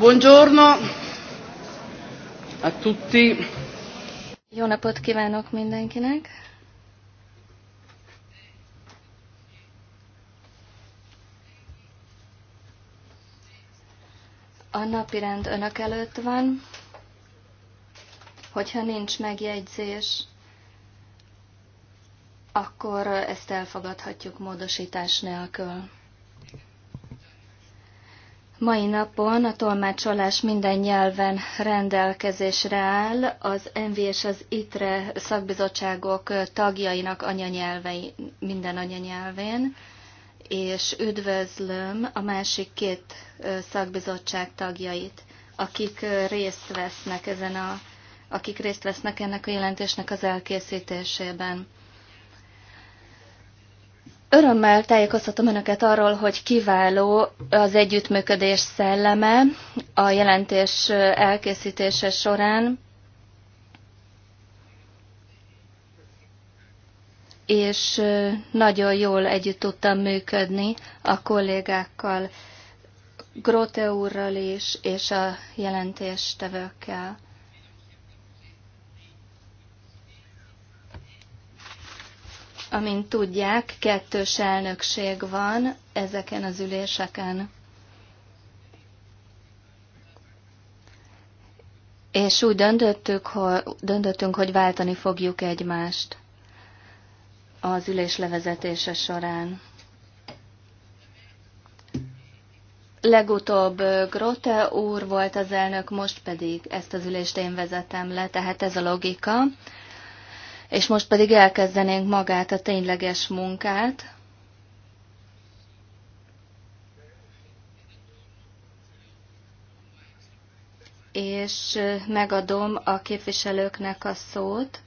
Buongiorno a tutti. Jó napot kívánok mindenkinek. A rend önök előtt van. Hogyha nincs megjegyzés, akkor ezt elfogadhatjuk módosítás nélkül. Mai napon a tolmácsolás minden nyelven rendelkezésre áll, az NV és az ITRE szakbizottságok tagjainak anyanyelvei minden anyanyelvén, és üdvözlöm a másik két szakbizottság tagjait, akik részt vesznek ezen a akik részt vesznek ennek a jelentésnek az elkészítésében. Örömmel tájékoztatom Önöket arról, hogy kiváló az együttműködés szelleme a jelentés elkészítése során, és nagyon jól együtt tudtam működni a kollégákkal, Grote úrral is, és a jelentéstevőkkel. Amint tudják, kettős elnökség van ezeken az üléseken. És úgy döntöttük, hogy, döntöttünk, hogy váltani fogjuk egymást az ülés levezetése során. Legutóbb Grote úr volt az elnök, most pedig ezt az ülést én vezetem le, tehát ez a logika és most pedig elkezdenénk magát a tényleges munkát. És megadom a képviselőknek a szót.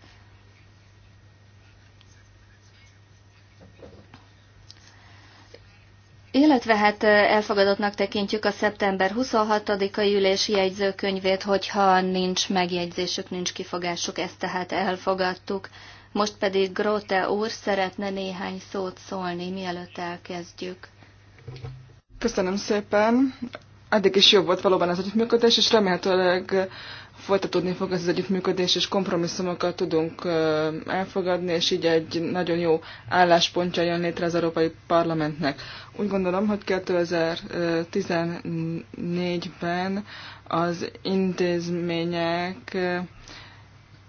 Illetve hát elfogadottnak tekintjük a szeptember 26-ai ülési jegyzőkönyvét, hogyha nincs megjegyzésük, nincs kifogásuk, ezt tehát elfogadtuk. Most pedig Grote úr szeretne néhány szót szólni, mielőtt elkezdjük. Köszönöm szépen. Eddig is jobb volt valóban az együttműködés, és remélhetőleg folytatódni fog ez az együttműködés, és kompromisszumokat tudunk elfogadni, és így egy nagyon jó álláspontja jön létre az Európai Parlamentnek. Úgy gondolom, hogy 2014-ben az intézmények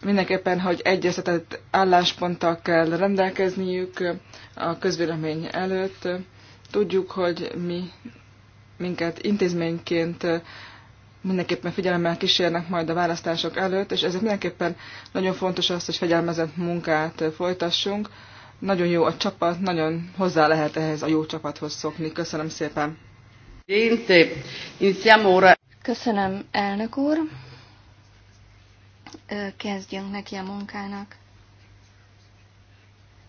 mindenképpen, hogy egyeztetett állásponttal kell rendelkezniük a közvélemény előtt. Tudjuk, hogy mi minket intézményként mindenképpen figyelemmel kísérnek majd a választások előtt, és ezért mindenképpen nagyon fontos az, hogy fegyelmezett munkát folytassunk. Nagyon jó a csapat, nagyon hozzá lehet ehhez a jó csapathoz szokni. Köszönöm szépen. Köszönöm, elnök úr. Kezdjünk neki a munkának.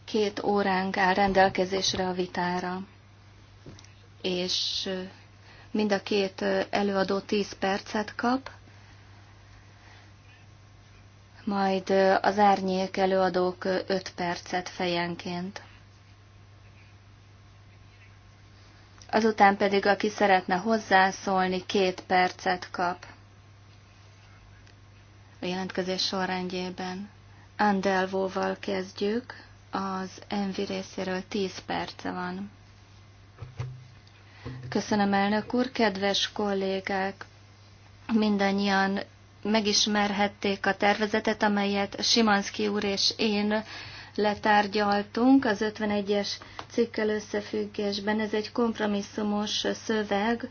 Két óránk áll rendelkezésre a vitára, és Mind a két előadó 10 percet kap, majd az árnyék előadók 5 percet fejenként. Azután pedig, aki szeretne hozzászólni, két percet kap a jelentkezés sorrendjében. Andelvóval kezdjük, az Envi részéről 10 perce van. Köszönöm, elnök úr. Kedves kollégák, mindannyian megismerhették a tervezetet, amelyet Simanszki úr és én letárgyaltunk az 51-es cikkel összefüggésben. Ez egy kompromisszumos szöveg,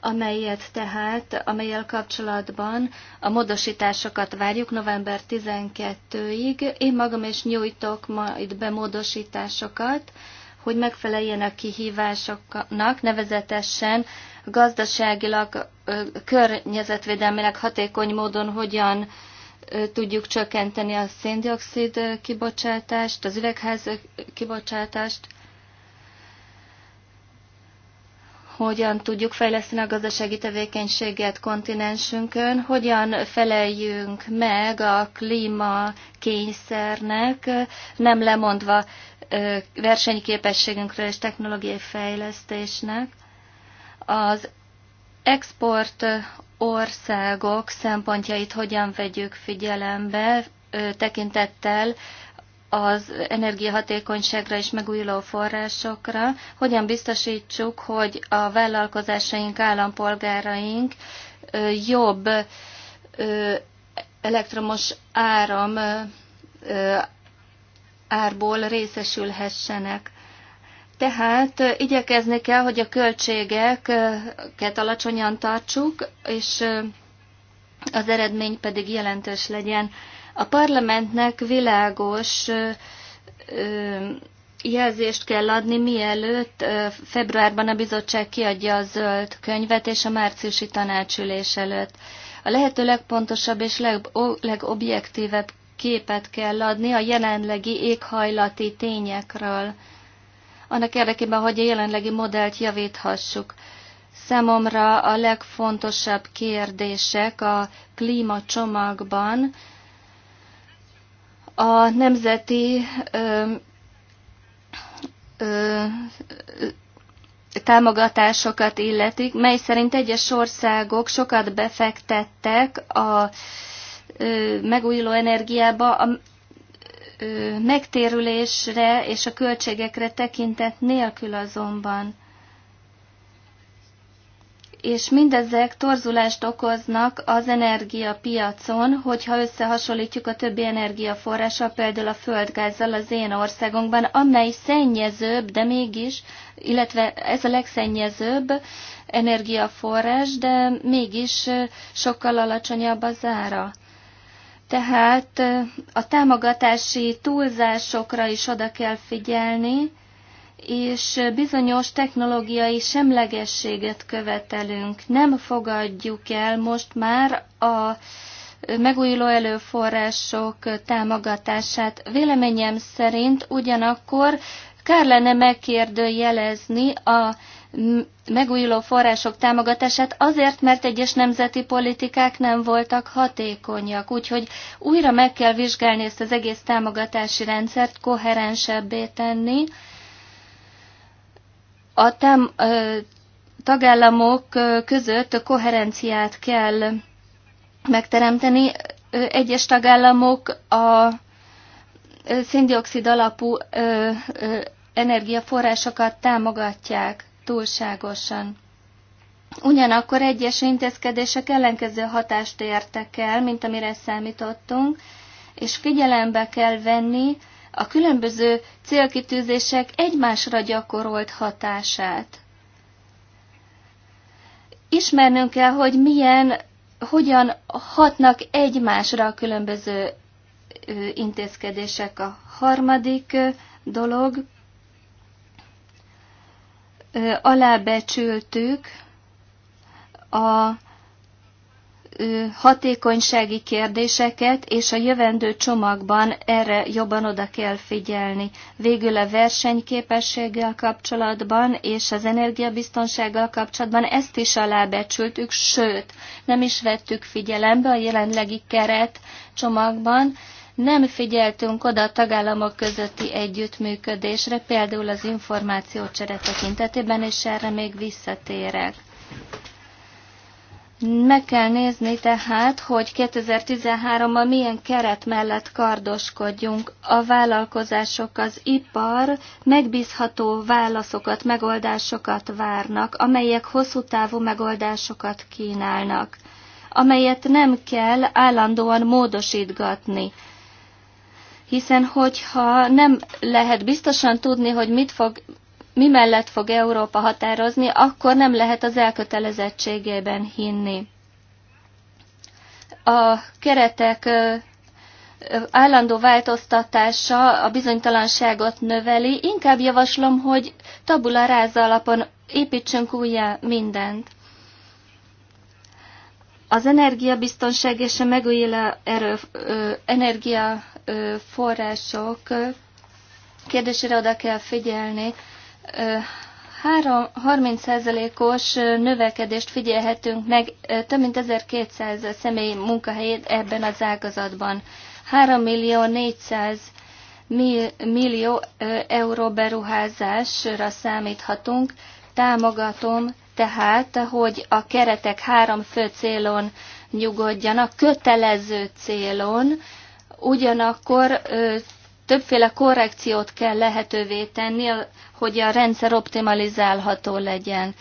amelyet tehát, amelyel kapcsolatban a módosításokat várjuk november 12-ig. Én magam is nyújtok majd be módosításokat, hogy megfeleljenek a kihívásoknak, nevezetesen gazdaságilag, környezetvédelmileg hatékony módon hogyan tudjuk csökkenteni a széndiokszid kibocsátást, az üvegház kibocsátást, hogyan tudjuk fejleszteni a gazdasági tevékenységet kontinensünkön, hogyan feleljünk meg a klímakényszernek, nem lemondva versenyképességünkről és technológiai fejlesztésnek. Az export országok szempontjait hogyan vegyük figyelembe tekintettel az energiahatékonyságra és megújuló forrásokra, hogyan biztosítsuk, hogy a vállalkozásaink, állampolgáraink jobb elektromos áram árból részesülhessenek. Tehát igyekezni kell, hogy a költségeket alacsonyan tartsuk, és az eredmény pedig jelentős legyen. A parlamentnek világos jelzést kell adni, mielőtt februárban a bizottság kiadja a zöld könyvet és a márciusi tanácsülés előtt. A lehető legpontosabb és legobjektívebb képet kell adni a jelenlegi éghajlati tényekről, annak érdekében, hogy a jelenlegi modellt javíthassuk. Számomra a legfontosabb kérdések a klímacsomagban a nemzeti ö, ö, támogatásokat illetik, mely szerint egyes országok sokat befektettek a megújuló energiába a megtérülésre és a költségekre tekintett nélkül azonban. És mindezek torzulást okoznak az energiapiacon, hogyha összehasonlítjuk a többi energiaforrással, például a földgázzal az én országunkban, amely szennyezőbb, de mégis, illetve ez a legszennyezőbb energiaforrás, de mégis sokkal alacsonyabb az ára. Tehát a támogatási túlzásokra is oda kell figyelni, és bizonyos technológiai semlegességet követelünk. Nem fogadjuk el most már a megújuló előforrások támogatását. Véleményem szerint ugyanakkor kár lenne megkérdőjelezni a megújuló források támogatását azért, mert egyes nemzeti politikák nem voltak hatékonyak. Úgyhogy újra meg kell vizsgálni ezt az egész támogatási rendszert, koherensebbé tenni. A tám, ö, tagállamok között koherenciát kell megteremteni. Egyes tagállamok a széndiokszid alapú energiaforrásokat támogatják túlságosan. Ugyanakkor egyes intézkedések ellenkező hatást értek el, mint amire számítottunk, és figyelembe kell venni a különböző célkitűzések egymásra gyakorolt hatását. Ismernünk kell, hogy milyen, hogyan hatnak egymásra a különböző intézkedések. A harmadik dolog alábecsültük a hatékonysági kérdéseket, és a jövendő csomagban erre jobban oda kell figyelni. Végül a versenyképességgel kapcsolatban és az energiabiztonsággal kapcsolatban ezt is alábecsültük, sőt, nem is vettük figyelembe a jelenlegi keret csomagban, nem figyeltünk oda a tagállamok közötti együttműködésre, például az információcsere tekintetében, és erre még visszatérek. Meg kell nézni tehát, hogy 2013-ban milyen keret mellett kardoskodjunk. A vállalkozások, az ipar megbízható válaszokat, megoldásokat várnak, amelyek hosszú távú megoldásokat kínálnak, amelyet nem kell állandóan módosítgatni hiszen hogyha nem lehet biztosan tudni, hogy mit fog, mi mellett fog Európa határozni, akkor nem lehet az elkötelezettségében hinni. A keretek állandó változtatása a bizonytalanságot növeli, inkább javaslom, hogy tabula ráza alapon építsünk újjá mindent. Az energiabiztonság és a megújuló erő, ö, energia források kérdésére oda kell figyelni. 30%-os növekedést figyelhetünk meg, több mint 1200 személy munkahelyét ebben az ágazatban. 3 millió 400 millió euró beruházásra számíthatunk. Támogatom tehát, hogy a keretek három fő célon nyugodjanak, kötelező célon, ugyanakkor többféle korrekciót kell lehetővé tenni, hogy a rendszer optimalizálható legyen.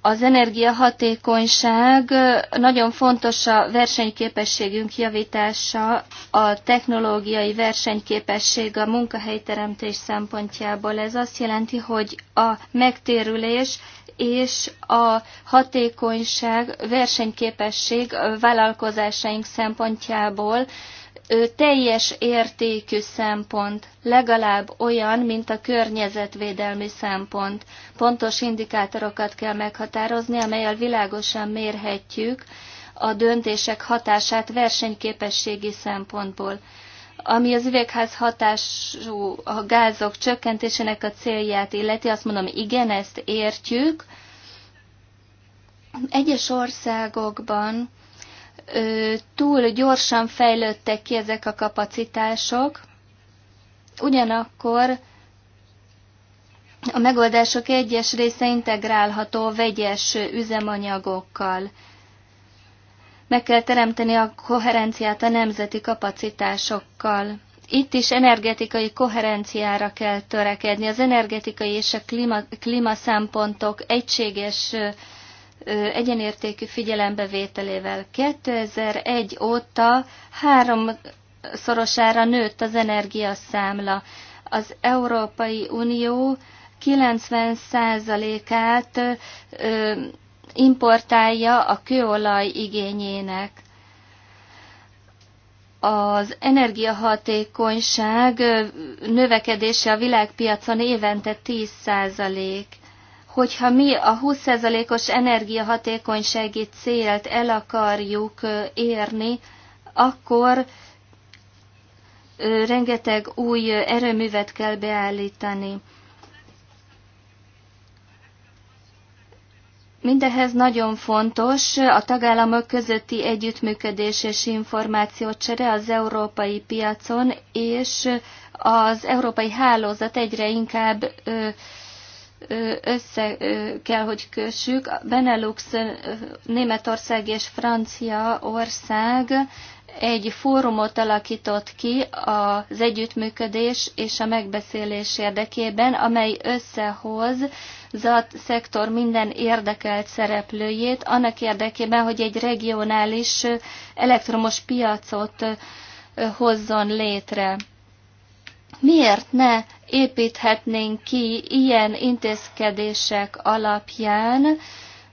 Az energiahatékonyság nagyon fontos a versenyképességünk javítása, a technológiai versenyképesség a munkahelyteremtés szempontjából. Ez azt jelenti, hogy a megtérülés és a hatékonyság, versenyképesség vállalkozásaink szempontjából teljes értékű szempont, legalább olyan, mint a környezetvédelmi szempont. Pontos indikátorokat kell meghatározni, amelyel világosan mérhetjük a döntések hatását versenyképességi szempontból. Ami az üvegház hatású a gázok csökkentésének a célját illeti, azt mondom, igen, ezt értjük. Egyes országokban ö, túl gyorsan fejlődtek ki ezek a kapacitások, ugyanakkor a megoldások egyes része integrálható vegyes üzemanyagokkal meg kell teremteni a koherenciát a nemzeti kapacitásokkal. Itt is energetikai koherenciára kell törekedni. Az energetikai és a klíma, klímaszempontok egységes egyenértékű figyelembevételével. 2001 óta háromszorosára nőtt az energiaszámla. Az Európai Unió 90%-át importálja a kőolaj igényének. Az energiahatékonyság növekedése a világpiacon évente 10%. Hogyha mi a 20%-os energiahatékonysági célt el akarjuk érni, akkor rengeteg új erőművet kell beállítani. Mindehez nagyon fontos a tagállamok közötti együttműködés és információcsere az európai piacon, és az európai hálózat egyre inkább ö, össze kell, hogy kössük. Benelux, Németország és Franciaország egy fórumot alakított ki az együttműködés és a megbeszélés érdekében, amely összehoz zat szektor minden érdekelt szereplőjét, annak érdekében, hogy egy regionális elektromos piacot hozzon létre miért ne építhetnénk ki ilyen intézkedések alapján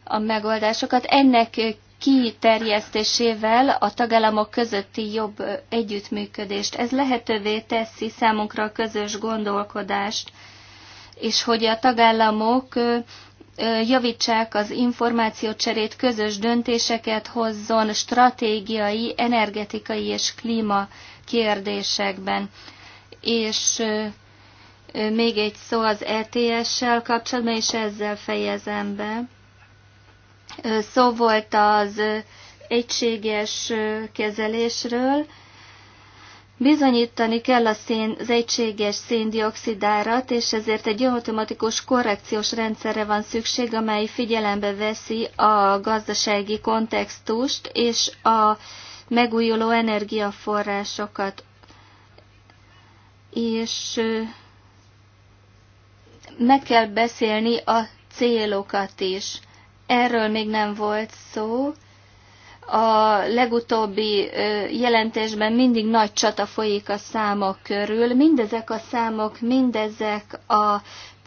a megoldásokat. Ennek kiterjesztésével a tagállamok közötti jobb együttműködést. Ez lehetővé teszi számunkra a közös gondolkodást, és hogy a tagállamok javítsák az információcserét, közös döntéseket hozzon stratégiai, energetikai és klíma kérdésekben és még egy szó az ETS-sel kapcsolatban, és ezzel fejezem be. Szó volt az egységes kezelésről. Bizonyítani kell a szén, az egységes széndiokszidárat, és ezért egy automatikus korrekciós rendszerre van szükség, amely figyelembe veszi a gazdasági kontextust és a megújuló energiaforrásokat és meg kell beszélni a célokat is. Erről még nem volt szó. A legutóbbi jelentésben mindig nagy csata folyik a számok körül. Mindezek a számok, mindezek a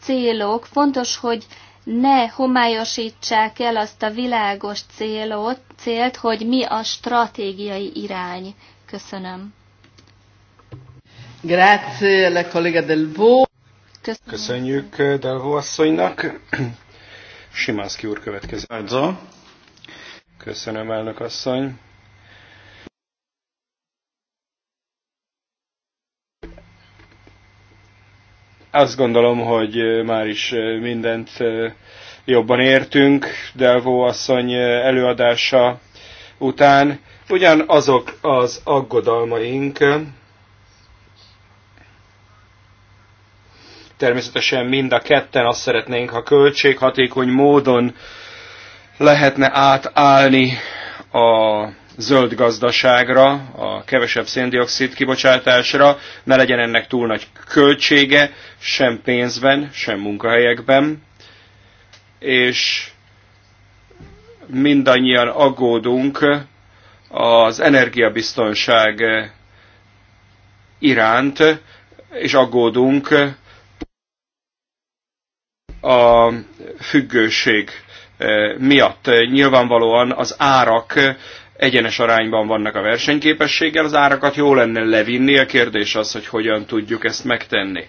célok. Fontos, hogy ne homályosítsák el azt a világos célot, célt, hogy mi a stratégiai irány. Köszönöm. Grazie alla collega Köszönjük Delvó asszonynak. Simánszki úr következik. Köszönöm, elnök asszony. Azt gondolom, hogy már is mindent jobban értünk Delvó asszony előadása után. ugyan azok az aggodalmaink, Természetesen mind a ketten azt szeretnénk, ha költséghatékony módon lehetne átállni a zöld gazdaságra, a kevesebb széndiokszid kibocsátásra, ne legyen ennek túl nagy költsége, sem pénzben, sem munkahelyekben, és mindannyian aggódunk az energiabiztonság iránt, és aggódunk a függőség eh, miatt. Nyilvánvalóan az árak egyenes arányban vannak a versenyképességgel, az árakat jó lenne levinni, a kérdés az, hogy hogyan tudjuk ezt megtenni.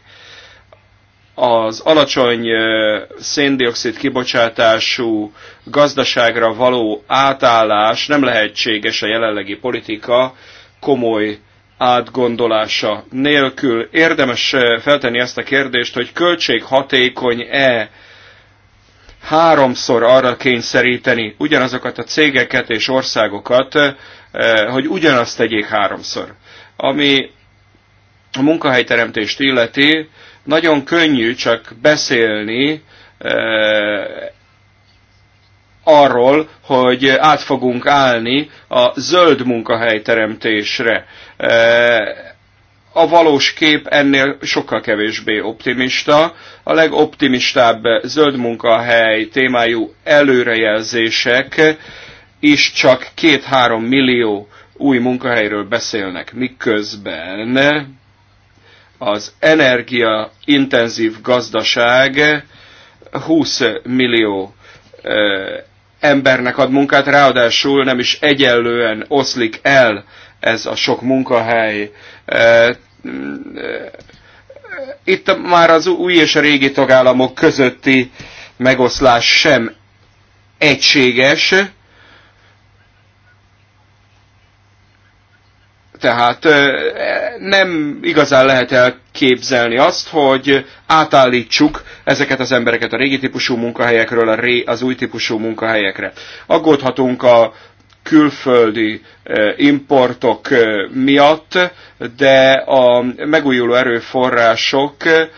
Az alacsony eh, széndiokszid kibocsátású gazdaságra való átállás nem lehetséges a jelenlegi politika komoly átgondolása nélkül. Érdemes eh, feltenni ezt a kérdést, hogy költséghatékony-e háromszor arra kényszeríteni ugyanazokat a cégeket és országokat, eh, hogy ugyanazt tegyék háromszor. Ami a munkahelyteremtést illeti, nagyon könnyű csak beszélni eh, arról, hogy át fogunk állni a zöld munkahelyteremtésre. A valós kép ennél sokkal kevésbé optimista. A legoptimistább zöld munkahely témájú előrejelzések is csak 2-3 millió új munkahelyről beszélnek, miközben az energiaintenzív gazdaság 20 millió embernek ad munkát, ráadásul nem is egyenlően oszlik el ez a sok munkahely. E, e, itt már az új és a régi tagállamok közötti megoszlás sem egységes, Tehát e, nem igazán lehet elképzelni azt, hogy átállítsuk ezeket az embereket a régi típusú munkahelyekről az új típusú munkahelyekre. Aggódhatunk a külföldi eh, importok eh, miatt, de a megújuló erőforrások eh,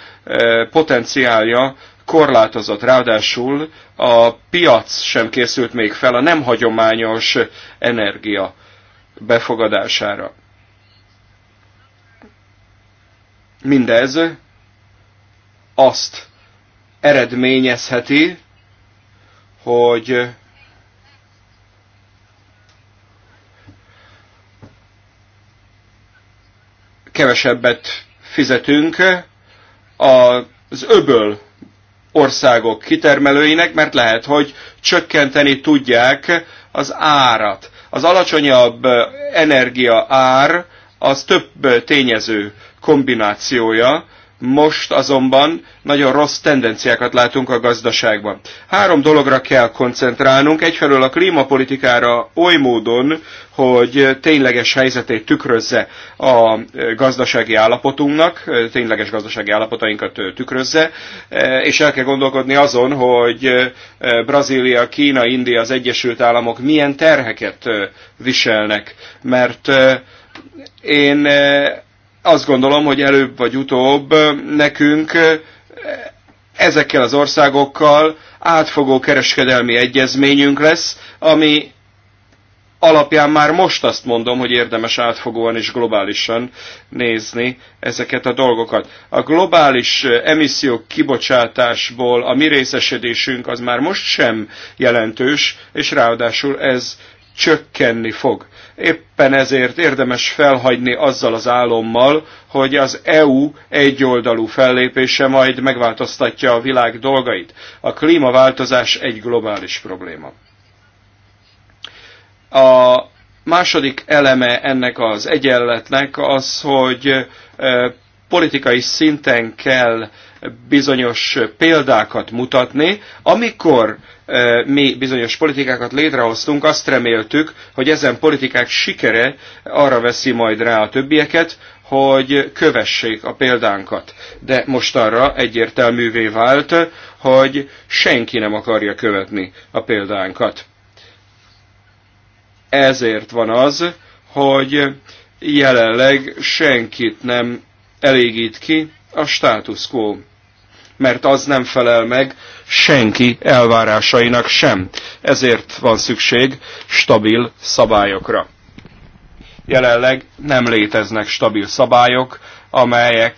potenciálja korlátozott. Ráadásul a piac sem készült még fel a nem hagyományos energia befogadására. Mindez azt eredményezheti, hogy kevesebbet fizetünk az öböl országok kitermelőinek, mert lehet, hogy csökkenteni tudják az árat. Az alacsonyabb energia ár az több tényező kombinációja, most azonban nagyon rossz tendenciákat látunk a gazdaságban. Három dologra kell koncentrálnunk. Egyfelől a klímapolitikára oly módon, hogy tényleges helyzetét tükrözze a gazdasági állapotunknak, tényleges gazdasági állapotainkat tükrözze, és el kell gondolkodni azon, hogy Brazília, Kína, India, az Egyesült Államok milyen terheket viselnek, mert én azt gondolom, hogy előbb vagy utóbb nekünk ezekkel az országokkal átfogó kereskedelmi egyezményünk lesz, ami alapján már most azt mondom, hogy érdemes átfogóan és globálisan nézni ezeket a dolgokat. A globális emissziók kibocsátásból a mi részesedésünk az már most sem jelentős, és ráadásul ez csökkenni fog. Éppen ezért érdemes felhagyni azzal az álommal, hogy az EU egyoldalú fellépése majd megváltoztatja a világ dolgait. A klímaváltozás egy globális probléma. A második eleme ennek az egyenletnek az, hogy eh, politikai szinten kell bizonyos példákat mutatni. Amikor eh, mi bizonyos politikákat létrehoztunk, azt reméltük, hogy ezen politikák sikere arra veszi majd rá a többieket, hogy kövessék a példánkat. De most arra egyértelművé vált, hogy senki nem akarja követni a példánkat. Ezért van az, hogy jelenleg senkit nem elégít ki a status quo, mert az nem felel meg senki elvárásainak sem. Ezért van szükség stabil szabályokra. Jelenleg nem léteznek stabil szabályok, amelyek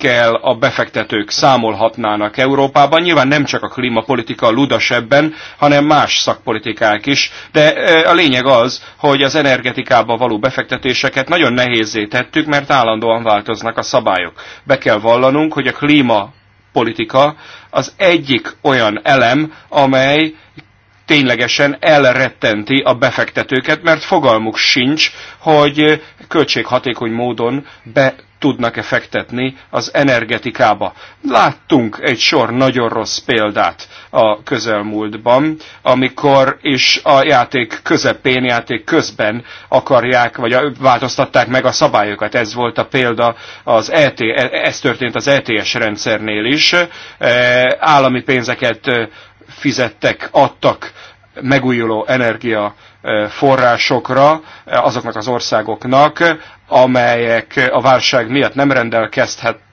amikkel a befektetők számolhatnának Európában. Nyilván nem csak a klímapolitika a ludas ebben, hanem más szakpolitikák is, de a lényeg az, hogy az energetikába való befektetéseket nagyon nehézé tettük, mert állandóan változnak a szabályok. Be kell vallanunk, hogy a klímapolitika az egyik olyan elem, amely ténylegesen elrettenti a befektetőket, mert fogalmuk sincs, hogy költséghatékony módon be tudnak-e fektetni az energetikába. Láttunk egy sor nagyon rossz példát a közelmúltban, amikor is a játék közepén, játék közben akarják, vagy változtatták meg a szabályokat. Ez volt a példa, az ET, ez történt az ETS rendszernél is. E, állami pénzeket e, fizettek, adtak megújuló energiaforrásokra, eh, eh, azoknak az országoknak, amelyek eh, a válság miatt nem rendelkezhettek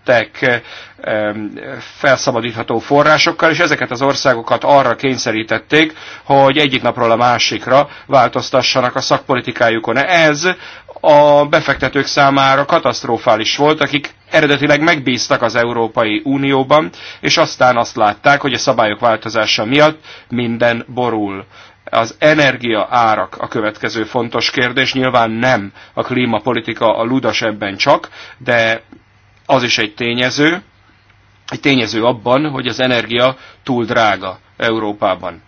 felszabadítható forrásokkal, és ezeket az országokat arra kényszerítették, hogy egyik napról a másikra változtassanak a szakpolitikájukon. Ez a befektetők számára katasztrofális volt, akik eredetileg megbíztak az Európai Unióban, és aztán azt látták, hogy a szabályok változása miatt minden borul. Az energia árak a következő fontos kérdés, nyilván nem a klímapolitika a ludas ebben csak, de az is egy tényező, egy tényező abban, hogy az energia túl drága Európában.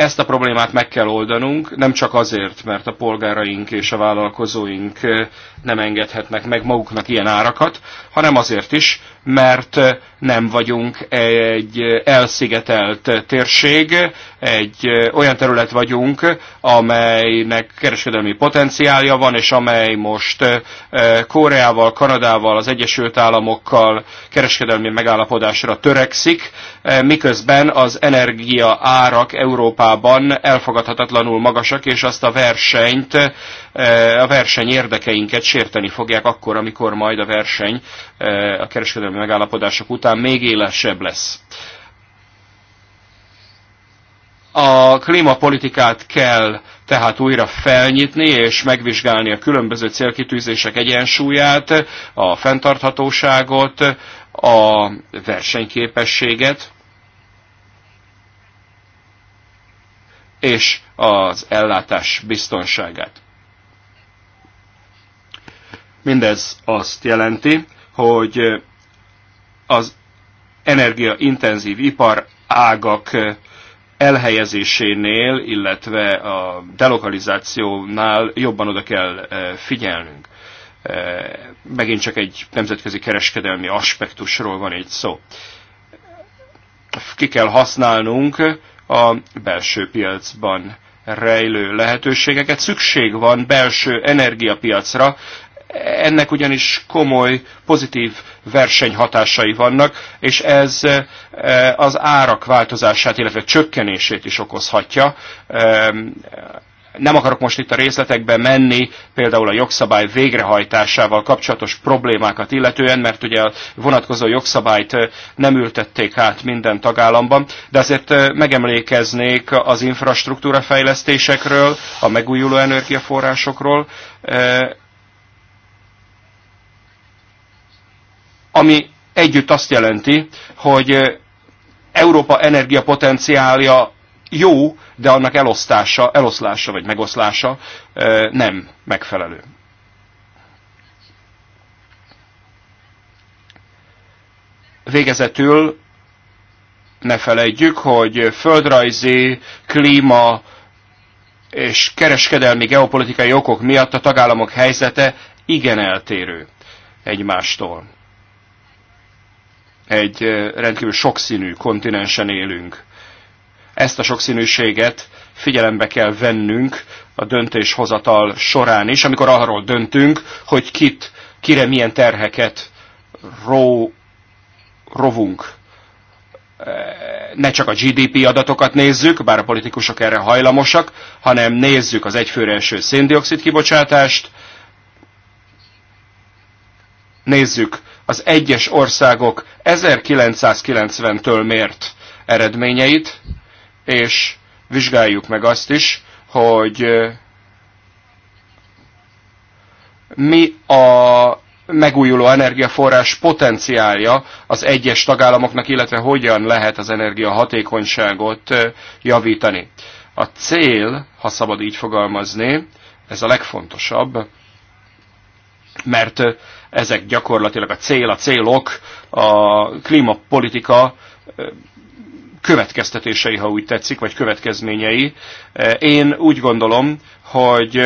Ezt a problémát meg kell oldanunk, nem csak azért, mert a polgáraink és a vállalkozóink eh, nem engedhetnek meg maguknak ilyen árakat, hanem azért is, mert eh, nem vagyunk egy eh, elszigetelt eh, térség, egy olyan terület vagyunk, amelynek kereskedelmi potenciálja van, és amely most Koreával, Kanadával, az Egyesült Államokkal kereskedelmi megállapodásra törekszik, miközben az energia árak Európában elfogadhatatlanul magasak, és azt a versenyt E, a verseny érdekeinket sérteni fogják akkor, amikor majd a verseny e, a kereskedelmi megállapodások után még élesebb lesz. A klímapolitikát kell tehát újra felnyitni és megvizsgálni a különböző célkitűzések egyensúlyát, a fenntarthatóságot, a versenyképességet és az ellátás biztonságát. Mindez azt jelenti, hogy az energiaintenzív ipar ágak elhelyezésénél, illetve a delokalizációnál jobban oda kell eh, figyelnünk. Eh, megint csak egy nemzetközi kereskedelmi aspektusról van itt szó. Ki kell használnunk a belső piacban rejlő lehetőségeket. Szükség van belső energiapiacra, ennek ugyanis komoly pozitív versenyhatásai vannak, és ez e, az árak változását, illetve csökkenését is okozhatja. E, nem akarok most itt a részletekbe menni, például a jogszabály végrehajtásával kapcsolatos problémákat illetően, mert ugye a vonatkozó jogszabályt e, nem ültették át minden tagállamban, de azért megemlékeznék az infrastruktúra fejlesztésekről, a megújuló energiaforrásokról, ami együtt azt jelenti, hogy Európa energiapotenciálja jó, de annak elosztása, eloszlása vagy megoszlása nem megfelelő. Végezetül ne felejtjük, hogy földrajzi, klíma és kereskedelmi geopolitikai okok miatt a tagállamok helyzete igen eltérő egymástól egy rendkívül sokszínű kontinensen élünk. Ezt a sokszínűséget figyelembe kell vennünk a döntéshozatal során is, amikor arról döntünk, hogy kit, kire milyen terheket ró, rovunk. Ne csak a GDP adatokat nézzük, bár a politikusok erre hajlamosak, hanem nézzük az egyfőre eső széndiokszid kibocsátást, nézzük az egyes országok 1990-től mért eredményeit, és vizsgáljuk meg azt is, hogy mi a megújuló energiaforrás potenciálja az egyes tagállamoknak, illetve hogyan lehet az energiahatékonyságot javítani. A cél, ha szabad így fogalmazni, ez a legfontosabb, mert ezek gyakorlatilag a cél, a célok, a klímapolitika következtetései, ha úgy tetszik, vagy következményei. Én úgy gondolom, hogy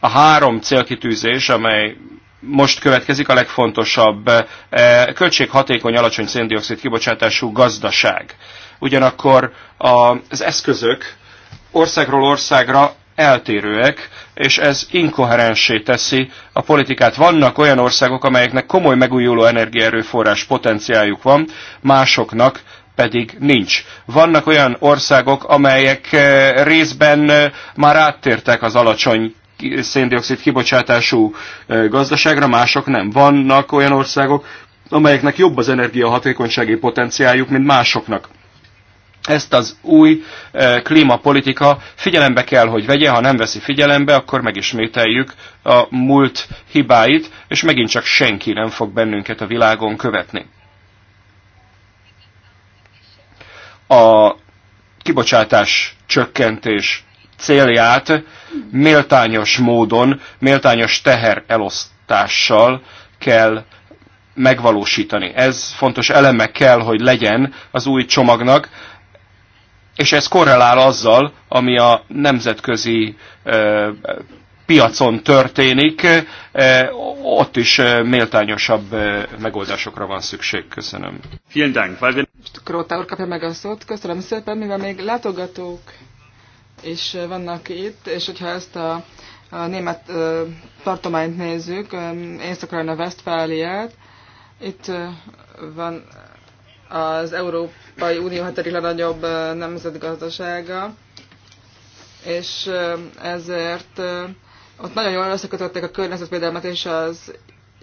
a három célkitűzés, amely most következik a legfontosabb költséghatékony, alacsony széndiokszid kibocsátású gazdaság. Ugyanakkor az eszközök országról országra eltérőek, és ez inkoherensé teszi a politikát. Vannak olyan országok, amelyeknek komoly megújuló energiaerőforrás potenciáljuk van, másoknak pedig nincs. Vannak olyan országok, amelyek eh, részben eh, már áttértek az alacsony széndiokszid kibocsátású eh, gazdaságra, mások nem. Vannak olyan országok, amelyeknek jobb az energiahatékonysági potenciáljuk, mint másoknak. Ezt az új eh, klímapolitika figyelembe kell, hogy vegye, ha nem veszi figyelembe, akkor megismételjük a múlt hibáit, és megint csak senki nem fog bennünket a világon követni. A kibocsátás csökkentés célját méltányos módon, méltányos teher elosztással kell megvalósítani. Ez fontos eleme kell, hogy legyen az új csomagnak, és ez korrelál azzal, ami a nemzetközi piacon történik, ott is méltányosabb megoldásokra van szükség. Köszönöm. Vielen Dank. Most Króta úr kapja meg a szót. Köszönöm szépen, mivel még látogatók is vannak itt, és hogyha ezt a, a német ö, tartományt nézzük, észak a Westfáliát, itt ö, van az Európai Unió hetedik legnagyobb nemzetgazdasága, és ezért ott nagyon jól összekötötték a környezetvédelmet és az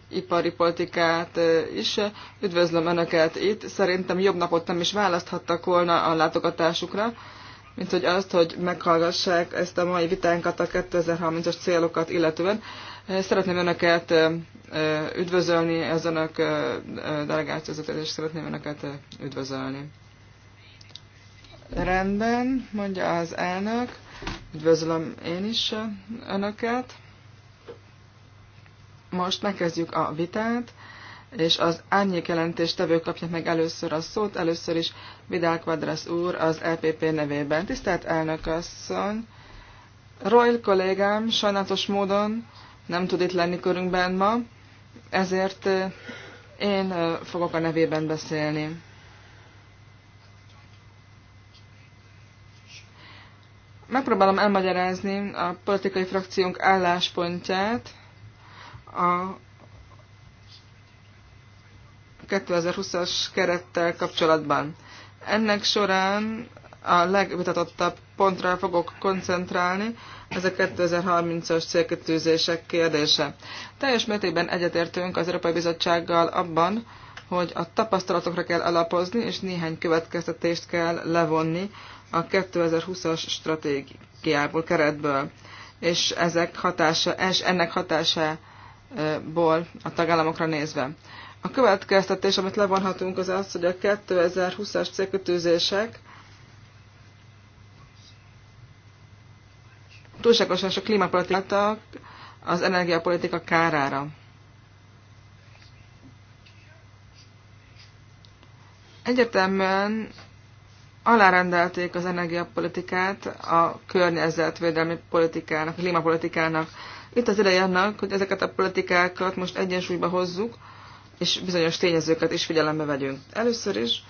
ipari politikát is. Üdvözlöm Önöket itt. Szerintem jobb napot nem is választhattak volna a látogatásukra, mint hogy azt, hogy meghallgassák ezt a mai vitánkat a 2030-as célokat illetően. Szeretném Önöket üdvözölni az önök delegációzat, és szeretném önöket üdvözölni. Rendben, mondja az elnök. Üdvözlöm én is önöket. Most megkezdjük a vitát, és az árnyék jelentés tevő kapja meg először a szót, először is Vidal Quadras úr az EPP nevében. Tisztelt elnök asszony! Royal kollégám sajnálatos módon nem tud itt lenni körünkben ma, ezért én fogok a nevében beszélni. Megpróbálom elmagyarázni a politikai frakciónk álláspontját a 2020-as kerettel kapcsolatban. Ennek során a legvitatottabb pontra fogok koncentrálni, ez a 2030-as célkitűzések kérdése. Teljes mértékben egyetértünk az Európai Bizottsággal abban, hogy a tapasztalatokra kell alapozni, és néhány következtetést kell levonni a 2020-as stratégiából, keretből. És ezek hatása, és ennek hatásából a tagállamokra nézve. A következtetés, amit levonhatunk, az az, hogy a 2020-as célkötőzések túlságosan sok klímapolitikát az energiapolitika kárára. Egyetemben alárendelték az energiapolitikát a környezetvédelmi politikának, a klímapolitikának. Itt az ideje annak, hogy ezeket a politikákat most egyensúlyba hozzuk, és bizonyos tényezőket is figyelembe vegyünk. Először is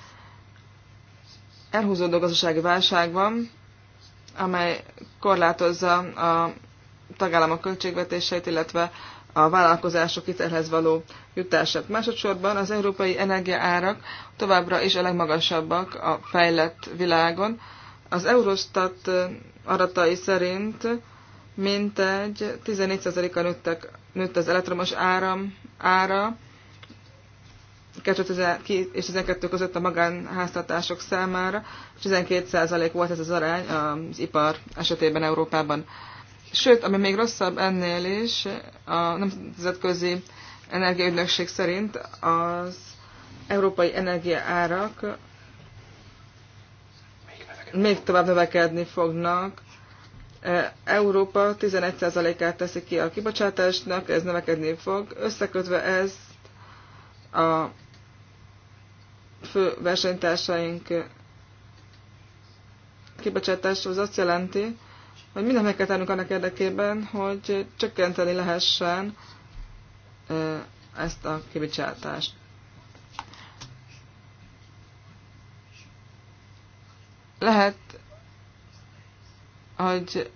elhúzódó gazdasági válság van, amely korlátozza a tagállamok költségvetéseit, illetve a vállalkozások hitelhez való jutását. Másodszorban az európai energiaárak továbbra is a legmagasabbak a fejlett világon. Az Eurostat adatai szerint mintegy 14%-a nőttek, nőtt az elektromos áram ára, és 12 között a magánháztartások számára, 12% volt ez az arány az ipar esetében Európában. Sőt, ami még rosszabb ennél is, a Nemzetközi Energiaügynökség szerint az európai energiaárak még tovább növekedni fognak. Európa 11%-át teszi ki a kibocsátásnak, ez növekedni fog. Összekötve ez a fő versenytársaink kibocsátása az azt jelenti, hogy mindent meg kell tennünk annak érdekében, hogy csökkenteni lehessen ezt a kibocsátást. Lehet, hogy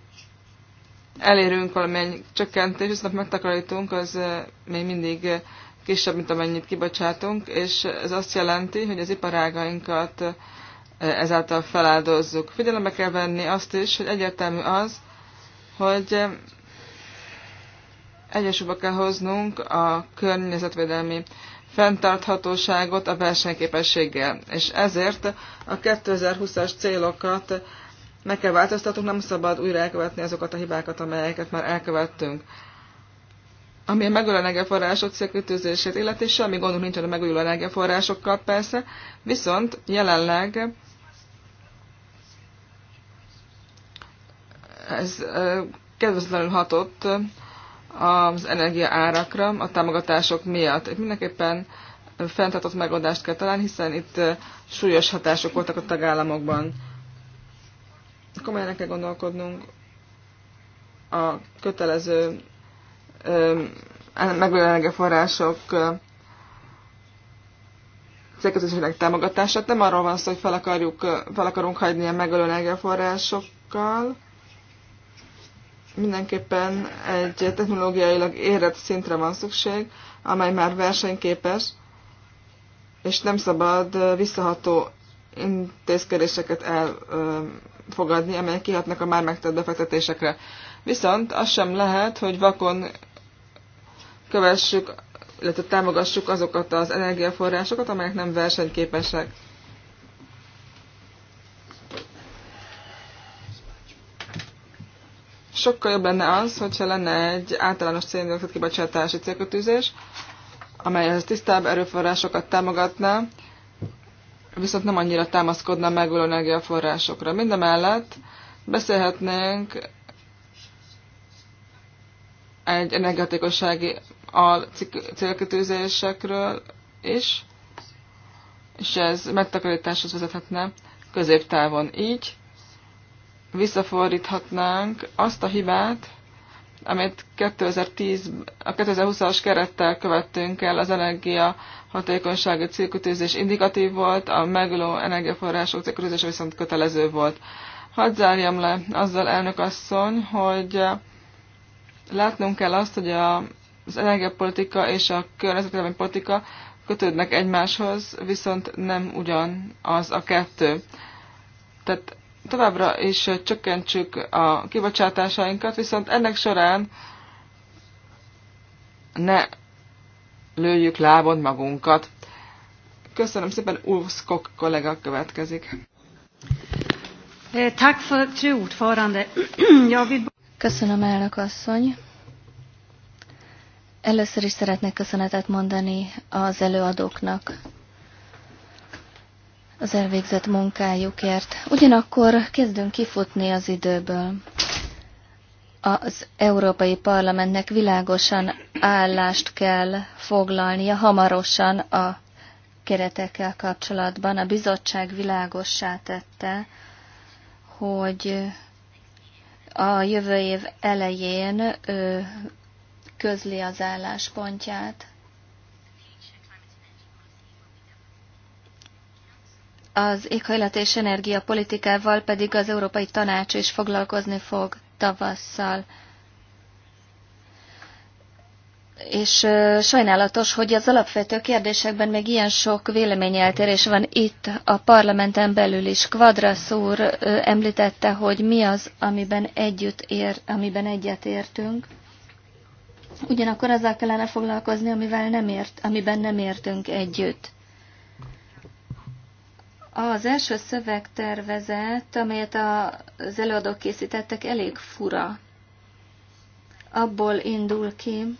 elérünk valamilyen csökkentést, viszont megtakarítunk, az még mindig kisebb, mint amennyit kibocsátunk, és ez azt jelenti, hogy az iparágainkat eh, ezáltal feláldozzuk. Figyelembe kell venni azt is, hogy egyértelmű az, hogy eh, egyesúba kell hoznunk a környezetvédelmi fenntarthatóságot a versenyképességgel. És ezért a 2020-as célokat meg kell változtatnunk, nem szabad újra elkövetni azokat a hibákat, amelyeket már elkövettünk ami a megújuló energiaforrások célkötőzését illeti, semmi gondunk nincsen a megújuló energiaforrásokkal persze, viszont jelenleg ez kedvezetlenül hatott az energia árakra a támogatások miatt. Itt mindenképpen fenntartott megoldást kell találni, hiszen itt súlyos hatások voltak a tagállamokban. Komolyan kell gondolkodnunk a kötelező megújuló energiaforrások célközösségnek támogatását. Nem arról van szó, hogy fel, akarjuk, fel akarunk hagyni a megújuló energiaforrásokkal. Mindenképpen egy technológiailag érett szintre van szükség, amely már versenyképes, és nem szabad visszaható intézkedéseket elfogadni, amelyek kihatnak a már megtett befektetésekre. Viszont az sem lehet, hogy vakon kövessük, illetve támogassuk azokat az energiaforrásokat, amelyek nem versenyképesek. Sokkal jobb lenne az, hogyha lenne egy általános széndiokszid kibocsátási célkötűzés, amelyhez tisztább erőforrásokat támogatná, viszont nem annyira támaszkodna meg a energiaforrásokra. Mindemellett beszélhetnénk egy energiatékossági a célkötőzésekről is, és ez megtakarításhoz vezethetne középtávon. Így visszafordíthatnánk azt a hibát, amit 2010, a 2020-as kerettel követtünk el, az energia hatékonysági célkötőzés indikatív volt, a megülő energiaforrások célkötőzése viszont kötelező volt. Hadd zárjam le azzal, elnök asszony, hogy látnunk kell azt, hogy a az energiapolitika és a környezetvédelmi politika kötődnek egymáshoz, viszont nem ugyan az a kettő. Tehát továbbra is csökkentsük a kibocsátásainkat, viszont ennek során ne lőjük lábon magunkat. Köszönöm szépen, Ulf kollega következik. Eh, Köszönöm, elnök asszony. Először is szeretnék köszönetet mondani az előadóknak az elvégzett munkájukért. Ugyanakkor kezdünk kifutni az időből. Az Európai Parlamentnek világosan állást kell foglalnia hamarosan a keretekkel kapcsolatban. A bizottság világossá tette, hogy a jövő év elején közli az álláspontját. Az éghajlat és politikával pedig az Európai Tanács is foglalkozni fog tavasszal. És sajnálatos, hogy az alapvető kérdésekben még ilyen sok véleményeltérés van itt a parlamenten belül is. Kvadrasz úr említette, hogy mi az, amiben, együtt ér, amiben egyetértünk. Ugyanakkor azzal kellene foglalkozni, amivel nem ért, amiben nem értünk együtt. Az első szövegtervezet, amelyet az előadók készítettek, elég fura. Abból indul ki,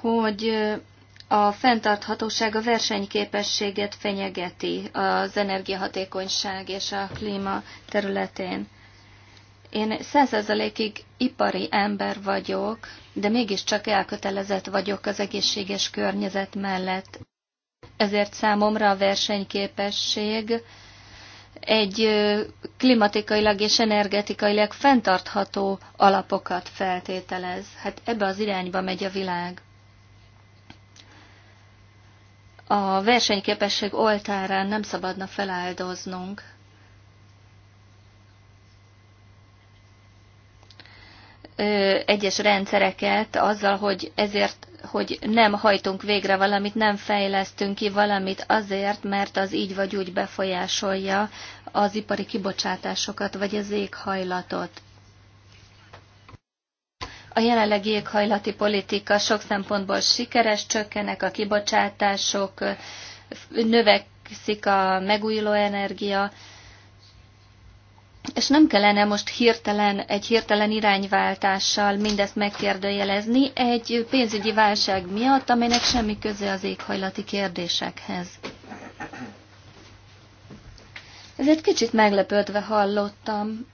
hogy a fenntarthatóság a versenyképességet fenyegeti az energiahatékonyság és a klíma területén. Én százszerzalékig ipari ember vagyok, de mégiscsak elkötelezett vagyok az egészséges környezet mellett. Ezért számomra a versenyképesség egy klimatikailag és energetikailag fenntartható alapokat feltételez. Hát ebbe az irányba megy a világ a versenyképesség oltárán nem szabadna feláldoznunk. egyes rendszereket azzal, hogy ezért, hogy nem hajtunk végre valamit, nem fejlesztünk ki valamit azért, mert az így vagy úgy befolyásolja az ipari kibocsátásokat, vagy az éghajlatot. A jelenlegi éghajlati politika sok szempontból sikeres, csökkenek a kibocsátások, növekszik a megújuló energia, és nem kellene most hirtelen, egy hirtelen irányváltással mindezt megkérdőjelezni egy pénzügyi válság miatt, amelynek semmi köze az éghajlati kérdésekhez. Ezért kicsit meglepődve hallottam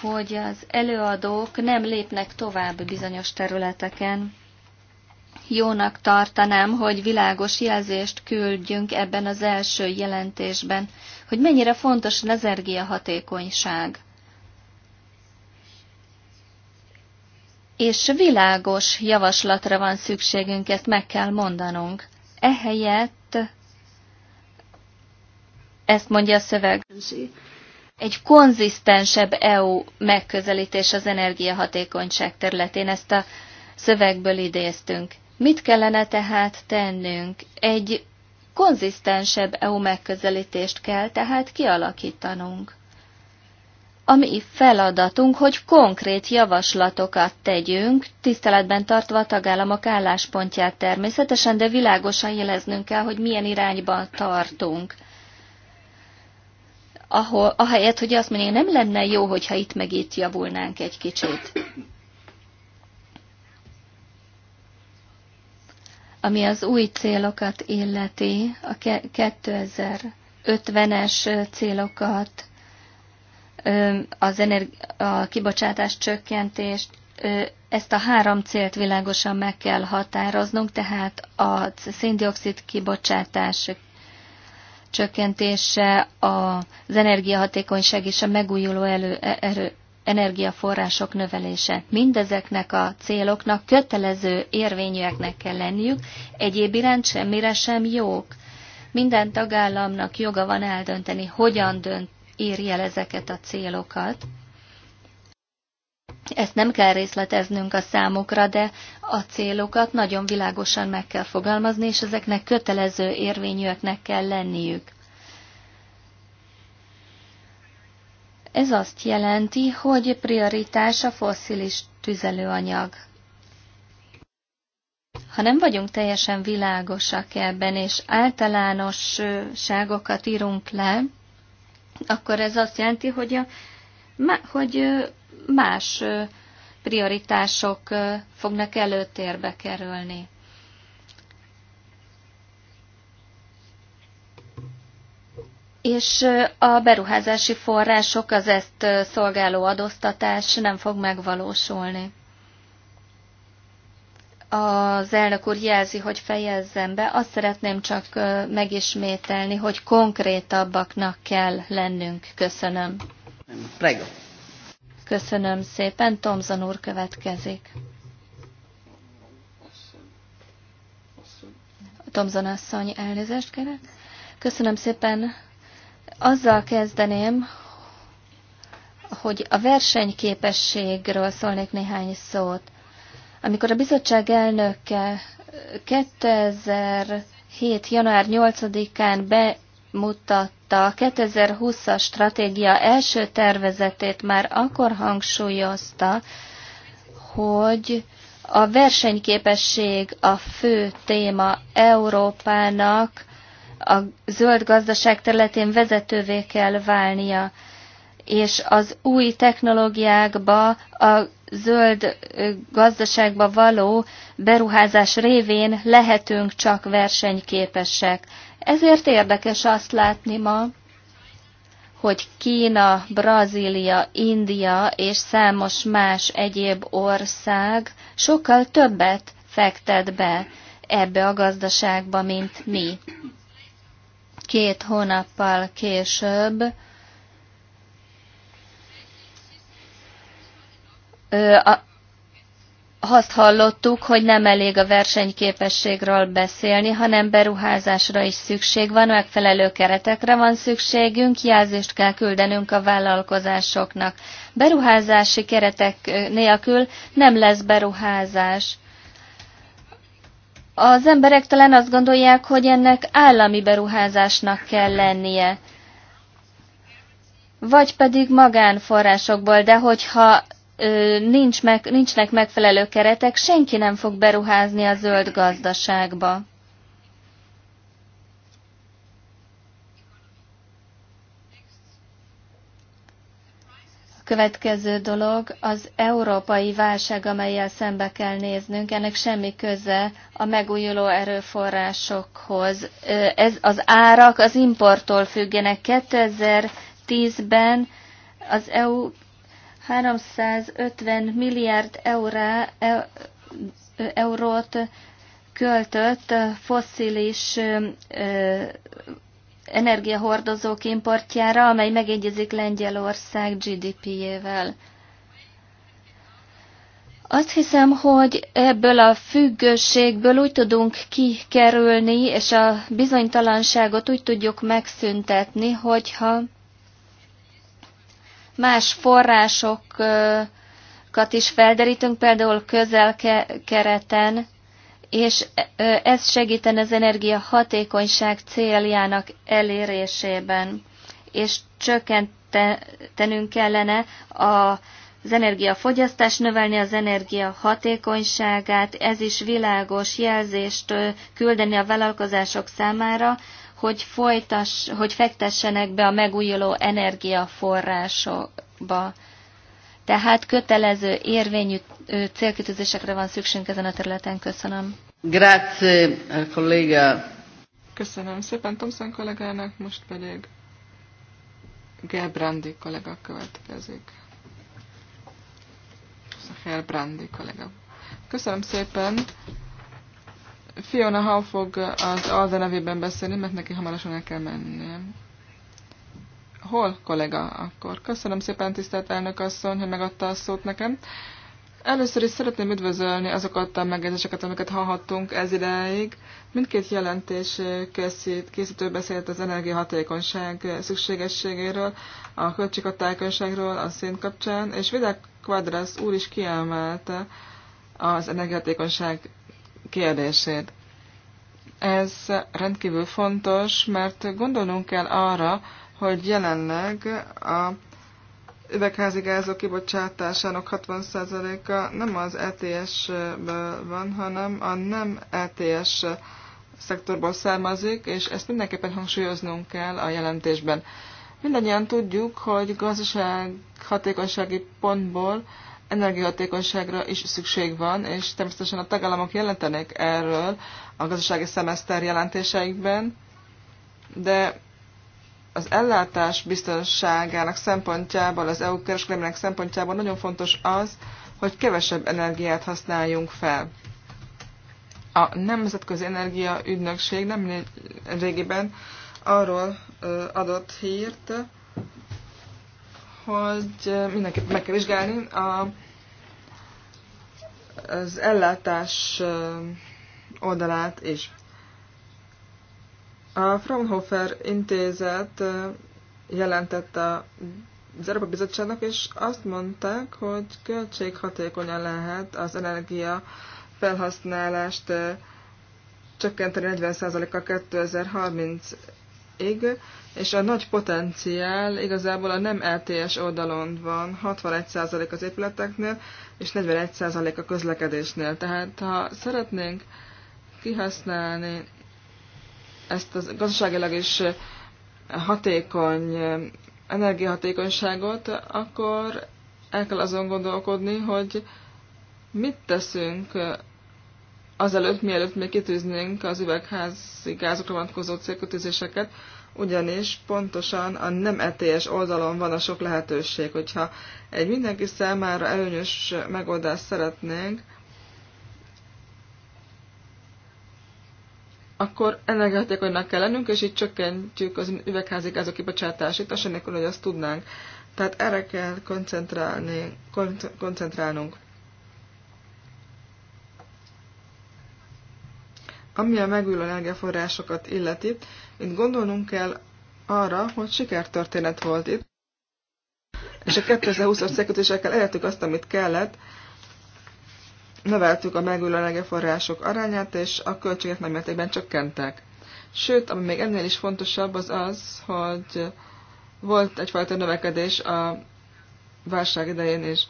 hogy az előadók nem lépnek tovább bizonyos területeken. Jónak tartanám, hogy világos jelzést küldjünk ebben az első jelentésben, hogy mennyire fontos az energiahatékonyság. És világos javaslatra van szükségünk, ezt meg kell mondanunk. Ehelyett ezt mondja a szöveg egy konzisztensebb EU megközelítés az energiahatékonyság területén. Ezt a szövegből idéztünk. Mit kellene tehát tennünk? Egy konzisztensebb EU megközelítést kell tehát kialakítanunk. A mi feladatunk, hogy konkrét javaslatokat tegyünk, tiszteletben tartva a tagállamok álláspontját természetesen, de világosan jeleznünk kell, hogy milyen irányban tartunk ahol, ahelyett, hogy azt mondja, nem lenne jó, hogyha itt meg itt javulnánk egy kicsit. Ami az új célokat illeti, a 2050-es célokat, az a kibocsátás csökkentést, ezt a három célt világosan meg kell határoznunk, tehát a széndiokszid kibocsátás csökkentése, az energiahatékonyság és a megújuló elő, e, erő, energiaforrások növelése. Mindezeknek a céloknak kötelező érvényűeknek kell lenniük, egyéb iránt semmire sem jók. Minden tagállamnak joga van eldönteni, hogyan dönt, érje el ezeket a célokat. Ezt nem kell részleteznünk a számokra, de a célokat nagyon világosan meg kell fogalmazni, és ezeknek kötelező érvényűeknek kell lenniük. Ez azt jelenti, hogy prioritás a fosszilis tüzelőanyag. Ha nem vagyunk teljesen világosak ebben, és általánosságokat írunk le, akkor ez azt jelenti, hogy, a, hogy más prioritások fognak előtérbe kerülni. És a beruházási források, az ezt szolgáló adóztatás nem fog megvalósulni. Az elnök úr jelzi, hogy fejezzem be. Azt szeretném csak megismételni, hogy konkrétabbaknak kell lennünk. Köszönöm. Prego. Köszönöm szépen, Tomzon úr következik. Tomzon asszony elnézést kérek. Köszönöm szépen. Azzal kezdeném, hogy a versenyképességről szólnék néhány szót. Amikor a bizottság elnöke 2007. január 8-án be mutatta. A 2020-as stratégia első tervezetét már akkor hangsúlyozta, hogy a versenyképesség a fő téma Európának, a zöld gazdaság területén vezetővé kell válnia, és az új technológiákba, a zöld gazdaságba való beruházás révén lehetünk csak versenyképesek. Ezért érdekes azt látni ma, hogy Kína, Brazília, India és számos más egyéb ország sokkal többet fektet be ebbe a gazdaságba, mint mi. Két hónappal később a azt hallottuk, hogy nem elég a versenyképességről beszélni, hanem beruházásra is szükség van, megfelelő keretekre van szükségünk, jelzést kell küldenünk a vállalkozásoknak. Beruházási keretek nélkül nem lesz beruházás. Az emberek talán azt gondolják, hogy ennek állami beruházásnak kell lennie, vagy pedig magánforrásokból, de hogyha nincs meg, nincsnek megfelelő keretek, senki nem fog beruházni a zöld gazdaságba. A következő dolog az európai válság, amelyel szembe kell néznünk. Ennek semmi köze a megújuló erőforrásokhoz. Ez az árak az importtól függenek. 2010-ben az EU 350 milliárd eurá, e, eurót költött fosszilis energiahordozók importjára, amely megegyezik Lengyelország GDP-jével. Azt hiszem, hogy ebből a függőségből úgy tudunk kikerülni, és a bizonytalanságot úgy tudjuk megszüntetni, hogyha más forrásokat is felderítünk, például közelkereten, és ez segíten az energia hatékonyság céljának elérésében, és csökkentenünk kellene a az energiafogyasztás növelni az energia hatékonyságát, ez is világos jelzést küldeni a vállalkozások számára, hogy, folytass, hogy fektessenek be a megújuló energiaforrásokba. Tehát kötelező, érvényű célkitűzésekre van szükségünk ezen a területen. Köszönöm. Grazie, eh, kollega. Köszönöm szépen Tomszán kollégának, most pedig Gerbrandi kollega következik. Gerbrandi kollega. Köszönöm szépen. Fiona Hall fog az Alda nevében beszélni, mert neki hamarosan el kell mennie. Hol, kollega, akkor? Köszönöm szépen, tisztelt elnök asszony, hogy megadta a szót nekem. Először is szeretném üdvözölni azokat a megjegyzéseket, amiket hallhattunk ez ideig. Mindkét jelentés készít, készítő beszélt az energiahatékonyság szükségességéről, a költséghatékonyságról a szén kapcsán, és Vidák Quadras úr is kiemelte az energiahatékonyság Kérdésed. Ez rendkívül fontos, mert gondolnunk kell arra, hogy jelenleg a üvegházi gázok kibocsátásának 60%-a nem az ETS-ből van, hanem a nem ETS szektorból származik, és ezt mindenképpen hangsúlyoznunk kell a jelentésben. Mindannyian tudjuk, hogy gazdaság hatékonysági pontból energiahatékonyságra is szükség van, és természetesen a tagállamok jelentenek erről a gazdasági szemeszter jelentéseikben, de az ellátás biztonságának szempontjából, az EU kereskedelmének szempontjából nagyon fontos az, hogy kevesebb energiát használjunk fel. A Nemzetközi Energia Ügynökség nem régiben arról adott hírt, hogy mindenképp meg kell vizsgálni a, az ellátás oldalát is. A Fraunhofer intézet jelentett az Európai Bizottságnak, és azt mondták, hogy költséghatékonyan lehet az energia felhasználást csökkenteni 40 a 2030-ig, és a nagy potenciál igazából a nem LTS oldalon van, 61% az épületeknél, és 41% a közlekedésnél. Tehát ha szeretnénk kihasználni ezt a gazdaságilag is hatékony energiahatékonyságot, akkor el kell azon gondolkodni, hogy mit teszünk azelőtt, mielőtt még kitűznénk az üvegházi gázokra vonatkozó célkötőzéseket, ugyanis pontosan a nem etélyes oldalon van a sok lehetőség. Hogyha egy mindenki számára előnyös megoldást szeretnénk, akkor hatékonynak kell lennünk, és így csökkentjük az üvegházi gázok kibocsátását, azt hogy azt tudnánk. Tehát erre kell koncentrálni, koncentrálnunk. Ami a megújuló energiaforrásokat illeti, itt gondolnunk kell arra, hogy sikertörténet volt itt, és a 2020-as szekötésekkel elértük azt, amit kellett, növeltük a megújuló energiaforrások arányát, és a költségek nagy mértékben csökkentek. Sőt, ami még ennél is fontosabb, az az, hogy volt egyfajta növekedés a válság idején is.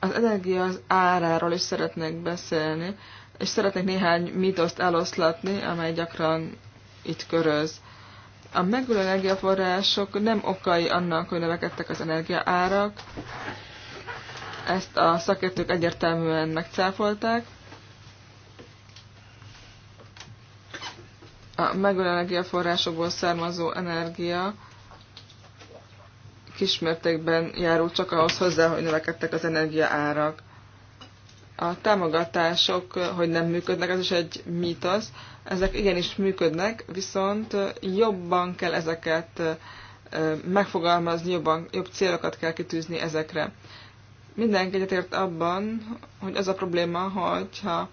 Az energia az áráról is szeretnék beszélni, és szeretnék néhány mitoszt eloszlatni, amely gyakran itt köröz. A megülő energiaforrások nem okai annak, hogy növekedtek az energiaárak, ezt a szakértők egyértelműen megcáfolták. A megújuló energiaforrásokból származó energia kismértékben járult csak ahhoz hozzá, hogy növekedtek az energia árak, A támogatások, hogy nem működnek, ez is egy mítosz. Ezek igenis működnek, viszont jobban kell ezeket megfogalmazni, jobban, jobb célokat kell kitűzni ezekre. Mindenki egyetért abban, hogy az a probléma, hogyha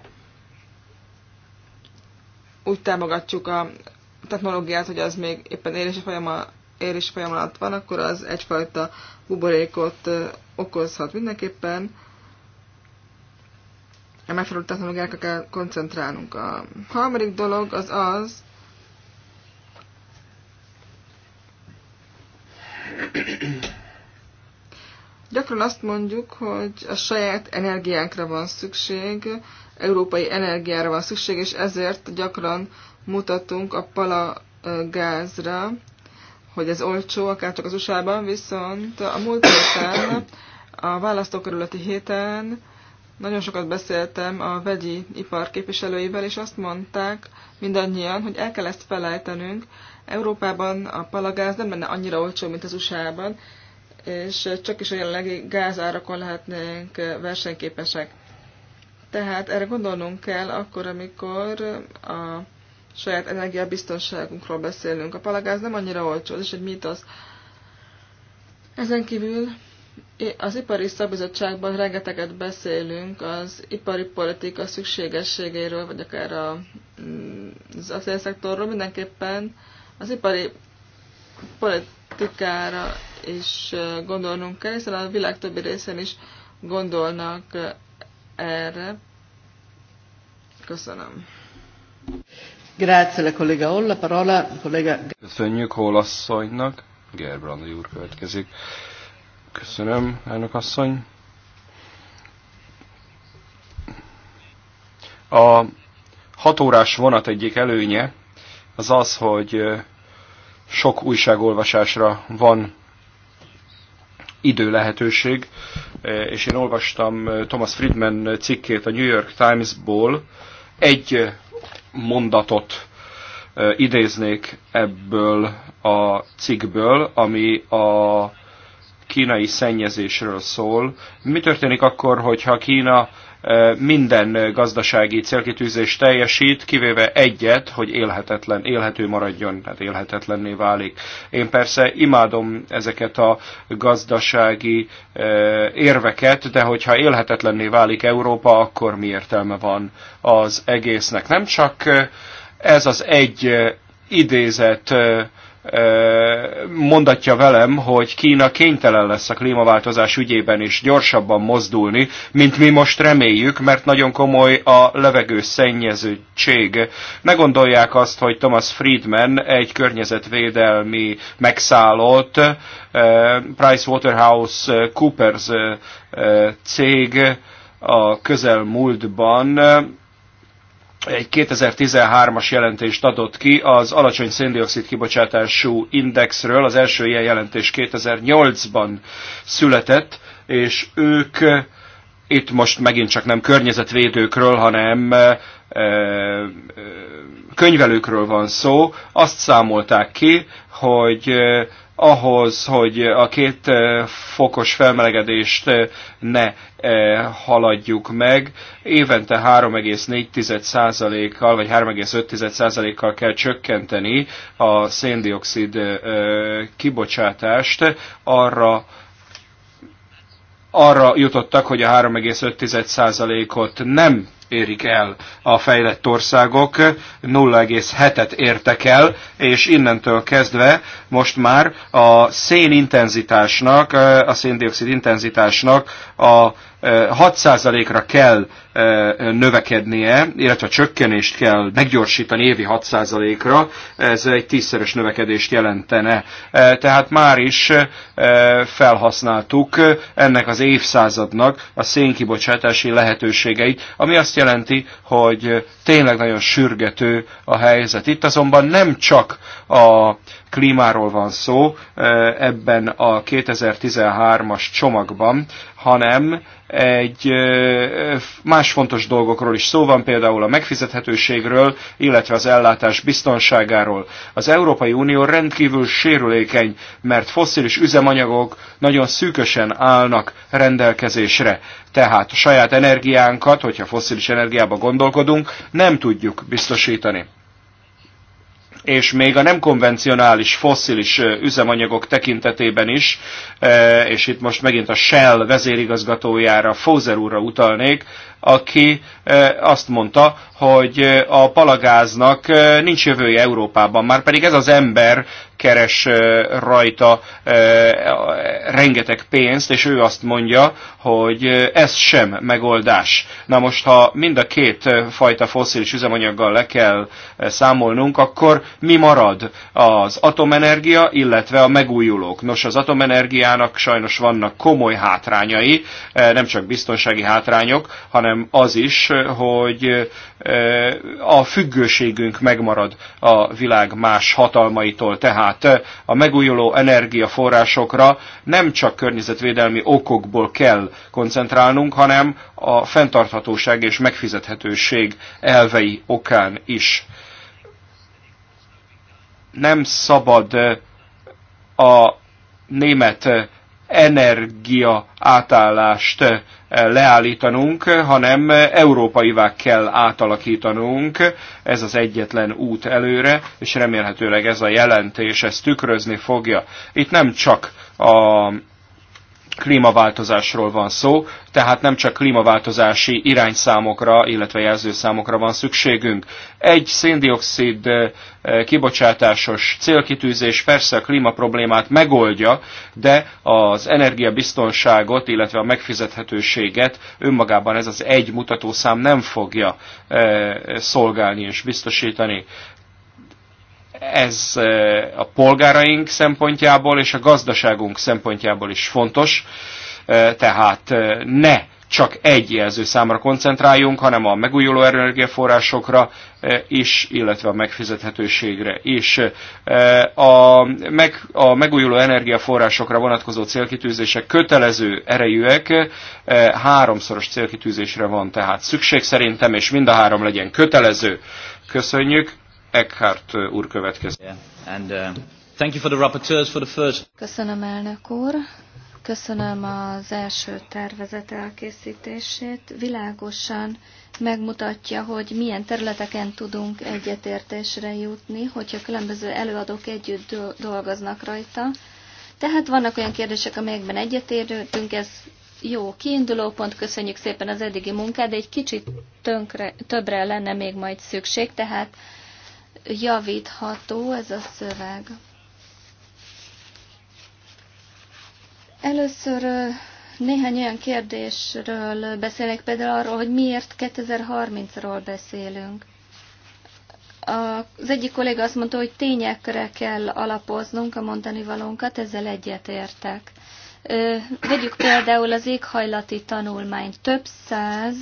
úgy támogatjuk a technológiát, hogy az még éppen élési érés folyamat van, akkor az egyfajta buborékot okozhat mindenképpen. A megfelelő technológiákra kell koncentrálnunk. A harmadik dolog az az, Gyakran azt mondjuk, hogy a saját energiánkra van szükség, európai energiára van szükség, és ezért gyakran mutatunk a palagázra, hogy ez olcsó, akár csak az USA-ban, viszont a múlt héten, a választókerületi héten nagyon sokat beszéltem a vegyi ipar képviselőivel, és azt mondták mindannyian, hogy el kell ezt felejtenünk. Európában a palagáz nem lenne annyira olcsó, mint az USA-ban, és csak is a jelenlegi gázárakon lehetnénk versenyképesek. Tehát erre gondolnunk kell akkor, amikor a saját energiabiztonságunkról beszélünk. A palagáz nem annyira olcsó, ez is egy mítosz. Ezen kívül az ipari szakbizottságban rengeteget beszélünk az ipari politika szükségességéről, vagy akár a, mm, az acélszektorról, mindenképpen az ipari politikára is gondolnunk kell, hiszen a világ többi részén is gondolnak erre. Köszönöm. Grazie, la kollega Hall, la parola, Köszönjük Hall asszonynak. Gerbrandi úr következik. Köszönöm, elnök asszony. A hatórás vonat egyik előnye az az, hogy sok újságolvasásra van idő lehetőség, és én olvastam Thomas Friedman cikkét a New York Times-ból, egy mondatot idéznék ebből a cikkből, ami a kínai szennyezésről szól. Mi történik akkor, hogyha Kína minden gazdasági célkitűzés teljesít, kivéve egyet, hogy élhetetlen, élhető maradjon, tehát élhetetlenné válik. Én persze imádom ezeket a gazdasági érveket, de hogyha élhetetlenné válik Európa, akkor mi értelme van az egésznek? Nem csak ez az egy idézet mondatja velem, hogy Kína kénytelen lesz a klímaváltozás ügyében is gyorsabban mozdulni, mint mi most reméljük, mert nagyon komoly a levegő szennyezőtség. Ne gondolják azt, hogy Thomas Friedman egy környezetvédelmi megszállott Pricewaterhouse Coopers cég a közelmúltban egy 2013-as jelentést adott ki az alacsony széndiokszid kibocsátású indexről. Az első ilyen jelentés 2008-ban született, és ők eh, itt most megint csak nem környezetvédőkről, hanem eh, eh, könyvelőkről van szó. Azt számolták ki, hogy ahhoz, hogy a két eh, fokos felmelegedést eh, ne eh, haladjuk meg. Évente 3,4%-kal vagy 3,5%-kal kell csökkenteni a széndiokszid kibocsátást arra, arra jutottak, hogy a 3,5%-ot nem érik el a fejlett országok, 0,7-et értek el, és innentől kezdve most már a szénintenzitásnak intenzitásnak, a széndiokszid intenzitásnak a 6%-ra kell növekednie, illetve csökkenést kell meggyorsítani évi 6%-ra, ez egy tízszeres növekedést jelentene. Tehát már is felhasználtuk ennek az évszázadnak a szénkibocsátási lehetőségeit, ami azt jelenti, hogy tényleg nagyon sürgető a helyzet. Itt azonban nem csak a klímáról van szó ebben a 2013-as csomagban, hanem egy más fontos dolgokról is szó van, például a megfizethetőségről, illetve az ellátás biztonságáról. Az Európai Unió rendkívül sérülékeny, mert fosszilis üzemanyagok nagyon szűkösen állnak rendelkezésre. Tehát a saját energiánkat, hogyha fosszilis energiába gondolkodunk, nem tudjuk biztosítani és még a nem konvencionális fosszilis üzemanyagok tekintetében is, és itt most megint a Shell vezérigazgatójára, Fózer úrra utalnék, aki eh, azt mondta, hogy eh, a palagáznak eh, nincs jövője Európában, már pedig ez az ember keres rajta rengeteg pénzt, és ő azt mondja, hogy ez sem megoldás. Na most, ha mind a két fajta fosszilis üzemanyaggal le kell számolnunk, akkor mi marad az atomenergia, illetve a megújulók? Nos, az atomenergiának sajnos vannak komoly hátrányai, nem csak biztonsági hátrányok, hanem hanem az is, hogy eh, a függőségünk megmarad a világ más hatalmaitól. Tehát eh, a megújuló energiaforrásokra nem csak környezetvédelmi okokból kell koncentrálnunk, hanem a fenntarthatóság és megfizethetőség elvei okán is. Nem szabad eh, a német energia átállást eh, leállítanunk, hanem európaivá kell átalakítanunk. Ez az egyetlen út előre, és remélhetőleg ez a jelentés ezt tükrözni fogja. Itt nem csak a klímaváltozásról van szó, tehát nem csak klímaváltozási irányszámokra, illetve jelzőszámokra van szükségünk. Egy széndiokszid kibocsátásos célkitűzés persze a klímaproblémát megoldja, de az energiabiztonságot, illetve a megfizethetőséget önmagában ez az egy mutatószám nem fogja szolgálni és biztosítani ez a polgáraink szempontjából és a gazdaságunk szempontjából is fontos, tehát ne csak egy jelző számra koncentráljunk, hanem a megújuló energiaforrásokra is, illetve a megfizethetőségre is. A, meg, a megújuló energiaforrásokra vonatkozó célkitűzések kötelező erejűek, háromszoros célkitűzésre van tehát szükség szerintem, és mind a három legyen kötelező. Köszönjük! Eckhart úr következik. Yeah. And, uh, thank you for the rapporteurs for the first. Köszönöm elnök úr. Köszönöm az első tervezet elkészítését. Világosan megmutatja, hogy milyen területeken tudunk egyetértésre jutni, hogyha különböző előadók együtt dolgoznak rajta. Tehát vannak olyan kérdések, amelyekben egyetértünk, ez jó kiinduló pont, köszönjük szépen az eddigi munkát, de egy kicsit tönkre, többre lenne még majd szükség, tehát javítható ez a szöveg. Először néhány olyan kérdésről beszélek, például arról, hogy miért 2030-ról beszélünk. Az egyik kolléga azt mondta, hogy tényekre kell alapoznunk a mondani valónkat, ezzel egyetértek. Vegyük például az éghajlati tanulmányt. Több száz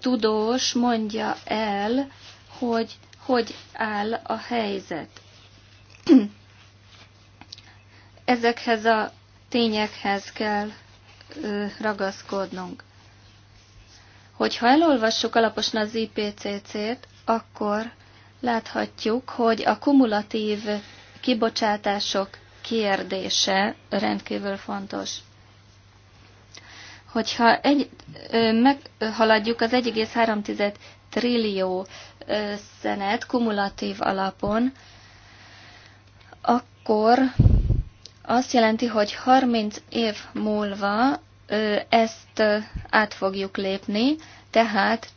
tudós mondja el, hogy hogy áll a helyzet. Ezekhez a tényekhez kell ragaszkodnunk. Hogyha elolvassuk alaposan az IPCC-t, akkor láthatjuk, hogy a kumulatív kibocsátások kérdése rendkívül fontos hogyha egy, meghaladjuk az 1,3 trillió szenet kumulatív alapon, akkor azt jelenti, hogy 30 év múlva ezt át fogjuk lépni, tehát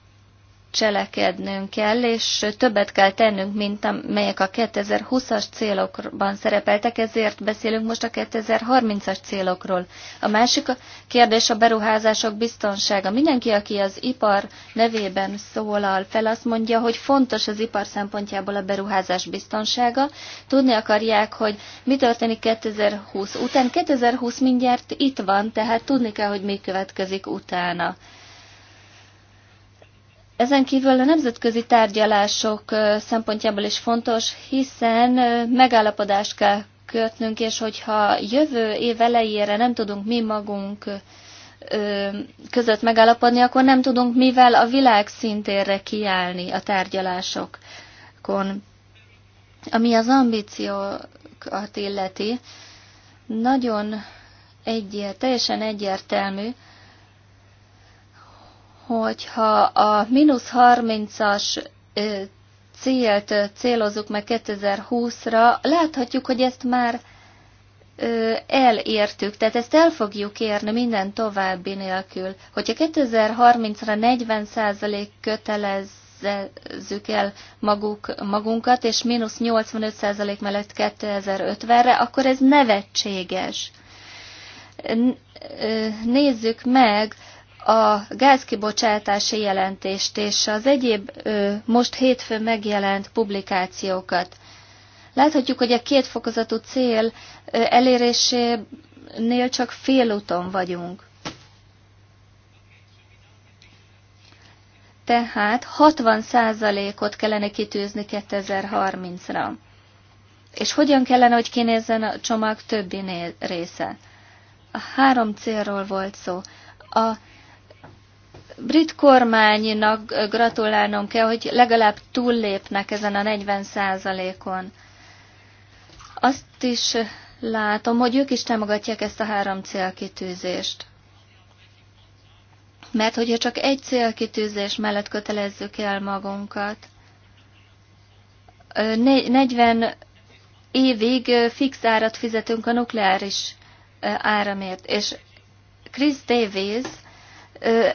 cselekednünk kell, és többet kell tennünk, mint amelyek a 2020-as célokban szerepeltek, ezért beszélünk most a 2030-as célokról. A másik kérdés a beruházások biztonsága. Mindenki, aki az ipar nevében szólal fel, azt mondja, hogy fontos az ipar szempontjából a beruházás biztonsága. Tudni akarják, hogy mi történik 2020 után. 2020 mindjárt itt van, tehát tudni kell, hogy mi következik utána. Ezen kívül a nemzetközi tárgyalások szempontjából is fontos, hiszen megállapodást kell kötnünk, és hogyha jövő év elejére nem tudunk mi magunk között megállapodni, akkor nem tudunk mivel a világ szintérre kiállni a tárgyalásokon. Ami az ambíciókat illeti, nagyon egyért, teljesen egyértelmű, hogyha a mínusz 30-as célt célozzuk meg 2020-ra, láthatjuk, hogy ezt már elértük, tehát ezt el fogjuk érni minden további nélkül. Hogyha 2030-ra 40% kötelezzük el maguk, magunkat, és mínusz 85% mellett 2050-re, akkor ez nevetséges. Nézzük meg, a gázkibocsátási jelentést és az egyéb most hétfőn megjelent publikációkat. Láthatjuk, hogy a kétfokozatú cél elérésénél csak félúton vagyunk. Tehát 60%-ot kellene kitűzni 2030-ra. És hogyan kellene, hogy kinézzen a csomag többi része? A három célról volt szó. A brit kormánynak gratulálnom kell, hogy legalább túllépnek ezen a 40%-on. Azt is látom, hogy ők is támogatják ezt a három célkitűzést. Mert hogyha csak egy célkitűzés mellett kötelezzük el magunkat, 40 évig fix árat fizetünk a nukleáris áramért. És Chris Davis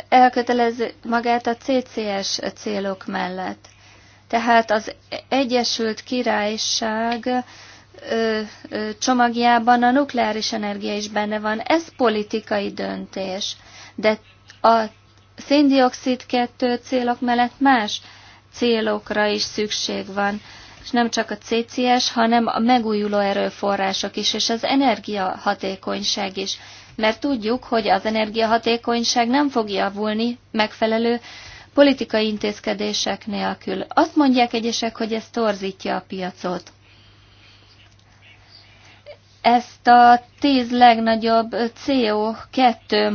elkötelez magát a CCS célok mellett. Tehát az Egyesült Királyság csomagjában a nukleáris energia is benne van. Ez politikai döntés, de a széndiokszid kettő célok mellett más célokra is szükség van, és nem csak a CCS, hanem a megújuló erőforrások is, és az energiahatékonyság is mert tudjuk, hogy az energiahatékonyság nem fog javulni megfelelő politikai intézkedések nélkül. Azt mondják egyesek, hogy ez torzítja a piacot. Ezt a tíz legnagyobb CO2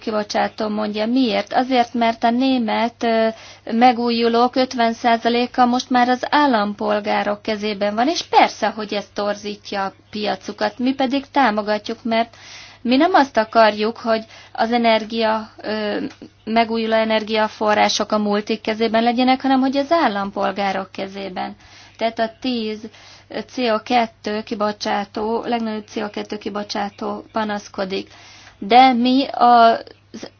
kibocsátó mondja. Miért? Azért, mert a német megújulók 50%-a most már az állampolgárok kezében van, és persze, hogy ez torzítja a piacukat. Mi pedig támogatjuk, mert mi nem azt akarjuk, hogy az energia, megújuló energiaforrások a multik kezében legyenek, hanem hogy az állampolgárok kezében. Tehát a 10 CO2 kibocsátó, legnagyobb CO2 kibocsátó panaszkodik. De mi a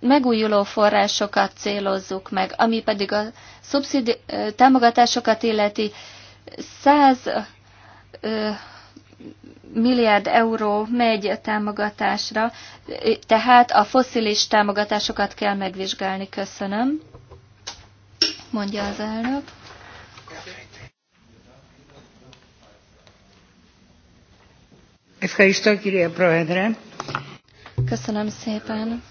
megújuló forrásokat célozzuk meg, ami pedig a szubszidi, támogatásokat illeti 100 milliárd euró megy támogatásra, tehát a foszilis támogatásokat kell megvizsgálni. Köszönöm, mondja az elnök. Köszönöm szépen.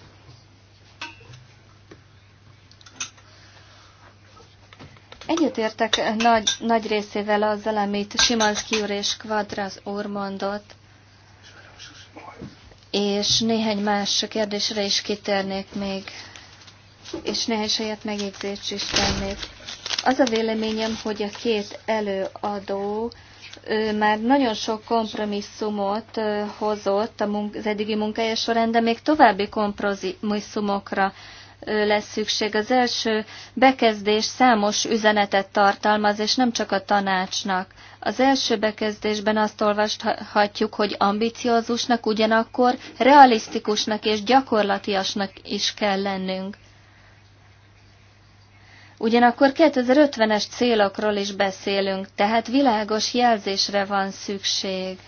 Egyetértek nagy, nagy részével azzal, amit Simanszki úr és Kvadrasz úr mondott, és néhány más kérdésre is kitérnék még, és néhány saját megjegyzést is tennék. Az a véleményem, hogy a két előadó ő már nagyon sok kompromisszumot hozott az eddigi munkája során, de még további kompromisszumokra lesz szükség. Az első bekezdés számos üzenetet tartalmaz, és nem csak a tanácsnak. Az első bekezdésben azt olvashatjuk, hogy ambiciózusnak, ugyanakkor realisztikusnak és gyakorlatiasnak is kell lennünk. Ugyanakkor 2050-es célokról is beszélünk, tehát világos jelzésre van szükség.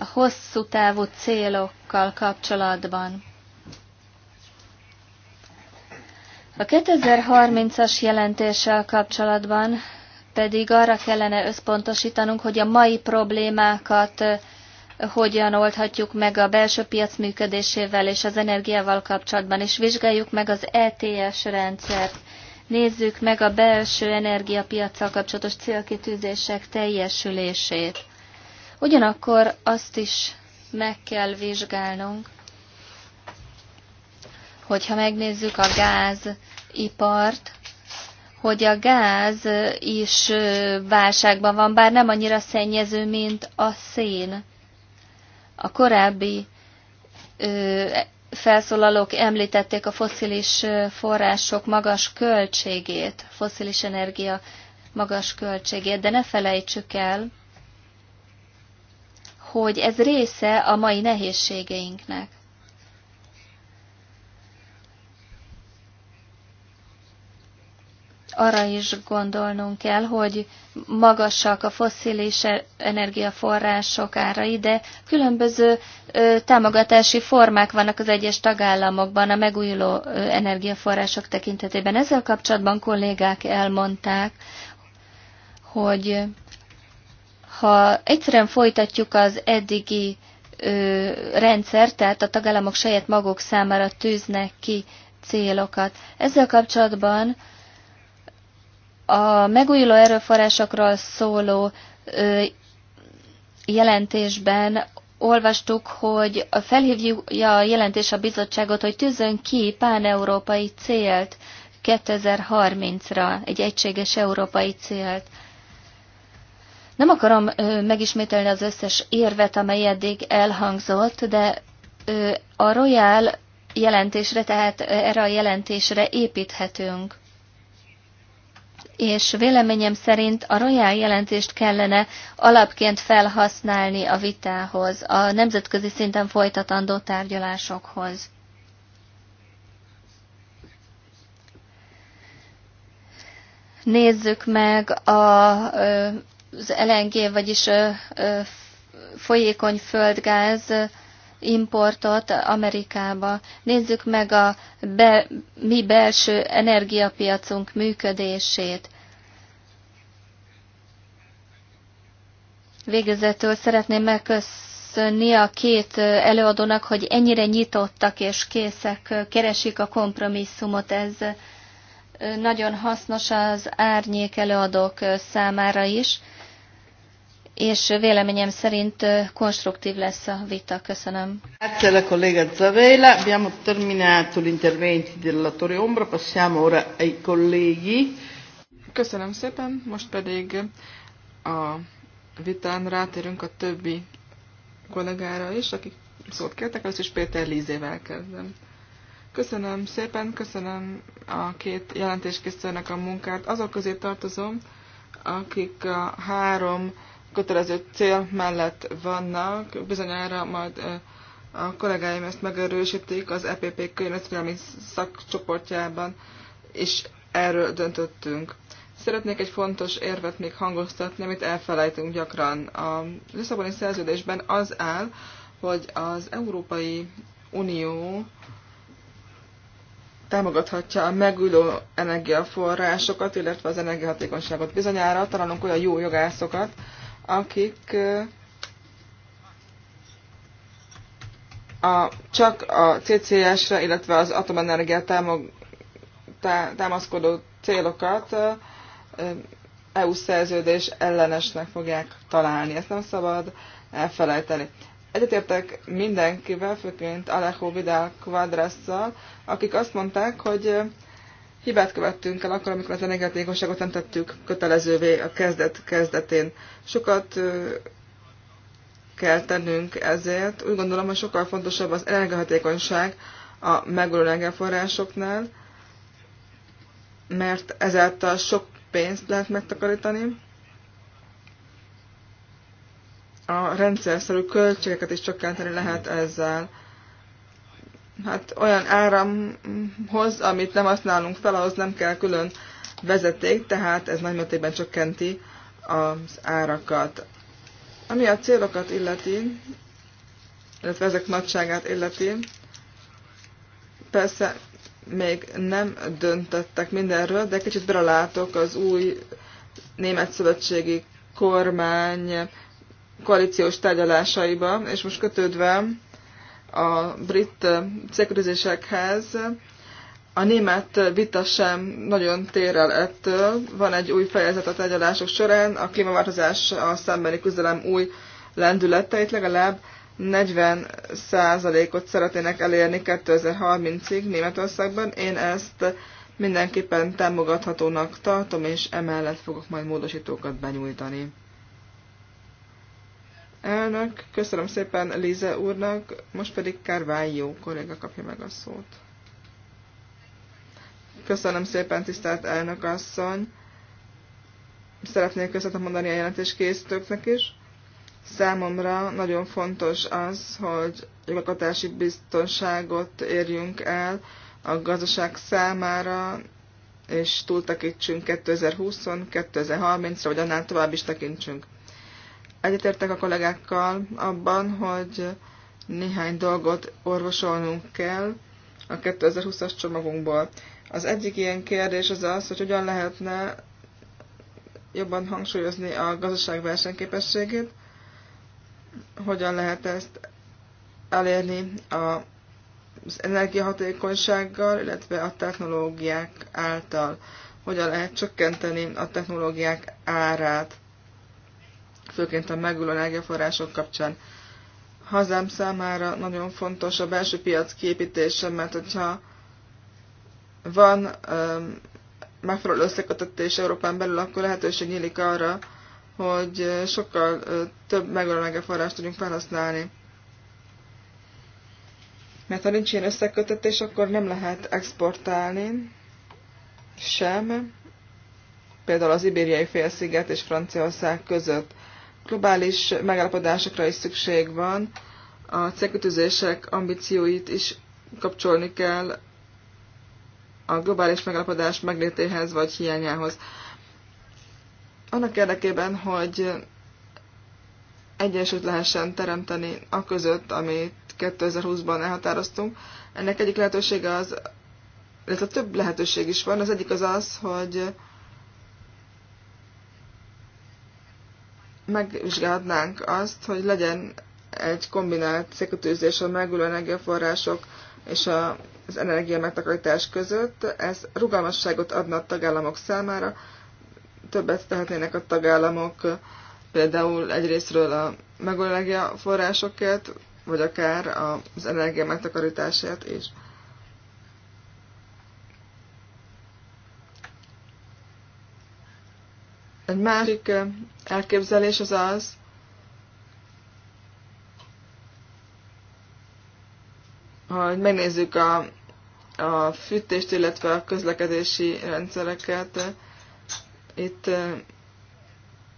a hosszú távú célokkal kapcsolatban. A 2030-as jelentéssel kapcsolatban pedig arra kellene összpontosítanunk, hogy a mai problémákat eh, hogyan oldhatjuk meg a belső piac működésével és az energiával kapcsolatban, és vizsgáljuk meg az ETS rendszert. Nézzük meg a belső energiapiacsal kapcsolatos célkitűzések teljesülését. Ugyanakkor azt is meg kell vizsgálnunk, hogyha megnézzük a gázipart, hogy a gáz is válságban van, bár nem annyira szennyező, mint a szén. A korábbi ö, felszólalók említették a foszilis források magas költségét, foszilis energia magas költségét, de ne felejtsük el, hogy ez része a mai nehézségeinknek. Arra is gondolnunk kell, hogy magasak a fosszilis energiaforrások árai, de különböző ö, támogatási formák vannak az egyes tagállamokban a megújuló ö, energiaforrások tekintetében. Ezzel kapcsolatban kollégák elmondták, hogy ha egyszerűen folytatjuk az eddigi ö, rendszer, tehát a tagállamok saját maguk számára tűznek ki célokat. Ezzel kapcsolatban a megújuló erőforrásokról szóló ö, jelentésben olvastuk, hogy felhívja a jelentés a bizottságot, hogy tűzön ki Európai célt 2030-ra, egy egységes európai célt. Nem akarom megismételni az összes érvet, amely eddig elhangzott, de a Royal jelentésre, tehát erre a jelentésre építhetünk. És véleményem szerint a Royal jelentést kellene alapként felhasználni a vitához, a nemzetközi szinten folytatandó tárgyalásokhoz. Nézzük meg a az LNG, vagyis folyékony földgáz importot Amerikába. Nézzük meg a be, mi belső energiapiacunk működését. Végezetül szeretném megköszönni a két előadónak, hogy ennyire nyitottak és készek, keresik a kompromisszumot. Ez nagyon hasznos az árnyék előadók számára is és véleményem szerint konstruktív lesz a vita. Köszönöm. Grazie alla collega Abbiamo terminato Ombra. Passiamo ora ai colleghi. Köszönöm szépen. Most pedig a vitán rátérünk a többi kollégára is, akik szót kértek, az is Péter Lízével kezdem. Köszönöm szépen, köszönöm a két jelentéskészítőnek a munkát. Azok közé tartozom, akik a három kötelező cél mellett vannak. Bizonyára majd a kollégáim ezt megerősítik az EPP környezetvédelmi szakcsoportjában, és erről döntöttünk. Szeretnék egy fontos érvet még hangoztatni, amit elfelejtünk gyakran. A Lisszaboni szerződésben az áll, hogy az Európai Unió támogathatja a megülő energiaforrásokat, illetve az energiahatékonyságot bizonyára, találunk olyan jó jogászokat, akik a, csak a CCS-re, illetve az atomenergia támog, tá, támaszkodó célokat EU szerződés ellenesnek fogják találni. Ezt nem szabad elfelejteni. Egyetértek mindenkivel, főként Alejo Vidal Quadrasszal, akik azt mondták, hogy hibát követtünk el akkor, amikor az energiatékonyságot nem tettük kötelezővé a kezdet kezdetén. Sokat kell tennünk ezért. Úgy gondolom, hogy sokkal fontosabb az energiahatékonyság a megújuló energiaforrásoknál, mert ezáltal sok pénzt lehet megtakarítani. A rendszerszerű költségeket is csökkenteni lehet ezzel hát olyan áramhoz, amit nem használunk fel, ahhoz nem kell külön vezeték, tehát ez nagymértékben csökkenti az árakat. Ami a célokat illeti, illetve ezek nagyságát illeti, persze még nem döntöttek mindenről, de kicsit belelátok az új német szövetségi kormány koalíciós tárgyalásaiba, és most kötődve a brit célkötözésekhez, a német vita sem nagyon tér el ettől. Van egy új fejezet a tárgyalások során, a klímaváltozás a szembeni küzdelem új lendületeit legalább 40%-ot szeretnének elérni 2030-ig Németországban. Én ezt mindenképpen támogathatónak tartom, és emellett fogok majd módosítókat benyújtani. Elnök, köszönöm szépen Lize úrnak, most pedig jó kolléga kapja meg a szót. Köszönöm szépen, tisztelt elnök asszony. Szeretnék köszönetet mondani a jelentéskészítőknek is. Számomra nagyon fontos az, hogy jogalkotási biztonságot érjünk el a gazdaság számára, és túltakítsünk 2020-on, 2030-ra, vagy annál tovább is tekintsünk. Egyetértek a kollégákkal abban, hogy néhány dolgot orvosolnunk kell a 2020-as csomagunkból. Az egyik ilyen kérdés az az, hogy hogyan lehetne jobban hangsúlyozni a gazdaság versenyképességét, hogyan lehet ezt elérni az energiahatékonysággal, illetve a technológiák által, hogyan lehet csökkenteni a technológiák árát főként a megújuló energiaforrások kapcsán. Hazám számára nagyon fontos a belső piac kiépítése, mert hogyha van um, megfelelő összekötetés Európán belül, akkor lehetőség nyílik arra, hogy sokkal több megújuló energiaforrást tudjunk felhasználni. Mert ha nincs ilyen összekötetés, akkor nem lehet exportálni sem, például az ibériai félsziget és Franciaország között globális megállapodásokra is szükség van, a célkötőzések ambícióit is kapcsolni kell a globális megállapodás meglétéhez vagy hiányához. Annak érdekében, hogy egyensúlyt lehessen teremteni a között, amit 2020-ban elhatároztunk, ennek egyik lehetősége az, illetve több lehetőség is van. Az egyik az az, hogy megvizsgálhatnánk azt, hogy legyen egy kombinált szekötőzés a megülő energiaforrások és a, az energia megtakarítás között. Ez rugalmasságot adna a tagállamok számára, többet tehetnének a tagállamok például egyrésztről a megújuló forrásokért, vagy akár az energia megtakarításért is. És Egy másik elképzelés az az, hogy megnézzük a, a fűtést, illetve a közlekedési rendszereket. Itt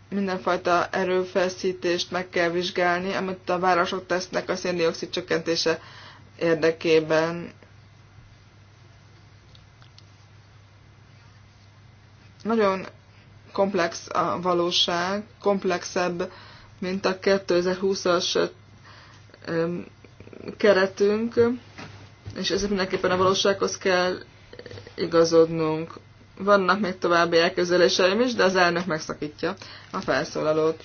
mindenfajta erőfeszítést meg kell vizsgálni, amit a városok tesznek a széndiokszid csökkentése érdekében. Nagyon komplex a valóság, komplexebb, mint a 2020-as keretünk, és ezért mindenképpen a valósághoz kell igazodnunk. Vannak még további elképzeléseim is, de az elnök megszakítja a felszólalót.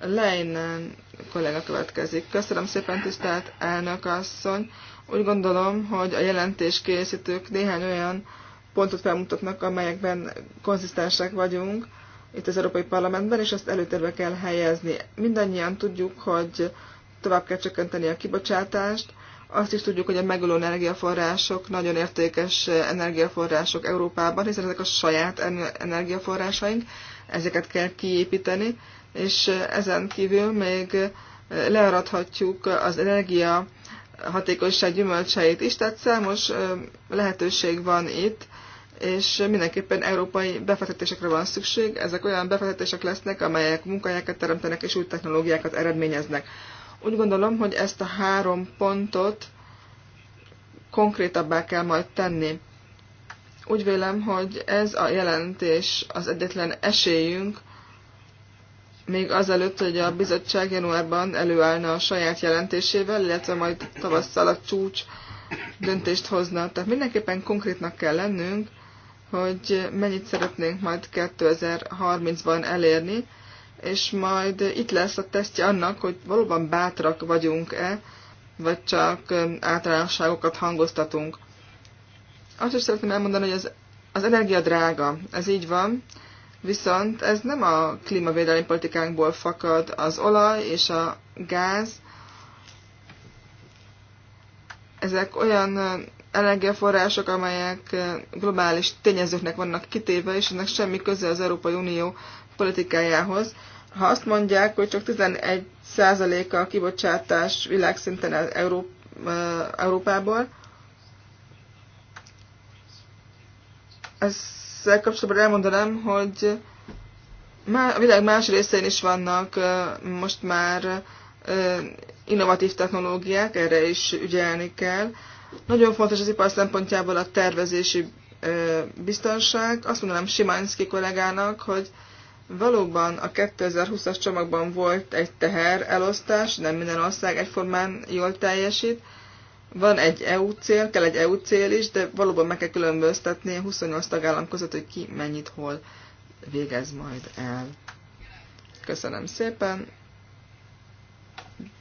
Leinen kollega következik. Köszönöm szépen, tisztelt elnök asszony. Úgy gondolom, hogy a jelentés készítők néhány olyan pontot felmutatnak, amelyekben konzisztensek vagyunk itt az Európai Parlamentben, és ezt előtérbe kell helyezni. Mindannyian tudjuk, hogy tovább kell csökkenteni a kibocsátást, azt is tudjuk, hogy a megülő energiaforrások nagyon értékes energiaforrások Európában, hiszen ezek a saját energiaforrásaink, ezeket kell kiépíteni, és ezen kívül még learadhatjuk az energia hatékonyság gyümölcseit is, tehát számos lehetőség van itt, és mindenképpen európai befektetésekre van szükség. Ezek olyan befektetések lesznek, amelyek munkahelyeket teremtenek és új technológiákat eredményeznek. Úgy gondolom, hogy ezt a három pontot konkrétabbá kell majd tenni. Úgy vélem, hogy ez a jelentés az egyetlen esélyünk, még azelőtt, hogy a bizottság januárban előállna a saját jelentésével, illetve majd tavasszal a csúcs döntést hozna. Tehát mindenképpen konkrétnak kell lennünk, hogy mennyit szeretnénk majd 2030-ban elérni, és majd itt lesz a tesztje annak, hogy valóban bátrak vagyunk-e, vagy csak általánosságokat hangoztatunk. Azt is szeretném elmondani, hogy az, az energia drága, ez így van, viszont ez nem a klímavédelmi politikánkból fakad, az olaj és a gáz, ezek olyan energiaforrások, amelyek globális tényezőknek vannak kitéve, és ennek semmi köze az Európai Unió politikájához. Ha azt mondják, hogy csak 11%-a a kibocsátás világszinten az e- Európ- Európából, ezzel kapcsolatban elmondanám, hogy a világ más részein is vannak most már innovatív technológiák, erre is ügyelni kell. Nagyon fontos az ipar szempontjából a tervezési biztonság. Azt mondanám Simánszki kollégának, hogy valóban a 2020-as csomagban volt egy teher elosztás, nem minden ország egyformán jól teljesít. Van egy EU cél, kell egy EU cél is, de valóban meg kell különböztetni 28 tagállam között, hogy ki mennyit hol végez majd el. Köszönöm szépen.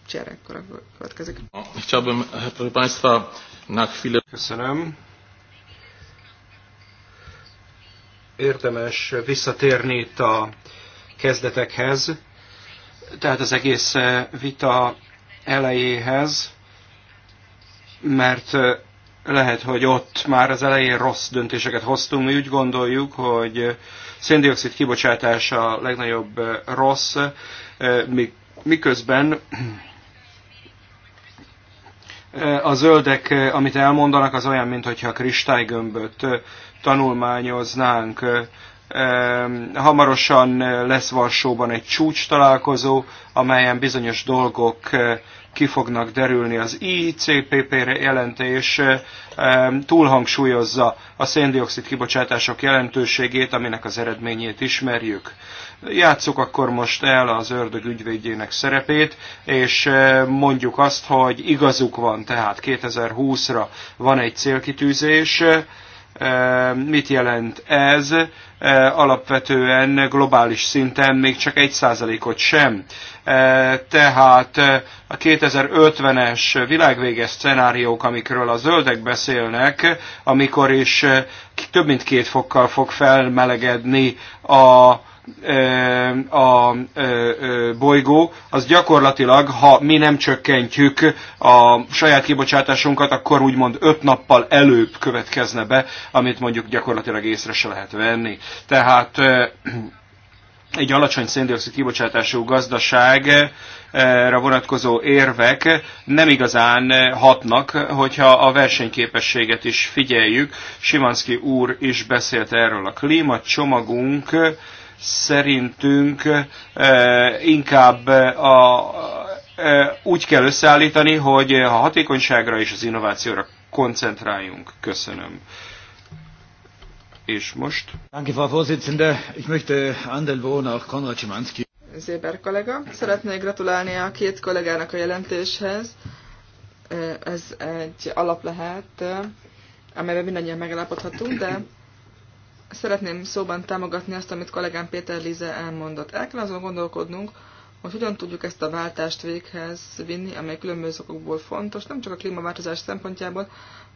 Cserek, következik. Chciałbym, proszę Państwa, Köszönöm. Érdemes visszatérni itt a kezdetekhez, tehát az egész eh, vita elejéhez, mert eh, lehet, hogy ott már az elején rossz döntéseket hoztunk. Mi úgy gondoljuk, hogy eh, széndiokszid kibocsátása a legnagyobb rossz, miközben a zöldek, amit elmondanak, az olyan, mintha a kristálygömböt tanulmányoznánk. Hamarosan lesz Varsóban egy csúcs találkozó, amelyen bizonyos dolgok ki fognak derülni. Az ICPP jelentés túlhangsúlyozza a széndiokszid kibocsátások jelentőségét, aminek az eredményét ismerjük. Játsszuk akkor most el az ördög ügyvédjének szerepét, és mondjuk azt, hogy igazuk van, tehát 2020-ra van egy célkitűzés, mit jelent ez? E, alapvetően globális szinten még csak egy százalékot sem. E, tehát e, a 2050-es világvéges szenáriók, amikről a zöldek beszélnek, amikor is több mint két fokkal fog felmelegedni a a bolygó, az gyakorlatilag, ha mi nem csökkentjük a saját kibocsátásunkat, akkor úgymond öt nappal előbb következne be, amit mondjuk gyakorlatilag észre se lehet venni. Tehát egy alacsony széndiokszid kibocsátású gazdaságra vonatkozó érvek nem igazán hatnak, hogyha a versenyképességet is figyeljük. simanski úr is beszélt erről a klímacsomagunk, csomagunk szerintünk eh, inkább eh, a, eh, úgy kell összeállítani, hogy a hatékonyságra és az innovációra koncentráljunk. Köszönöm. És most? Danke, Frau Vorsitzende. Ich möchte Andel Wohner, Konrad Szymanski. Zéber kollega. Szeretnék gratulálni a két kollégának a jelentéshez. Ez egy alap lehet, amelyben mindannyian megállapodhatunk, de szeretném szóban támogatni azt, amit kollégám Péter Lize elmondott. El kell azon gondolkodnunk, hogy hogyan tudjuk ezt a váltást véghez vinni, amely különböző okokból fontos, nem csak a klímaváltozás szempontjából,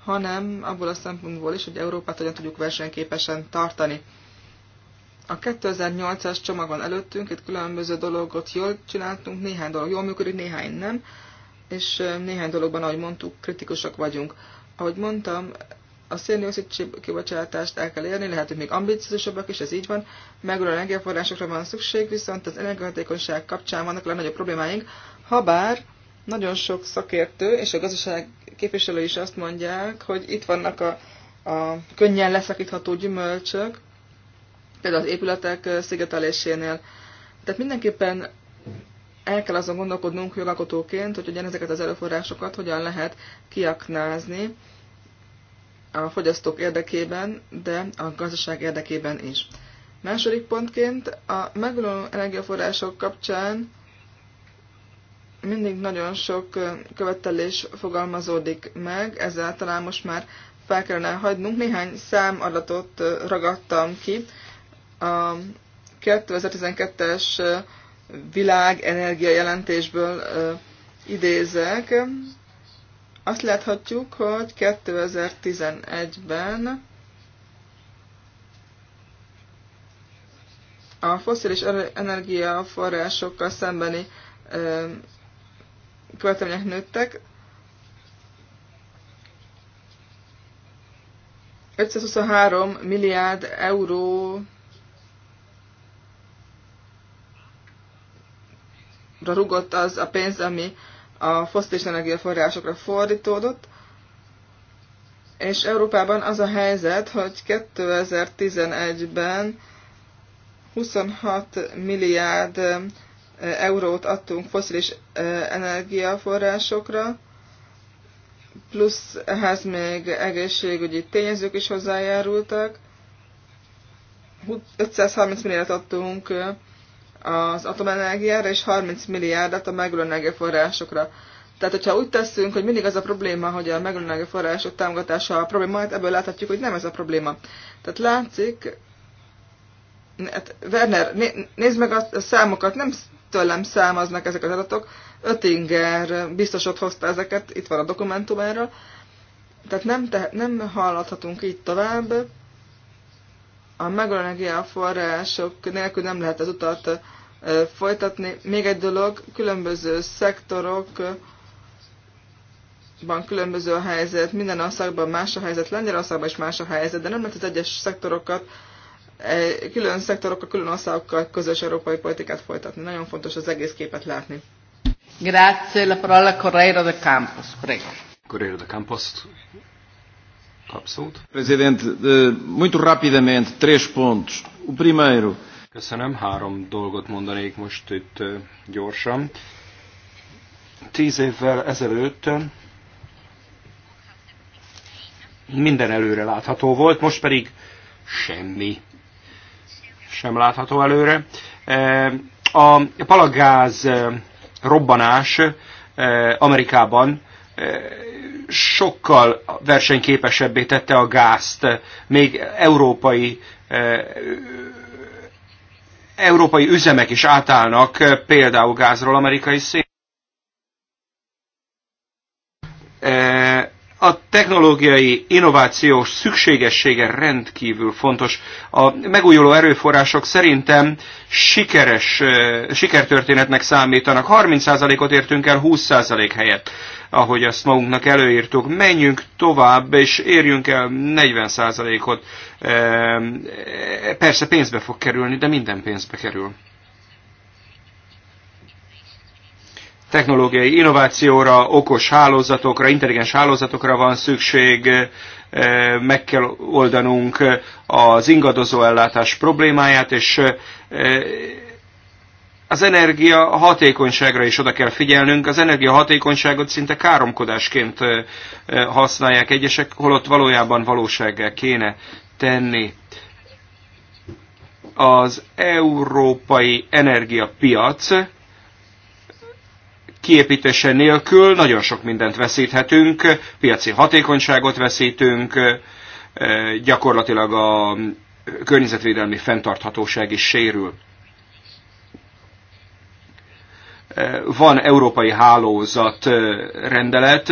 hanem abból a szempontból is, hogy Európát hogyan tudjuk versenyképesen tartani. A 2008-as csomag van előttünk, itt különböző dolgot jól csináltunk, néhány dolog jól működik, néhány nem, és néhány dologban, ahogy mondtuk, kritikusak vagyunk. Ahogy mondtam, a széndiokszid kibocsátást el kell érni, lehet, hogy még ambiciózusabbak is, ez így van. Megújuló energiaforrásokra van szükség, viszont az energiahatékonyság kapcsán vannak a legnagyobb problémáink, habár nagyon sok szakértő és a gazdaság képviselő is azt mondják, hogy itt vannak a, a könnyen leszakítható gyümölcsök, például az épületek szigetelésénél. Tehát mindenképpen el kell azon gondolkodnunk jogalkotóként, hogy ugyan ezeket az erőforrásokat hogyan lehet kiaknázni, a fogyasztók érdekében, de a gazdaság érdekében is. Második pontként a megújuló energiaforrások kapcsán mindig nagyon sok követelés fogalmazódik meg, ezzel talán most már fel kellene hagynunk. Néhány számadatot ragadtam ki. A 2012-es világenergia jelentésből idézek. Azt láthatjuk, hogy 2011-ben a foszilis energiaforrásokkal szembeni követelmények nőttek. 523 milliárd euró rugott az a pénz, ami a fosztis energiaforrásokra fordítódott, és Európában az a helyzet, hogy 2011-ben 26 milliárd eurót adtunk foszilis energiaforrásokra, plusz ehhez még egészségügyi tényezők is hozzájárultak. 530 milliárd adtunk az atomenergiára, és 30 milliárdat a megülő energiaforrásokra. Tehát, hogyha úgy teszünk, hogy mindig az a probléma, hogy a megülő források támogatása a probléma, hát ebből láthatjuk, hogy nem ez a probléma. Tehát látszik, hát Werner, nézd meg a számokat, nem tőlem számaznak ezek az adatok, Ötinger biztos ott hozta ezeket, itt van a dokumentum erről, tehát nem, te, nem hallhatunk így tovább, a megoldási források nélkül nem lehet az utat folytatni. Még egy dolog, különböző szektorokban különböző a helyzet, minden országban más a helyzet, Lengyelországban is más a helyzet, de nem lehet az egyes szektorokat, e, külön szektorokkal, külön országokkal közös európai politikát folytatni. Nagyon fontos az egész képet látni. Grazie, la parola Correira de Campos, prego. Correira de Campos kapszót. Presidente, muito rapidamente, três pontos. O primeiro... Köszönöm, három dolgot mondanék most itt gyorsan. Tíz évvel ezelőtt minden előre látható volt, most pedig semmi sem látható előre. A palagáz robbanás Amerikában sokkal versenyképesebbé tette a gázt, még európai eh, európai üzemek is átállnak eh, például gázról amerikai szén. Eh, a technológiai innováció szükségessége rendkívül fontos. A megújuló erőforrások szerintem sikeres, sikertörténetnek számítanak. 30%-ot értünk el 20% helyett ahogy azt magunknak előírtuk. Menjünk tovább, és érjünk el 40%-ot. Ehm, e, persze pénzbe fog kerülni, de minden pénzbe kerül. Technológiai innovációra, okos hálózatokra, intelligens hálózatokra van szükség, ehm, e, meg kell oldanunk az ingadozó ellátás problémáját, és e, az energia hatékonyságra is oda kell figyelnünk. Az energia hatékonyságot szinte káromkodásként használják egyesek, holott valójában valósággal kéne tenni. Az európai energiapiac kiépítése nélkül nagyon sok mindent veszíthetünk, piaci hatékonyságot veszítünk, gyakorlatilag a környezetvédelmi fenntarthatóság is sérül van európai hálózat rendelet,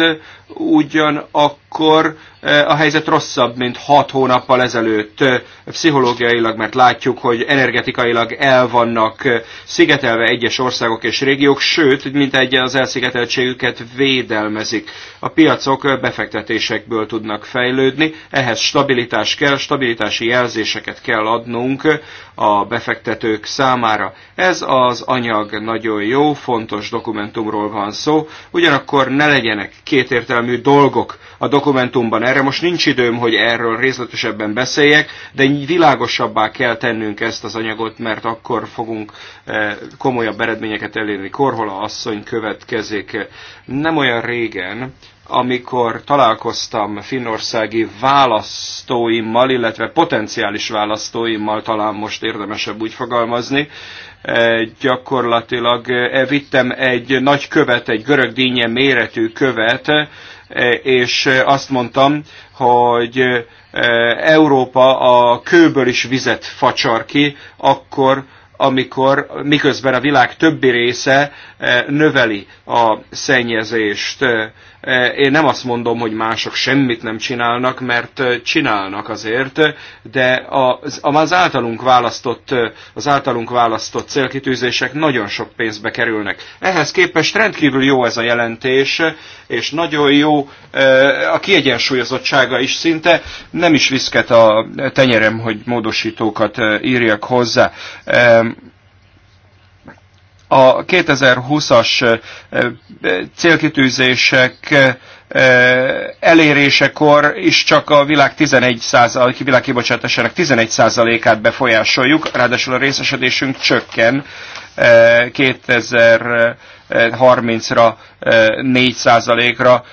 ugyanakkor akkor eh, a helyzet rosszabb, mint hat hónappal ezelőtt eh, pszichológiailag, mert látjuk, hogy energetikailag el vannak eh, szigetelve egyes országok és régiók, sőt, mint egy az elszigeteltségüket védelmezik. A piacok befektetésekből tudnak fejlődni, ehhez stabilitás kell, stabilitási jelzéseket kell adnunk a befektetők számára. Ez az anyag nagyon jó, fontos dokumentumról van szó, ugyanakkor ne legyenek kétértelmű dolgok. A dokumentumban. Erre most nincs időm, hogy erről részletesebben beszéljek, de világosabbá kell tennünk ezt az anyagot, mert akkor fogunk eh, komolyabb eredményeket elérni. Korhola asszony következik. Nem olyan régen amikor találkoztam finnországi választóimmal, illetve potenciális választóimmal, talán most érdemesebb úgy fogalmazni, eh, gyakorlatilag eh, vittem egy nagy követ, egy görög dínye méretű követ, és eh, azt mondtam, hogy eh, Európa a kőből is vizet facsar ki, akkor, amikor miközben a világ többi része eh, növeli a szennyezést. Eh, én nem azt mondom, hogy mások semmit nem csinálnak, mert eh, csinálnak azért, de az, az általunk választott, eh, az általunk választott célkitűzések nagyon sok pénzbe kerülnek. Ehhez képest rendkívül jó ez a jelentés, és nagyon jó a kiegyensúlyozottsága is szinte. Nem is viszket a tenyerem, hogy módosítókat írjak hozzá. A 2020-as célkitűzések elérésekor is csak a világ 11 százalék, világ kibocsátásának 11 százalékát befolyásoljuk, ráadásul a részesedésünk csökken 2030 ra 4%-ra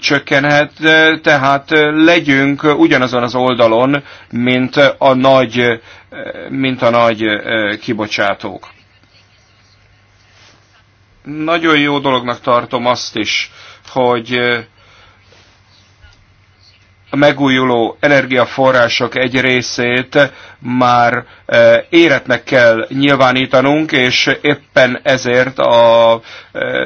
csökkenhet, tehát legyünk ugyanazon az oldalon, mint a nagy, mint a nagy kibocsátók. Nagyon jó dolognak tartom azt is, hogy a megújuló energiaforrások egy részét már éretnek kell nyilvánítanunk, és éppen ezért a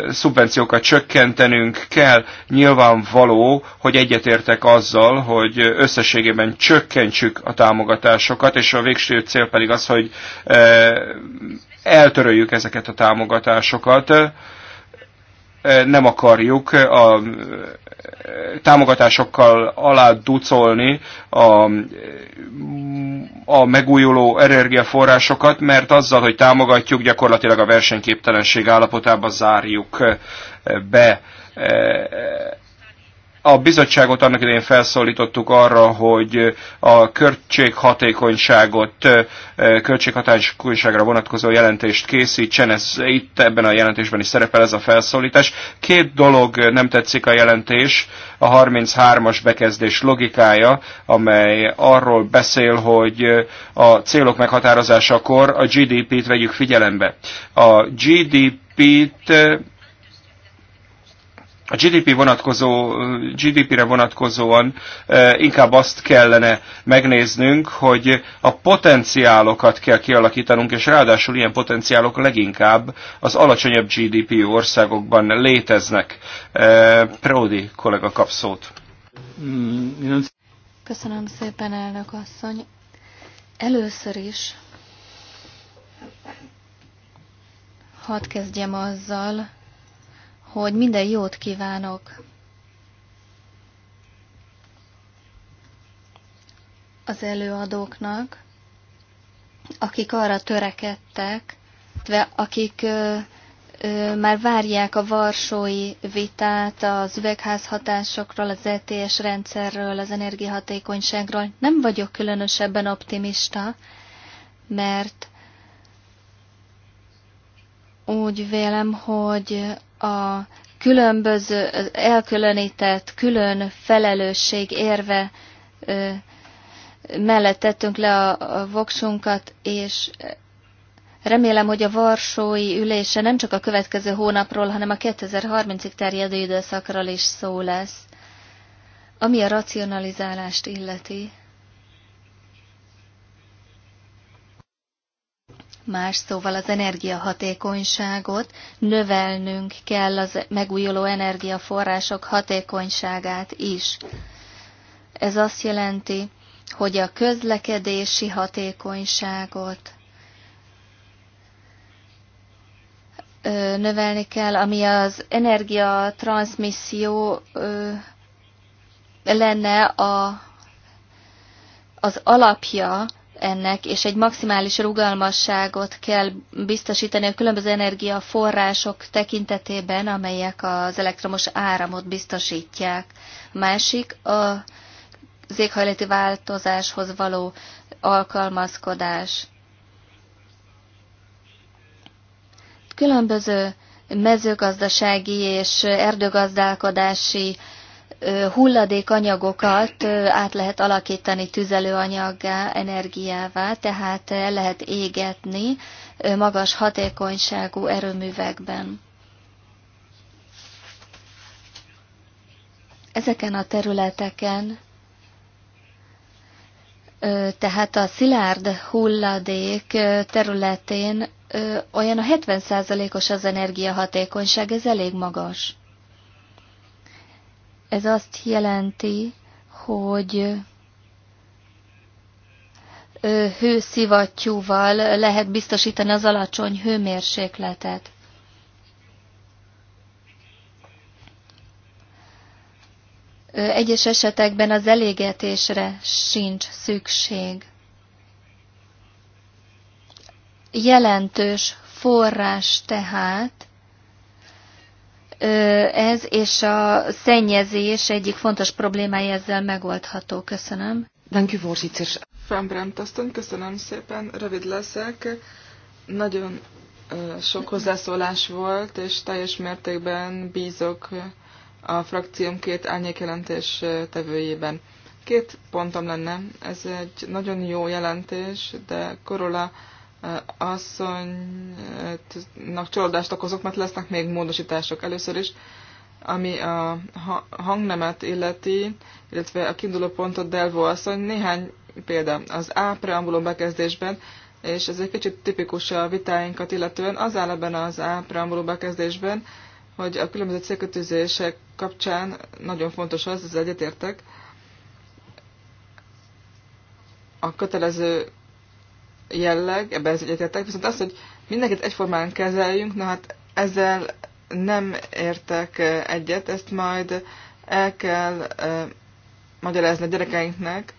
szubvenciókat csökkentenünk kell. Nyilvánvaló, hogy egyetértek azzal, hogy összességében csökkentsük a támogatásokat, és a végső cél pedig az, hogy eltöröljük ezeket a támogatásokat, nem akarjuk a támogatásokkal alá ducolni a, a megújuló energiaforrásokat, mert azzal, hogy támogatjuk, gyakorlatilag a versenyképtelenség állapotába zárjuk be a bizottságot annak idején felszólítottuk arra, hogy a költséghatékonyságot, költséghatékonyságra vonatkozó jelentést készítsen. Ez itt ebben a jelentésben is szerepel ez a felszólítás. Két dolog nem tetszik a jelentés, a 33-as bekezdés logikája, amely arról beszél, hogy a célok meghatározásakor a GDP-t vegyük figyelembe. A GDP-t a GDP vonatkozó, GDP-re vonatkozóan eh, inkább azt kellene megnéznünk, hogy a potenciálokat kell kialakítanunk, és ráadásul ilyen potenciálok leginkább az alacsonyabb GDP országokban léteznek. Eh, Pródi kollega kap szót. Köszönöm szépen, elnök asszony. Először is hadd kezdjem azzal, hogy minden jót kívánok. az előadóknak, akik arra törekedtek, akik ö, ö, már várják a varsói vitát az üvegházhatásokról, az ETS rendszerről, az energiahatékonyságról. Nem vagyok különösebben optimista, mert úgy vélem, hogy a különböző, elkülönített, külön felelősség érve ö, mellett tettünk le a, a voksunkat, és remélem, hogy a Varsói ülése nem csak a következő hónapról, hanem a 2030-ig terjedő időszakról is szó lesz, ami a racionalizálást illeti. Más szóval az energiahatékonyságot növelnünk kell az megújuló energiaforrások hatékonyságát is. Ez azt jelenti, hogy a közlekedési hatékonyságot növelni kell, ami az energiatranszmisszió lenne a, az alapja ennek, és egy maximális rugalmasságot kell biztosítani a különböző energiaforrások tekintetében, amelyek az elektromos áramot biztosítják. másik a éghajlati változáshoz való alkalmazkodás. Különböző mezőgazdasági és erdőgazdálkodási hulladékanyagokat át lehet alakítani tüzelőanyaggá, energiává, tehát el lehet égetni magas hatékonyságú erőművekben. Ezeken a területeken tehát a szilárd hulladék területén olyan a 70%-os az energiahatékonyság, ez elég magas. Ez azt jelenti, hogy hőszivattyúval lehet biztosítani az alacsony hőmérsékletet. Egyes esetekben az elégetésre sincs szükség. Jelentős forrás tehát ez, és a szennyezés egyik fontos problémája ezzel megoldható. Köszönöm. Danke, Vorsitzer. Fembrem köszönöm szépen, rövid leszek. Nagyon sok hozzászólás volt, és teljes mértékben bízok a frakcióm két árnyékjelentés tevőjében. Két pontom lenne. Ez egy nagyon jó jelentés, de Korola asszonynak csalódást okozok, mert lesznek még módosítások először is, ami a hangnemet illeti, illetve a kiinduló pontot Delvo asszony. Néhány példa az A preambulum bekezdésben, és ez egy kicsit tipikus a vitáinkat illetően, az áll ebben az A preambulum bekezdésben, hogy a különböző célkötőzések kapcsán nagyon fontos az, ez egyetértek, a kötelező jelleg, ebben ez egyetértek, viszont az, hogy mindenkit egyformán kezeljünk, na hát ezzel nem értek egyet, ezt majd el kell eh, magyarázni a gyerekeinknek,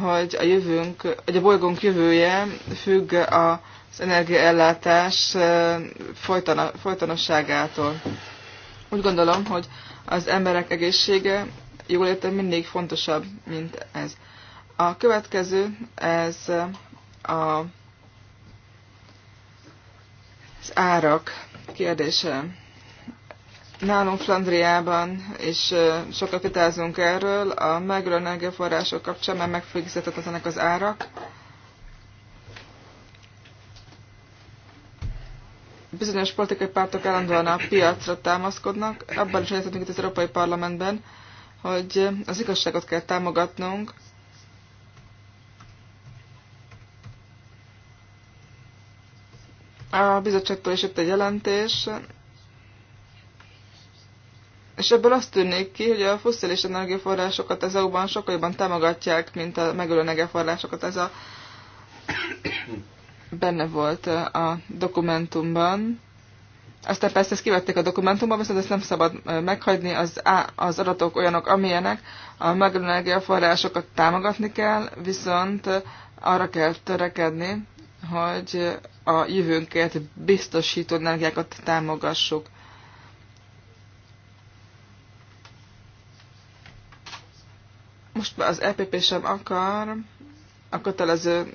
hogy a jövőnk, hogy a bolygónk jövője függ az energiaellátás folytana, folytonosságától. Úgy gondolom, hogy az emberek egészsége, értem mindig fontosabb, mint ez. A következő, ez a, az árak kérdése. Nálunk Flandriában és sokat vitázunk erről, a megülő energiaforrások kapcsán már megfüggesztetetlenek az árak. Bizonyos politikai pártok állandóan a piacra támaszkodnak, abban is egyetettünk itt az Európai Parlamentben, hogy az igazságot kell támogatnunk, A bizottságtól is jött egy jelentés, és ebből azt tűnik ki, hogy a fosszilis energiaforrásokat az EU-ban sokkal jobban támogatják, mint a megölő energiaforrásokat. Ez a benne volt a dokumentumban. Aztán persze ezt kivették a dokumentumban, viszont ezt nem szabad meghagyni, az, az adatok olyanok, amilyenek. A megölő energiaforrásokat támogatni kell, viszont arra kell törekedni, hogy a jövőnket biztosító energiákat támogassuk. Most az EPP sem akar a kötelező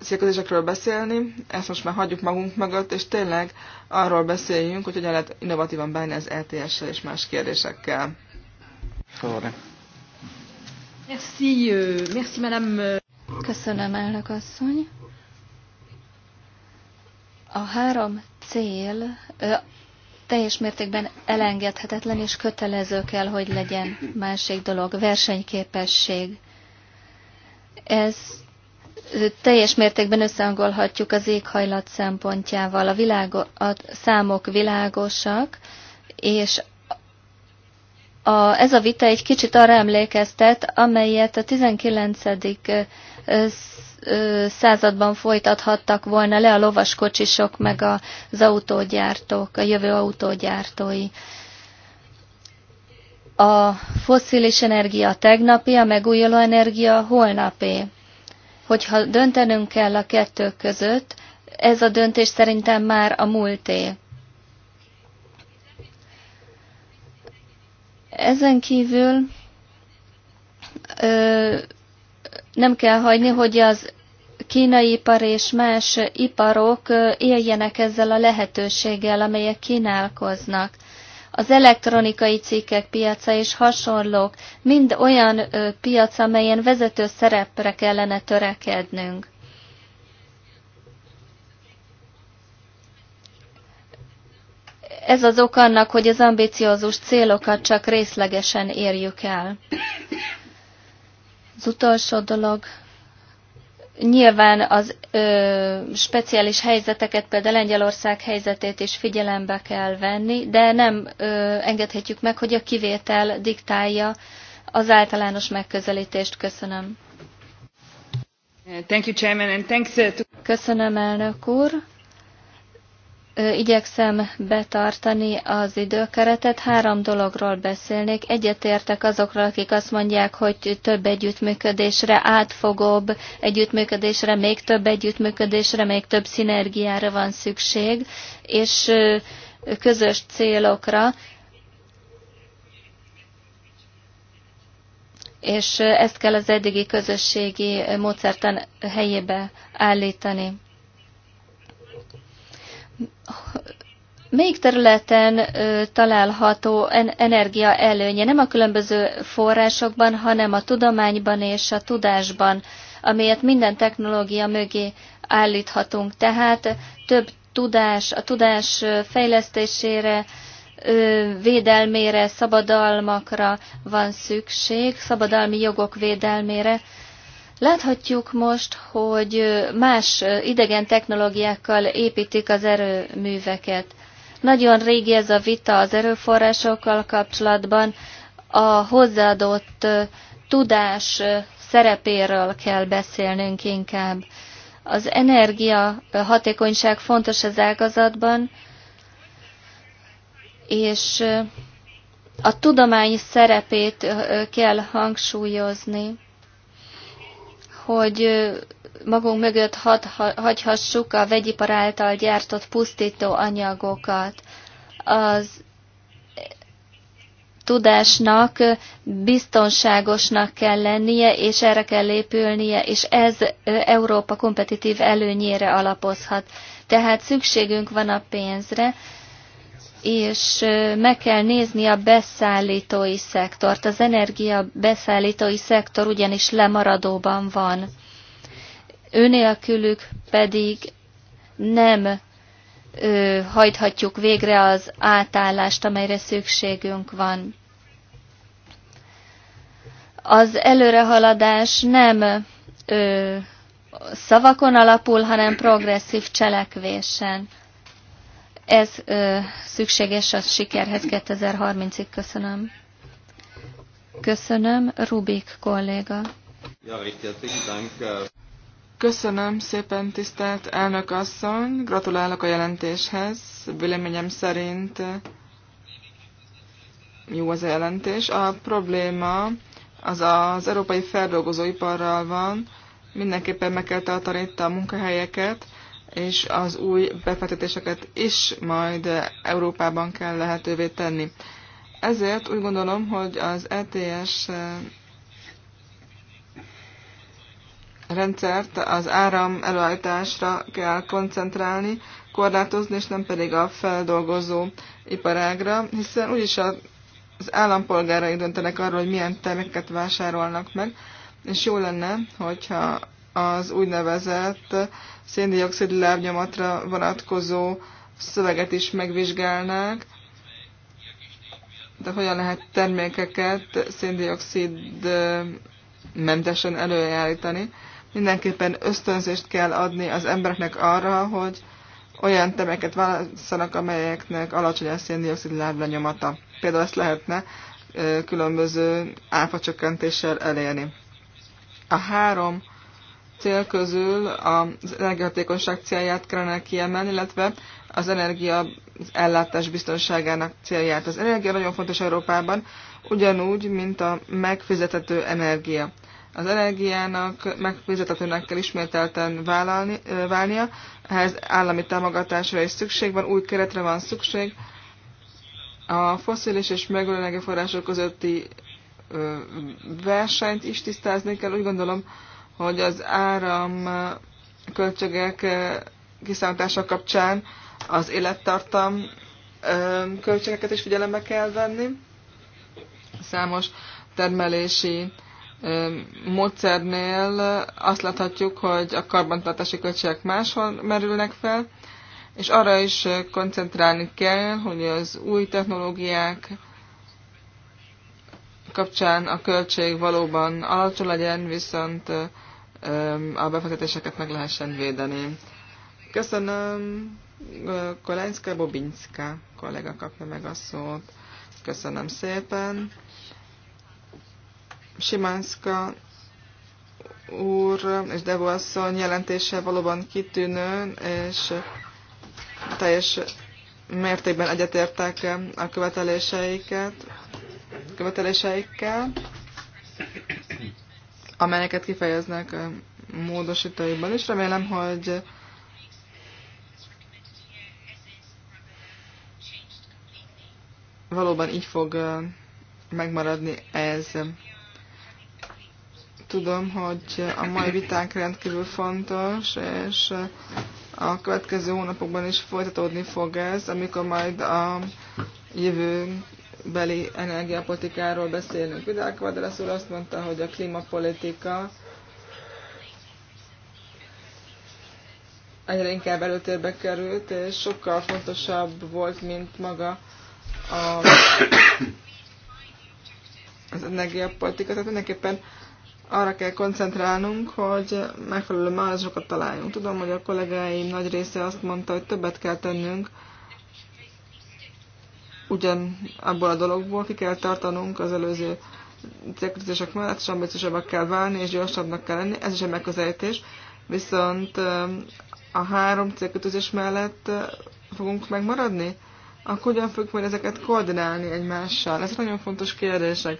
szélközésekről beszélni, ezt most már hagyjuk magunk mögött, és tényleg arról beszéljünk, hogy hogyan lehet innovatívan bánni az ETS-sel és más kérdésekkel. Sorry. Merci, euh, merci madame. Euh, Köszönöm, elnök asszony. A három cél ö, teljes mértékben elengedhetetlen és kötelező kell, hogy legyen másik dolog, versenyképesség. Ez teljes mértékben összehangolhatjuk az éghajlat szempontjával. A, világo, a számok világosak, és a, ez a vita egy kicsit arra emlékeztet, amelyet a 19 században folytathattak volna le a lovaskocsisok, meg az autógyártók, a jövő autógyártói. A foszilis energia tegnapi, a megújuló energia holnapé. Hogyha döntenünk kell a kettő között, ez a döntés szerintem már a múlté. Ezen kívül ö, nem kell hagyni, hogy az kínai ipar és más iparok éljenek ezzel a lehetőséggel, amelyek kínálkoznak. Az elektronikai cikkek piaca és hasonlók mind olyan piac, amelyen vezető szerepre kellene törekednünk. Ez az ok annak, hogy az ambiciózus célokat csak részlegesen érjük el. Az utolsó dolog, nyilván az ö, speciális helyzeteket, például Lengyelország helyzetét is figyelembe kell venni, de nem ö, engedhetjük meg, hogy a kivétel diktálja az általános megközelítést. Köszönöm. Thank you, and thanks uh, to... Köszönöm, elnök úr igyekszem betartani az időkeretet. Három dologról beszélnék. Egyetértek azokról, akik azt mondják, hogy több együttműködésre, átfogóbb együttműködésre, még több együttműködésre, még több szinergiára van szükség, és közös célokra. És ezt kell az eddigi közösségi módszertan helyébe állítani. Melyik területen ö, található en energia előnye? Nem a különböző forrásokban, hanem a tudományban és a tudásban, amelyet minden technológia mögé állíthatunk. Tehát több tudás, a tudás fejlesztésére, ö, védelmére, szabadalmakra van szükség, szabadalmi jogok védelmére, Láthatjuk most, hogy más idegen technológiákkal építik az erőműveket. Nagyon régi ez a vita az erőforrásokkal kapcsolatban, a hozzáadott tudás szerepéről kell beszélnünk inkább. Az energia hatékonyság fontos az ágazatban, és a tudomány szerepét kell hangsúlyozni hogy magunk mögött had, hagyhassuk a vegyipar által gyártott pusztító anyagokat. Az tudásnak biztonságosnak kell lennie, és erre kell lépülnie, és ez Európa kompetitív előnyére alapozhat. Tehát szükségünk van a pénzre, és meg kell nézni a beszállítói szektort. Az energia beszállítói szektor ugyanis lemaradóban van. Önélkülük pedig nem ö, hajthatjuk végre az átállást, amelyre szükségünk van. Az előrehaladás nem ö, szavakon alapul, hanem progresszív cselekvésen. Ez ö, szükséges a sikerhez 2030-ig. Köszönöm. Köszönöm, Rubik kolléga. Köszönöm szépen, tisztelt elnök asszony. Gratulálok a jelentéshez. Véleményem szerint jó az a jelentés. A probléma az az európai feldolgozóiparral van. Mindenképpen meg kell tartani itt a munkahelyeket, és az új befektetéseket is majd Európában kell lehetővé tenni. Ezért úgy gondolom, hogy az ETS eh, rendszert az áram előállításra kell koncentrálni, korlátozni, és nem pedig a feldolgozó iparágra, hiszen úgyis a az állampolgárai döntenek arról, hogy milyen terméket vásárolnak meg, és jó lenne, hogyha az úgynevezett széndiokszid lábnyomatra vonatkozó szöveget is megvizsgálnák, de hogyan lehet termékeket széndiokszid mentesen előállítani. Mindenképpen ösztönzést kell adni az embereknek arra, hogy olyan terméket válasszanak, amelyeknek alacsony a széndiokszid lábnyomata. Például ezt lehetne különböző áfacsökkentéssel elérni. A három cél közül az energiahatékonyság célját kellene kiemelni, illetve az energia az ellátás biztonságának célját. Az energia nagyon fontos Európában, ugyanúgy, mint a megfizethető energia. Az energiának megfizethetőnek kell ismételten vállalni, válnia, ehhez állami támogatásra is szükség van, új keretre van szükség. A foszilis és megújuló energiaforrások közötti versenyt is tisztázni kell. Úgy gondolom, hogy az áram költségek kiszámítása kapcsán az élettartam költségeket is figyelembe kell venni. Számos termelési módszernél azt láthatjuk, hogy a karbantartási költségek máshol merülnek fel, és arra is koncentrálni kell, hogy az új technológiák kapcsán a költség valóban alacsony legyen, viszont a befektetéseket meg lehessen védeni. Köszönöm Kolenszka Bobinska kollega kapja meg a szót. Köszönöm szépen. Simánszka úr és Devo asszony jelentése valóban kitűnő, és teljes mértékben egyetértek a követeléseiket, követeléseikkel amelyeket kifejeznek módosítóiban, és remélem, hogy valóban így fog megmaradni ez. Tudom, hogy a mai vitánk rendkívül fontos, és a következő hónapokban is folytatódni fog ez, amikor majd a jövő beli energiapolitikáról beszélünk. Vidal Quadras úr azt mondta, hogy a klímapolitika egyre inkább előtérbe került, és sokkal fontosabb volt, mint maga a, az energiapolitika. Tehát mindenképpen arra kell koncentrálnunk, hogy megfelelő mázsokat találjunk. Tudom, hogy a kollégáim nagy része azt mondta, hogy többet kell tennünk ugyan abból a dologból ki kell tartanunk az előző célkritizések mellett, és ambiciósabbak kell válni, és gyorsabbnak kell lenni, ez is egy megközelítés, viszont a három célkötözés mellett fogunk megmaradni? Akkor hogyan fogjuk majd ezeket koordinálni egymással? Ez nagyon fontos kérdések.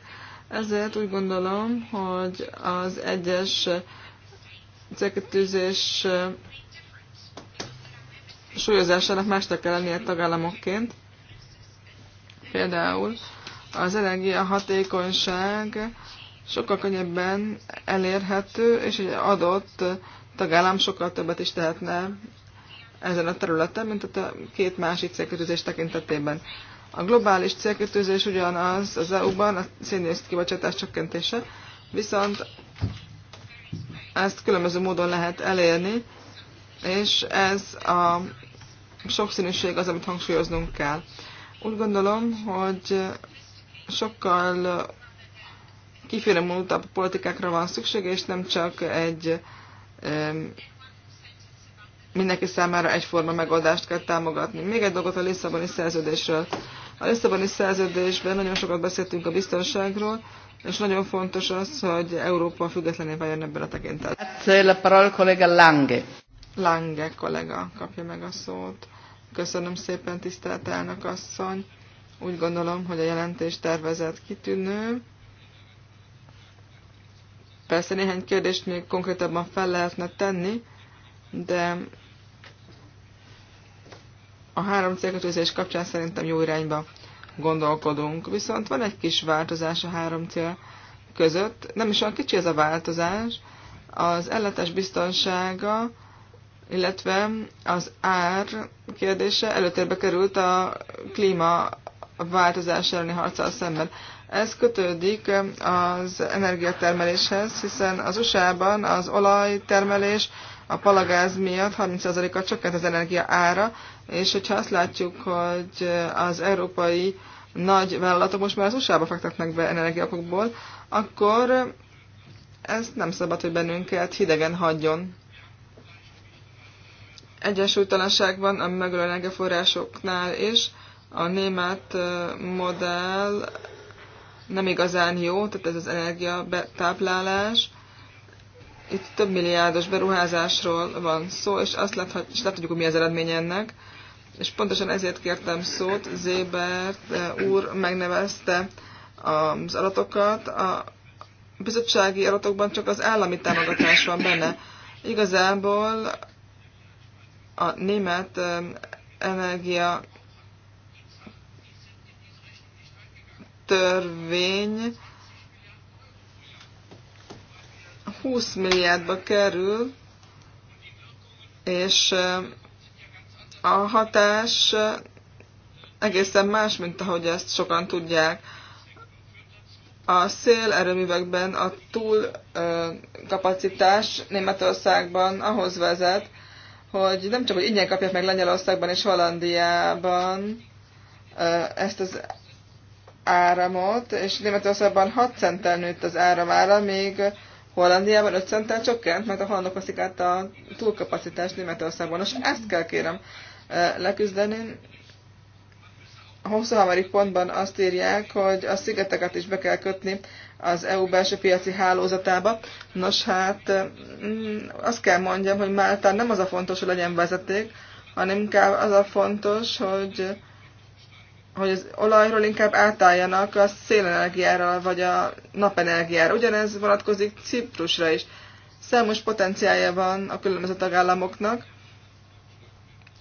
Ezért úgy gondolom, hogy az egyes célkötőzés súlyozásának másnak kell lennie tagállamokként. Például az energiahatékonyság sokkal könnyebben elérhető, és egy adott tagállam sokkal többet is tehetne ezen a területen, mint a két másik célkötőzés tekintetében. A globális célkötőzés ugyanaz az EU-ban, a széndiokszid kibocsátás csökkentése, viszont ezt különböző módon lehet elérni, és ez a sokszínűség az, amit hangsúlyoznunk kell. Úgy gondolom, hogy sokkal kiféle múltabb politikákra van szükség és nem csak egy mindenki számára egyforma megoldást kell támogatni. Még egy dolgot a Lisszaboni szerződésről. A Lisszaboni szerződésben nagyon sokat beszéltünk a biztonságról, és nagyon fontos az, hogy Európa függetlené váljon ebben a tekintetben. Lange kollega kapja meg a szót. Köszönöm szépen, tisztelt elnök asszony. Úgy gondolom, hogy a jelentés tervezett kitűnő. Persze néhány kérdést még konkrétabban fel lehetne tenni, de a három célkötőzés kapcsán szerintem jó irányba gondolkodunk. Viszont van egy kis változás a három cél között. Nem is olyan kicsi ez a változás. Az ellátás biztonsága illetve az ár kérdése előtérbe került a klíma változás elleni harccal szemben. Ez kötődik az energiatermeléshez, hiszen az USA-ban az olajtermelés a palagáz miatt 30%-kal csökkent az energia ára, és hogyha azt látjuk, hogy az európai nagy vállalatok most már az USA-ba fektetnek be energiakokból, akkor ez nem szabad, hogy bennünket hidegen hagyjon egyensúlytalanság van a megölő energiaforrásoknál is. A német modell nem igazán jó, tehát ez az energiabetáplálás. Itt több milliárdos beruházásról van szó, és azt láthat, és tudjuk, hogy mi az eredmény ennek. És pontosan ezért kértem szót, Zébert úr megnevezte az adatokat. A bizottsági adatokban csak az állami támogatás van benne. Igazából a német energia törvény 20 milliárdba kerül, és a hatás egészen más, mint ahogy ezt sokan tudják. A szélerőművekben a túlkapacitás Németországban ahhoz vezet, hogy nem csak, hogy ingyen kapják meg Lengyelországban és Hollandiában ezt az áramot, és Németországban 6 centtel nőtt az áramára, még Hollandiában 5 centtel csökkent, mert a hollandok veszik át a túlkapacitást Németországban. Most ezt kell kérem leküzdeni, a 23. pontban azt írják, hogy a szigeteket is be kell kötni az EU belső piaci hálózatába. Nos, hát mm, azt kell mondjam, hogy Máltán nem az a fontos, hogy legyen vezeték, hanem inkább az a fontos, hogy, hogy az olajról inkább átálljanak a szélenergiára vagy a napenergiára. Ugyanez vonatkozik Ciprusra is. Számos potenciálja van a különböző tagállamoknak,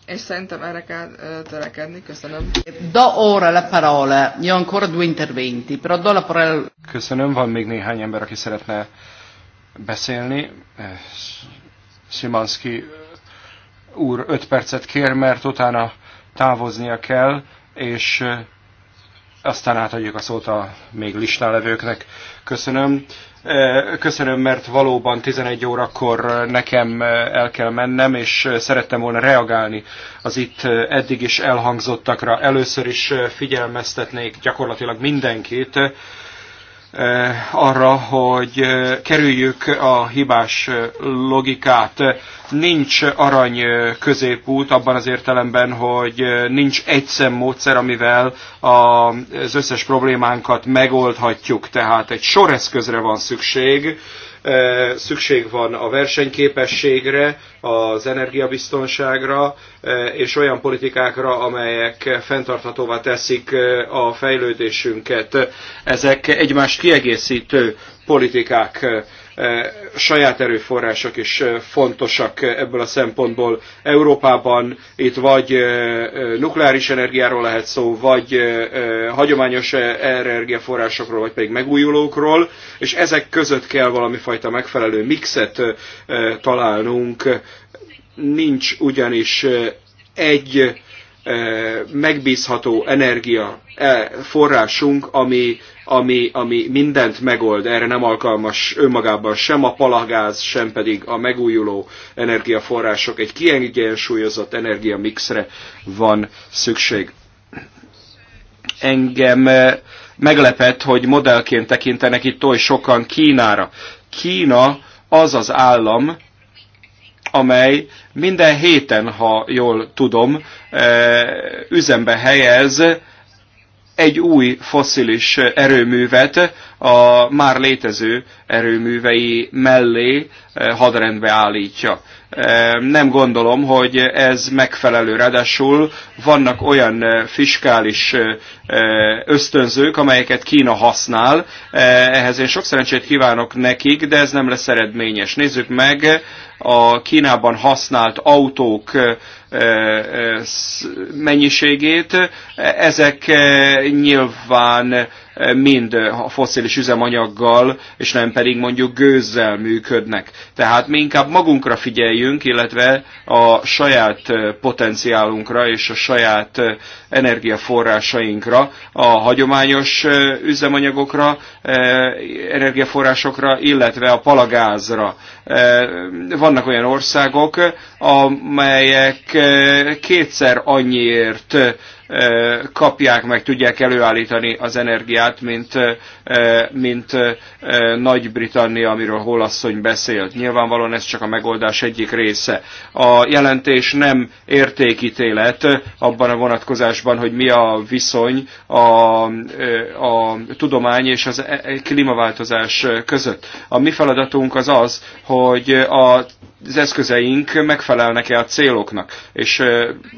és szerintem erre kell törekedni. Köszönöm. Da ora la parola. Io ancora due interventi, però do la parola. Köszönöm, van még néhány ember, aki szeretne beszélni. Eh, Szimanszki úr öt percet kér, mert utána távoznia kell, és aztán átadjuk a szót a még listán levőknek. Köszönöm. Eh, köszönöm, mert valóban 11 órakor eh, nekem eh, el kell mennem, és szerettem volna reagálni az itt eddig is elhangzottakra. Először is figyelmeztetnék gyakorlatilag mindenkit Eh, arra, hogy eh, kerüljük a hibás eh, logikát. Nincs arany középút abban az értelemben, hogy nincs egy módszer, amivel az összes problémánkat megoldhatjuk. Tehát egy sor eszközre van szükség, szükség van a versenyképességre, az energiabiztonságra és olyan politikákra, amelyek fenntarthatóvá teszik a fejlődésünket. Ezek egymást kiegészítő politikák Eh, saját erőforrások is eh, fontosak ebből a szempontból. Európában itt vagy eh, nukleáris energiáról lehet szó, vagy hagyományos energiaforrásokról, vagy pedig megújulókról, és ezek között kell valami fajta megfelelő mixet találnunk. Nincs ugyanis egy megbízható energia forrásunk, ami, ami, ami mindent megold. Erre nem alkalmas önmagában sem a palagáz, sem pedig a megújuló energiaforrások. Egy kiegyensúlyozott energiamixre van szükség. Engem meglepett, hogy modellként tekintenek itt oly sokan Kínára. Kína az az állam, amely minden héten, ha jól tudom, eh, üzembe helyez egy új foszilis erőművet a már létező erőművei mellé eh, hadrendbe állítja. Eh, nem gondolom, hogy ez megfelelő. Ráadásul vannak olyan eh, fiskális ösztönzők, amelyeket Kína használ. Ehhez én sok szerencsét kívánok nekik, de ez nem lesz eredményes. Nézzük meg a Kínában használt autók E, e, mennyiségét. Ezek e, nyilván mind a foszilis üzemanyaggal, és nem pedig mondjuk gőzzel működnek. Tehát mi inkább magunkra figyeljünk, illetve a saját potenciálunkra és a saját energiaforrásainkra, a hagyományos üzemanyagokra, energiaforrásokra, illetve a palagázra. Vannak olyan országok, amelyek kétszer annyiért kapják meg, tudják előállítani az energiát, mint, mint Nagy-Britannia, amiről Holasszony beszélt. Nyilvánvalóan ez csak a megoldás egyik része. A jelentés nem értékítélet abban a vonatkozásban, hogy mi a viszony a, a tudomány és az e- e- klímaváltozás között. A mi feladatunk az az, hogy a az eszközeink megfelelnek-e a céloknak. És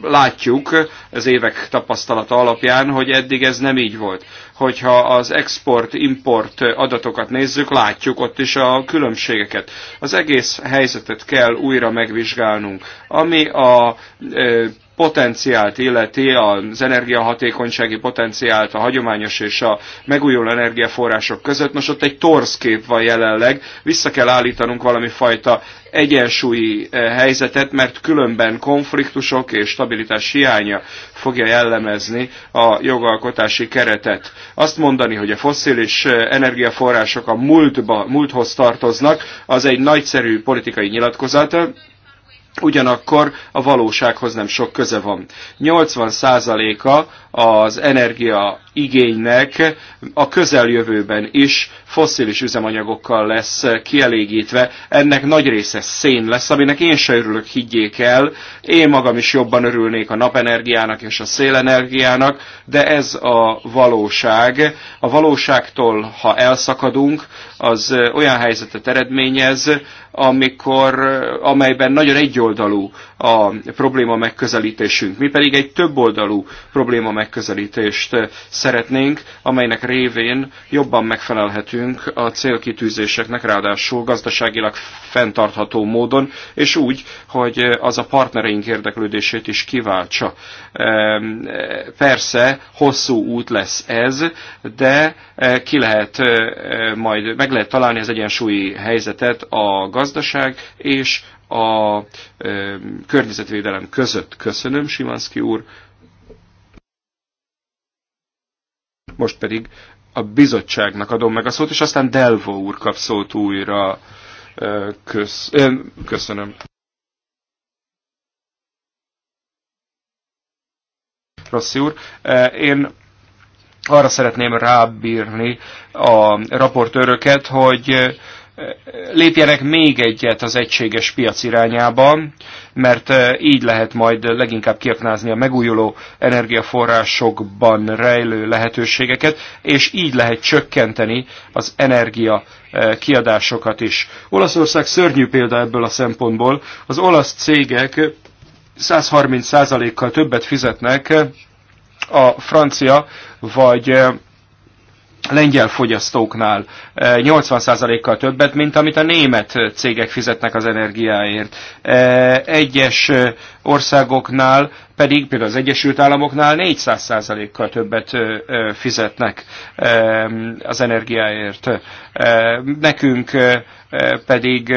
látjuk az évek tapasztalata alapján, hogy eddig ez nem így volt. Hogyha az export-import adatokat nézzük, látjuk ott is a különbségeket. Az egész helyzetet kell újra megvizsgálnunk. Ami a potenciált illeti, az energiahatékonysági potenciált a hagyományos és a megújuló energiaforrások között, most ott egy torszkép van jelenleg, vissza kell állítanunk valami fajta egyensúlyi eh, helyzetet, mert különben konfliktusok és stabilitás hiánya fogja jellemezni a jogalkotási keretet. Azt mondani, hogy a fosszilis eh, energiaforrások a múltba, múlthoz tartoznak, az egy nagyszerű politikai nyilatkozat, ugyanakkor a valósághoz nem sok köze van. 80%-a az energia igénynek a közeljövőben is fosszilis üzemanyagokkal lesz kielégítve. Ennek nagy része szén lesz, aminek én se örülök, higgyék el. Én magam is jobban örülnék a napenergiának és a szélenergiának, de ez a valóság. A valóságtól, ha elszakadunk, az olyan helyzetet eredményez, amikor, amelyben nagyon egyoldalú a probléma megközelítésünk. Mi pedig egy többoldalú probléma megközelítést eh, szeretnénk, amelynek révén jobban megfelelhetünk a célkitűzéseknek, ráadásul gazdaságilag fenntartható módon, és úgy, hogy eh, az a partnereink érdeklődését is kiváltsa. Eh, persze hosszú út lesz ez, de ki lehet majd, meg lehet találni az egyensúlyi helyzetet a gazdaság és a környezetvédelem között. Köszönöm, Simanszki úr. Most pedig a bizottságnak adom meg a szót, és aztán Delvo úr kap szót újra. Kösz, köszönöm. Rossi úr. Én arra szeretném rábírni a raportőröket, hogy lépjenek még egyet az egységes piac irányába, mert eh, így lehet majd leginkább kiaknázni a megújuló energiaforrásokban rejlő lehetőségeket, és így lehet csökkenteni az energia eh, kiadásokat is. Olaszország szörnyű példa ebből a szempontból. Az olasz cégek 130%-kal többet fizetnek eh, a francia vagy lengyel fogyasztóknál 80%-kal eh, többet, mint amit a német cégek fizetnek az energiáért. Eh, egyes eh, országoknál pedig, például az Egyesült Államoknál 400%-kal többet fizetnek az energiáért. Nekünk pedig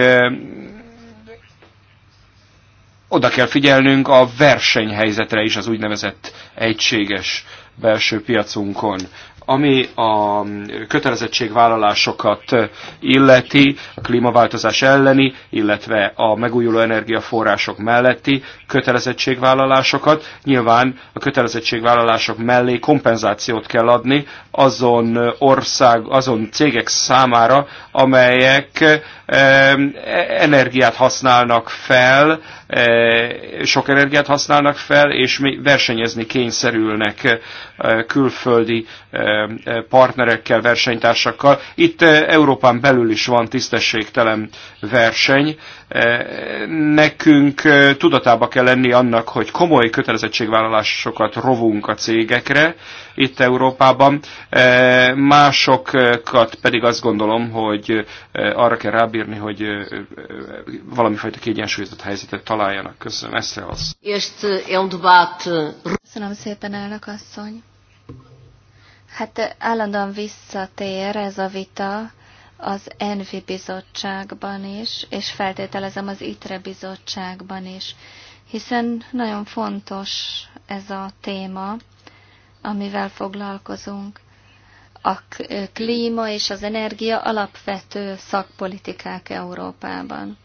oda kell figyelnünk a versenyhelyzetre is az úgynevezett egységes belső piacunkon. Ami a kötelezettségvállalásokat illeti, a klímaváltozás elleni, illetve a megújuló energiaforrások melletti kötelezettségvállalásokat, nyilván a kötelezettségvállalások mellé kompenzációt kell adni azon ország, azon cégek számára, amelyek e-, energiát használnak fel, E, sok energiát használnak fel, és versenyezni kényszerülnek e, külföldi e, partnerekkel, versenytársakkal. Itt Európán belül is van tisztességtelen verseny, Nekünk tudatába kell lenni annak, hogy komoly kötelezettségvállalásokat rovunk a cégekre itt Európában, másokat pedig azt gondolom, hogy arra kell rábírni, hogy valamifajta kiegyensúlyozott helyzetet találjanak. Köszönöm, ezt az. Um Köszönöm szépen, elnök asszony. Hát állandóan visszatér ez a vita az ENVI bizottságban is, és feltételezem az ITRE bizottságban is, hiszen nagyon fontos ez a téma, amivel foglalkozunk. A klíma és az energia alapvető szakpolitikák Európában.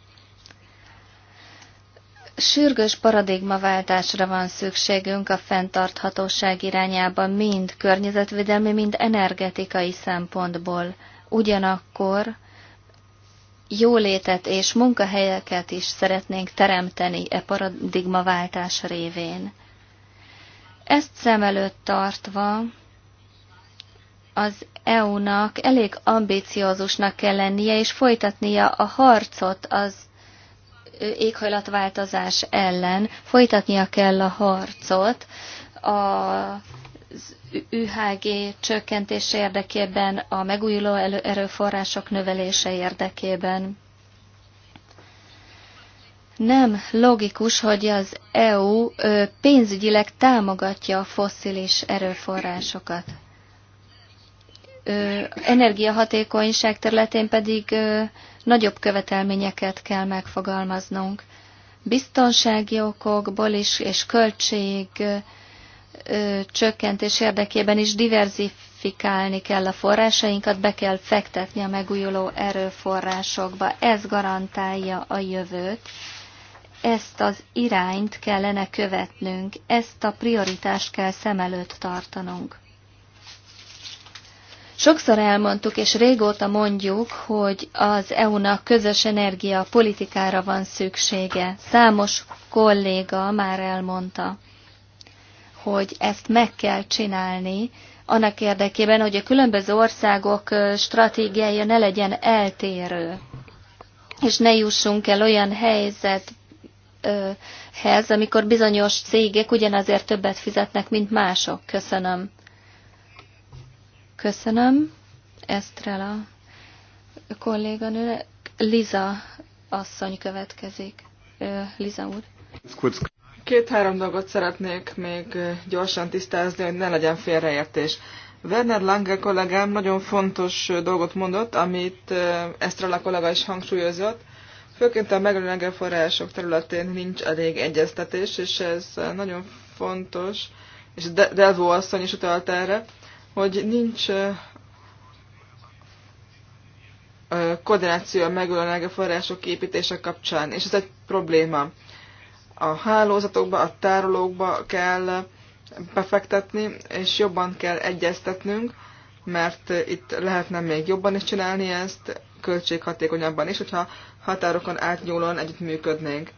Sürgős paradigmaváltásra van szükségünk a fenntarthatóság irányában mind környezetvédelmi, mind energetikai szempontból ugyanakkor jólétet és munkahelyeket is szeretnénk teremteni e paradigmaváltás révén. Ezt szem előtt tartva az EU-nak elég ambíciózusnak kell lennie és folytatnia a harcot az éghajlatváltozás ellen, folytatnia kell a harcot a ÜHG csökkentése érdekében, a megújuló erőforrások növelése érdekében. Nem logikus, hogy az EU pénzügyileg támogatja a fosszilis erőforrásokat. Energiahatékonyság területén pedig nagyobb követelményeket kell megfogalmaznunk. Biztonsági okokból is és költség csökkentés érdekében is diverzifikálni kell a forrásainkat, be kell fektetni a megújuló erőforrásokba. Ez garantálja a jövőt. Ezt az irányt kellene követnünk, ezt a prioritást kell szem előtt tartanunk. Sokszor elmondtuk, és régóta mondjuk, hogy az EU-nak közös energia politikára van szüksége. Számos kolléga már elmondta hogy ezt meg kell csinálni, annak érdekében, hogy a különböző országok stratégiája ne legyen eltérő, és ne jussunk el olyan helyzethez, amikor bizonyos cégek ugyanazért többet fizetnek, mint mások. Köszönöm. Köszönöm, Estrela kolléganő. Liza asszony következik. Liza úr. Két-három dolgot szeretnék még gyorsan tisztázni, hogy ne legyen félreértés. Werner Lange kollégám nagyon fontos dolgot mondott, amit Esztrala kollega is hangsúlyozott. Főként a megelőlege források területén nincs elég egyeztetés, és ez nagyon fontos, és Delvo asszony is utalt erre, hogy nincs koordináció a megelőlege források építése kapcsán, és ez egy probléma a hálózatokba, a tárolókba kell befektetni, és jobban kell egyeztetnünk, mert itt lehetne még jobban is csinálni ezt, költséghatékonyabban is, hogyha határokon átnyúlóan működnénk.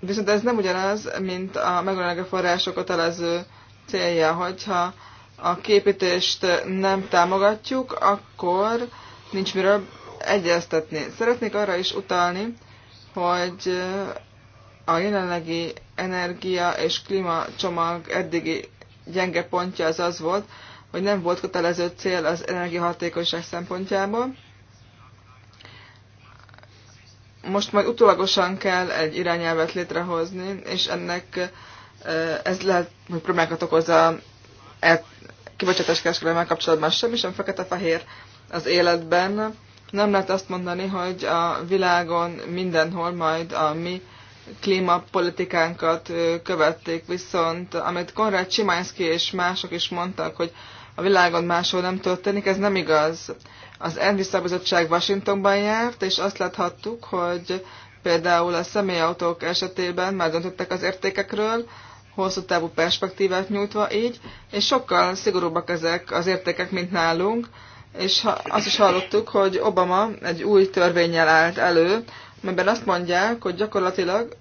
Viszont ez nem ugyanaz, mint a megoldanága források kötelező célja, hogyha a képítést nem támogatjuk, akkor nincs miről egyeztetni. Szeretnék arra is utalni, hogy a jelenlegi energia és klímacsomag eddigi gyenge pontja az az volt, hogy nem volt kötelező cél az energiahatékonyság szempontjából. Most majd utólagosan kell egy irányelvet létrehozni, és ennek ez lehet, hogy problémákat okozza e- kibocsátás kereskedelemmel kapcsolatban sem, sem fekete-fehér az életben nem lehet azt mondani, hogy a világon mindenhol majd a mi klímapolitikánkat követték, viszont amit Konrad Csimánszki és mások is mondtak, hogy a világon máshol nem történik, ez nem igaz. Az Envi Szabizottság Washingtonban járt, és azt láthattuk, hogy például a személyautók esetében már döntöttek az értékekről, hosszú távú perspektívát nyújtva így, és sokkal szigorúbbak ezek az értékek, mint nálunk, és azt is hallottuk, hogy Obama egy új törvényjel állt elő, amiben azt mondják, hogy gyakorlatilag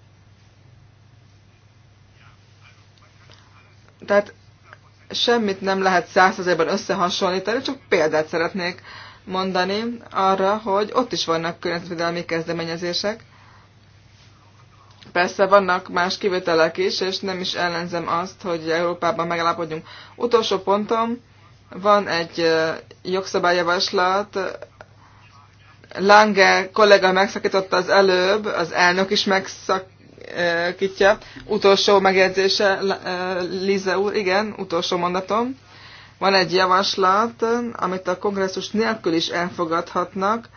tehát semmit nem lehet százszerzében összehasonlítani, csak példát szeretnék mondani arra, hogy ott is vannak környezetvédelmi kezdeményezések. Persze vannak más kivételek is, és nem is ellenzem azt, hogy Európában megállapodjunk. Utolsó pontom, van egy jogszabályjavaslat, Lange kollega megszakította az előbb, az elnök is megszakítja. Utolsó megjegyzése, Lize úr, igen, utolsó mondatom. Van egy javaslat, amit a kongresszus nélkül is elfogadhatnak,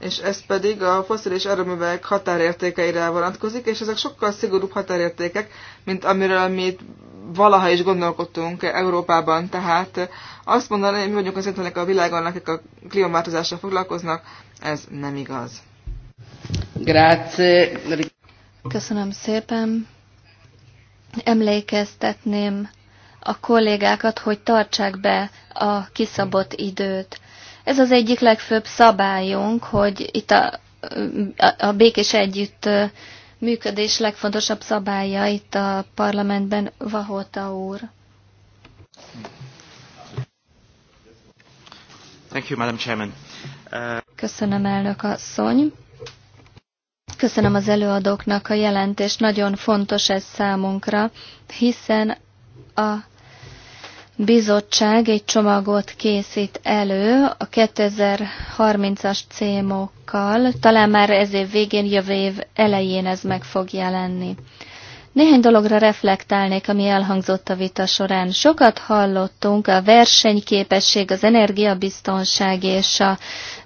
és ez pedig a foszilis erőművek határértékeire vonatkozik, és ezek sokkal szigorúbb határértékek, mint amiről mi itt valaha is gondolkodtunk Európában. Tehát azt mondani, hogy mi vagyunk az egyetlenek a világon, akik a klímaváltozásra foglalkoznak, ez nem igaz. Grazie. Köszönöm szépen. Emlékeztetném a kollégákat, hogy tartsák be a kiszabott időt. Ez az egyik legfőbb szabályunk, hogy itt a, a békés együtt működés legfontosabb szabálya itt a parlamentben Vahota úr. Thank you, Madam Chairman. Uh... Köszönöm, elnök asszony. Köszönöm az előadóknak a jelentést, nagyon fontos ez számunkra, hiszen a bizottság egy csomagot készít elő a 2030-as cémokkal, talán már ez év végén, jövő év elején ez meg fog jelenni. Néhány dologra reflektálnék, ami elhangzott a vita során. Sokat hallottunk a versenyképesség, az energiabiztonság és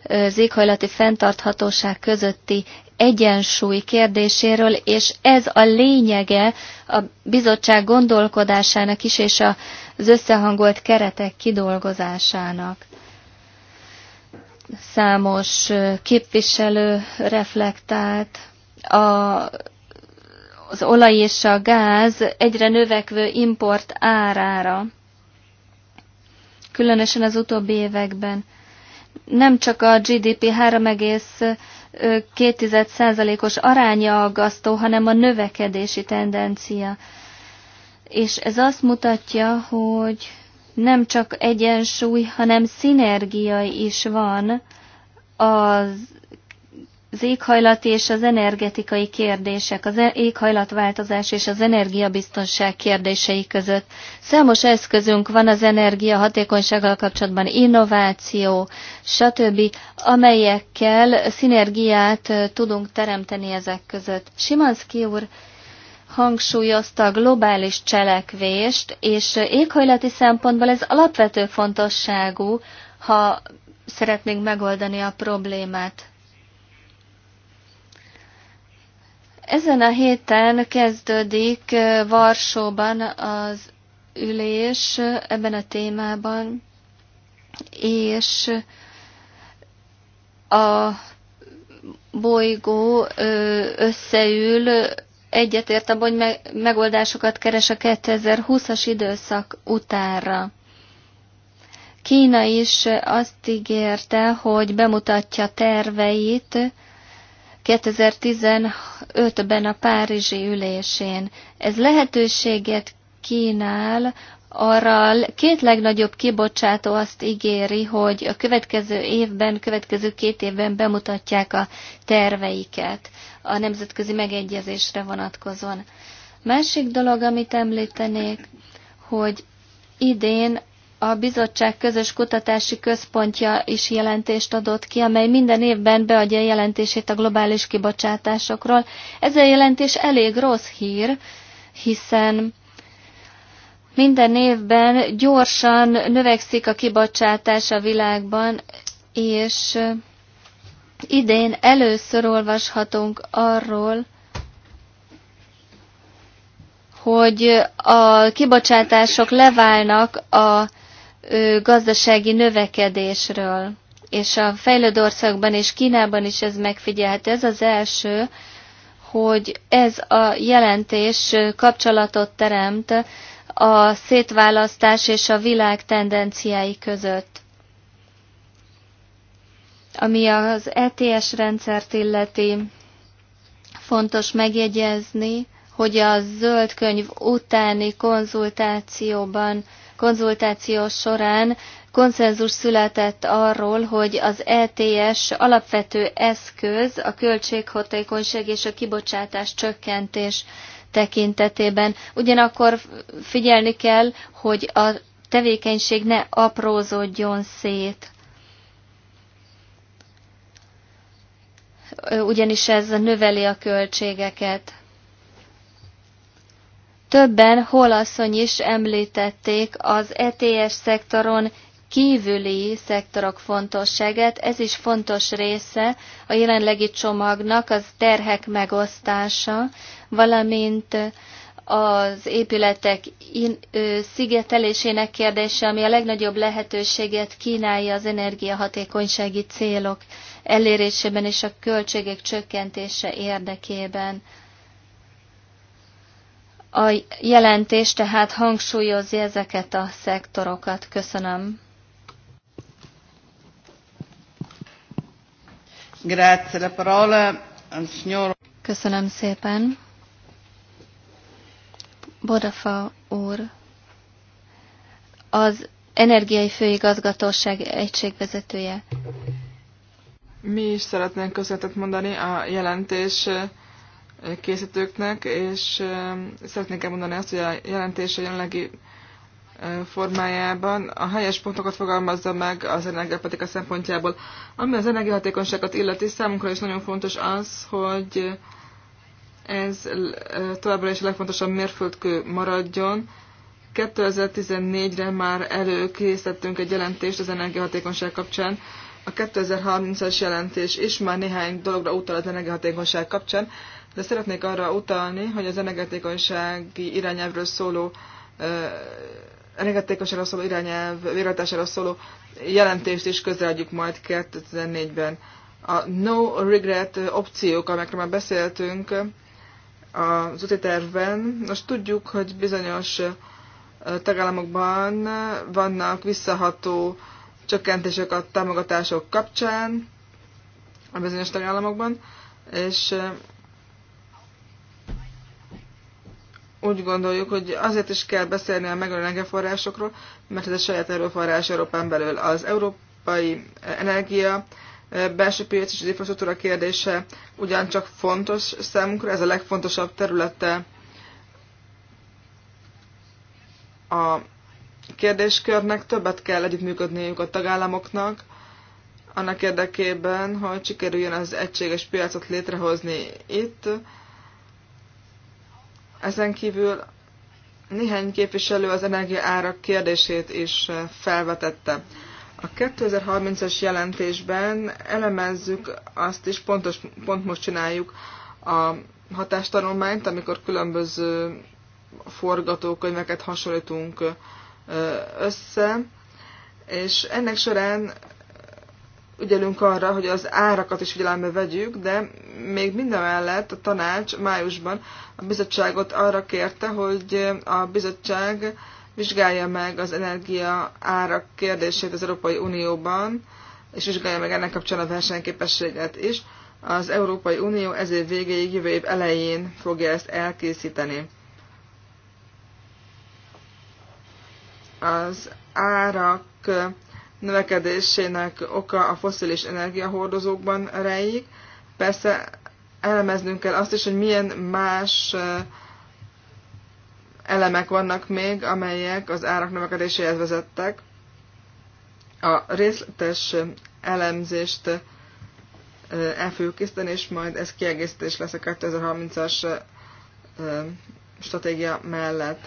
az éghajlati fenntarthatóság közötti egyensúly kérdéséről, és ez a lényege a bizottság gondolkodásának is, és az összehangolt keretek kidolgozásának. Számos képviselő reflektált a az olaj és a gáz egyre növekvő import árára, különösen az utóbbi években. Nem csak a GDP 2 os aránya aggasztó, hanem a növekedési tendencia. És ez azt mutatja, hogy nem csak egyensúly, hanem szinergia is van az az éghajlat és az energetikai kérdések, az e- éghajlatváltozás és az energiabiztonság kérdései között. Számos eszközünk van az energia hatékonysággal kapcsolatban, innováció, stb., amelyekkel szinergiát tudunk teremteni ezek között. Simanszki úr hangsúlyozta a globális cselekvést, és éghajlati szempontból ez alapvető fontosságú, ha szeretnénk megoldani a problémát. Ezen a héten kezdődik Varsóban az ülés ebben a témában, és a bolygó összeül, egyetért abban, hogy megoldásokat keres a 2020-as időszak utára. Kína is azt ígérte, hogy bemutatja terveit, 2015-ben a Párizsi ülésén. Ez lehetőséget kínál arra a két legnagyobb kibocsátó azt ígéri, hogy a következő évben, következő két évben bemutatják a terveiket a nemzetközi megegyezésre vonatkozóan. Másik dolog, amit említenék, hogy idén a bizottság közös kutatási központja is jelentést adott ki, amely minden évben beadja a jelentését a globális kibocsátásokról. Ez a jelentés elég rossz hír, hiszen minden évben gyorsan növekszik a kibocsátás a világban, és idén először olvashatunk arról, hogy a kibocsátások leválnak a gazdasági növekedésről, és a fejlődő országban és Kínában is ez megfigyelhető. Ez az első, hogy ez a jelentés kapcsolatot teremt a szétválasztás és a világ tendenciái között. Ami az ETS rendszert illeti, fontos megjegyezni, hogy a zöld könyv utáni konzultációban konzultáció során konszenzus született arról, hogy az ETS alapvető eszköz a költséghatékonyság és a kibocsátás csökkentés tekintetében. Ugyanakkor figyelni kell, hogy a tevékenység ne aprózódjon szét. Ugyanis ez növeli a költségeket. Többen holasszony is említették az ETS szektoron kívüli szektorok fontosságát. Ez is fontos része a jelenlegi csomagnak, az terhek megosztása, valamint az épületek in, ö, szigetelésének kérdése, ami a legnagyobb lehetőséget kínálja az energiahatékonysági célok elérésében és a költségek csökkentése érdekében. A jelentés tehát hangsúlyozza ezeket a szektorokat. Köszönöm. Grazie la parola al signor. Köszönöm szépen. Bodafa úr, az Energiai Főigazgatóság egységvezetője. Mi is szeretnénk köszönetet mondani a jelentés készítőknek, és szeretnék elmondani azt, hogy a jelentés a jelenlegi formájában a helyes pontokat fogalmazza meg az energiapatika szempontjából. Ami az energiahatékonyságot illeti, számunkra is nagyon fontos az, hogy ez továbbra is a legfontosabb mérföldkő maradjon. 2014-re már előkészítettünk egy jelentést az energiahatékonyság kapcsán. A 2030-as jelentés is már néhány dologra utal az energiahatékonyság kapcsán, de szeretnék arra utalni, hogy az energetikaisági irányelvről szóló energetikusára szóló irányelv, végrehajtására szóló jelentést is közeljük majd 2004-ben. A no regret opciók, amelyekről már beszéltünk az úti tervben, most tudjuk, hogy bizonyos tagállamokban vannak visszaható csökkentések a támogatások kapcsán a bizonyos tagállamokban, és úgy gondoljuk, hogy azért is kell beszélni a megújuló energiaforrásokról, mert ez a saját erőforrás Európán belül. Az európai energia eh, belső piac és az infrastruktúra kérdése ugyancsak fontos számunkra, ez a legfontosabb területe a kérdéskörnek, többet kell együttműködniük a tagállamoknak, annak érdekében, hogy sikerüljön az egységes piacot létrehozni itt, ezen kívül néhány képviselő az energiaárak kérdését is eh, felvetette. A 2030-as jelentésben elemezzük azt is, pontos, pont most csináljuk a hatástanulmányt, amikor különböző forgatókönyveket hasonlítunk eh, össze, és ennek során ügyelünk arra, hogy az árakat is figyelembe vegyük, de még mindemellett a tanács májusban a bizottságot arra kérte, hogy a bizottság vizsgálja meg az energia árak kérdését az Európai Unióban, és vizsgálja meg ennek kapcsán a versenyképességet is. Az Európai Unió ez év végéig, jövő év elején fogja ezt elkészíteni. Az árak növekedésének oka a foszilis energiahordozókban rejlik. Persze elemeznünk kell azt is, hogy milyen más elemek vannak még, amelyek az árak növekedéséhez vezettek. A részletes elemzést el fogjuk készíteni, és majd ez kiegészítés lesz a 2030-as stratégia mellett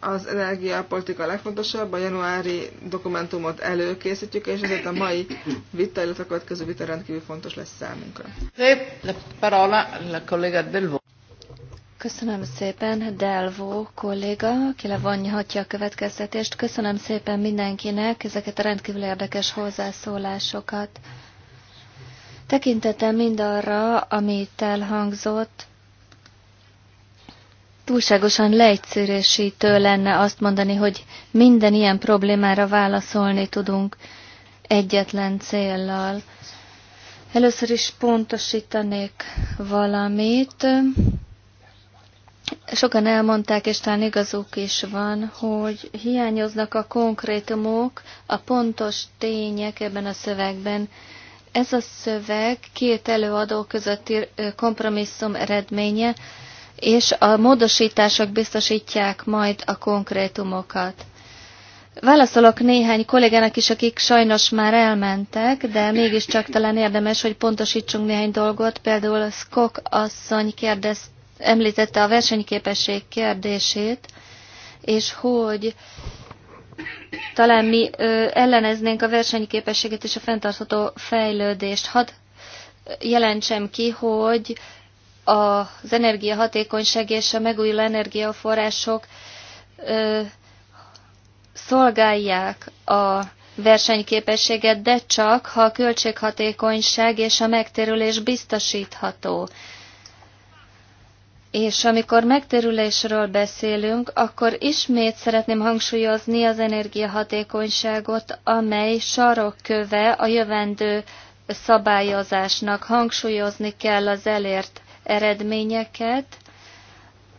az energiapolitika legfontosabb, a januári dokumentumot előkészítjük, és ezért a mai vita, illetve a következő vita rendkívül fontos lesz számunkra. Köszönöm szépen, Delvo kolléga, aki levonhatja a következtetést. Köszönöm szépen mindenkinek ezeket a rendkívül érdekes hozzászólásokat. Tekintetem mindarra, amit elhangzott, túlságosan leegyszerűsítő lenne azt mondani, hogy minden ilyen problémára válaszolni tudunk egyetlen céllal. Először is pontosítanék valamit. Sokan elmondták, és talán igazuk is van, hogy hiányoznak a konkrétumok, a pontos tények ebben a szövegben. Ez a szöveg két előadó közötti kompromisszum eredménye, és a módosítások biztosítják majd a konkrétumokat. Válaszolok néhány kollégának is, akik sajnos már elmentek, de mégiscsak talán érdemes, hogy pontosítsunk néhány dolgot. Például a Skok asszony kérdez, említette a versenyképesség kérdését, és hogy talán mi ö, elleneznénk a versenyképességet és a fenntartható fejlődést. Hadd jelentsem ki, hogy az energiahatékonyság és a megújuló energiaforrások ö, szolgálják a versenyképességet, de csak, ha a költséghatékonyság és a megtérülés biztosítható. És amikor megtérülésről beszélünk, akkor ismét szeretném hangsúlyozni az energiahatékonyságot, amely sarokköve a jövendő szabályozásnak. Hangsúlyozni kell az elért eredményeket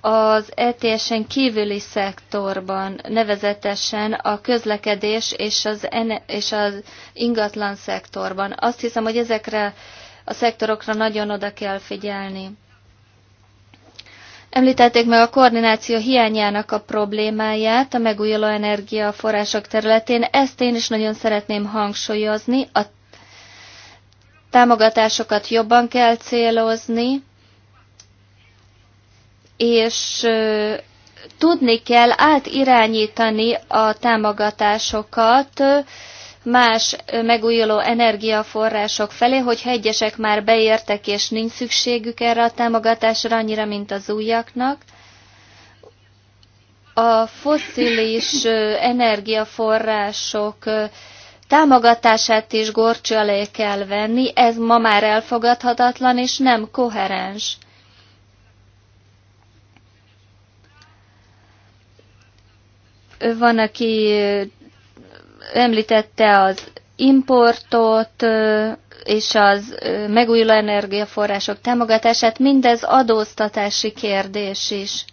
az ETS-en kívüli szektorban, nevezetesen a közlekedés és az, és az ingatlan szektorban. Azt hiszem, hogy ezekre a szektorokra nagyon oda kell figyelni. Említették meg a koordináció hiányának a problémáját a megújuló energiaforrások területén. Ezt én is nagyon szeretném hangsúlyozni. A támogatásokat jobban kell célozni, és tudni kell átirányítani a támogatásokat más megújuló energiaforrások felé, hogyha egyesek már beértek, és nincs szükségük erre a támogatásra annyira, mint az újaknak. A foszilis energiaforrások támogatását is gorcsa kell venni, ez ma már elfogadhatatlan és nem koherens. Van, aki említette az importot és az megújuló energiaforrások támogatását, mindez adóztatási kérdés is.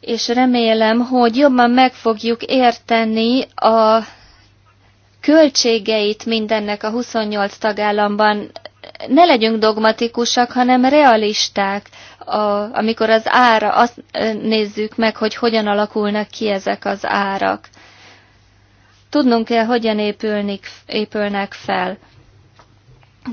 És remélem, hogy jobban meg fogjuk érteni a költségeit mindennek a 28 tagállamban. Ne legyünk dogmatikusak, hanem realisták a, amikor az ára, azt nézzük meg, hogy hogyan alakulnak ki ezek az árak. Tudnunk kell, hogyan épülnik, épülnek fel.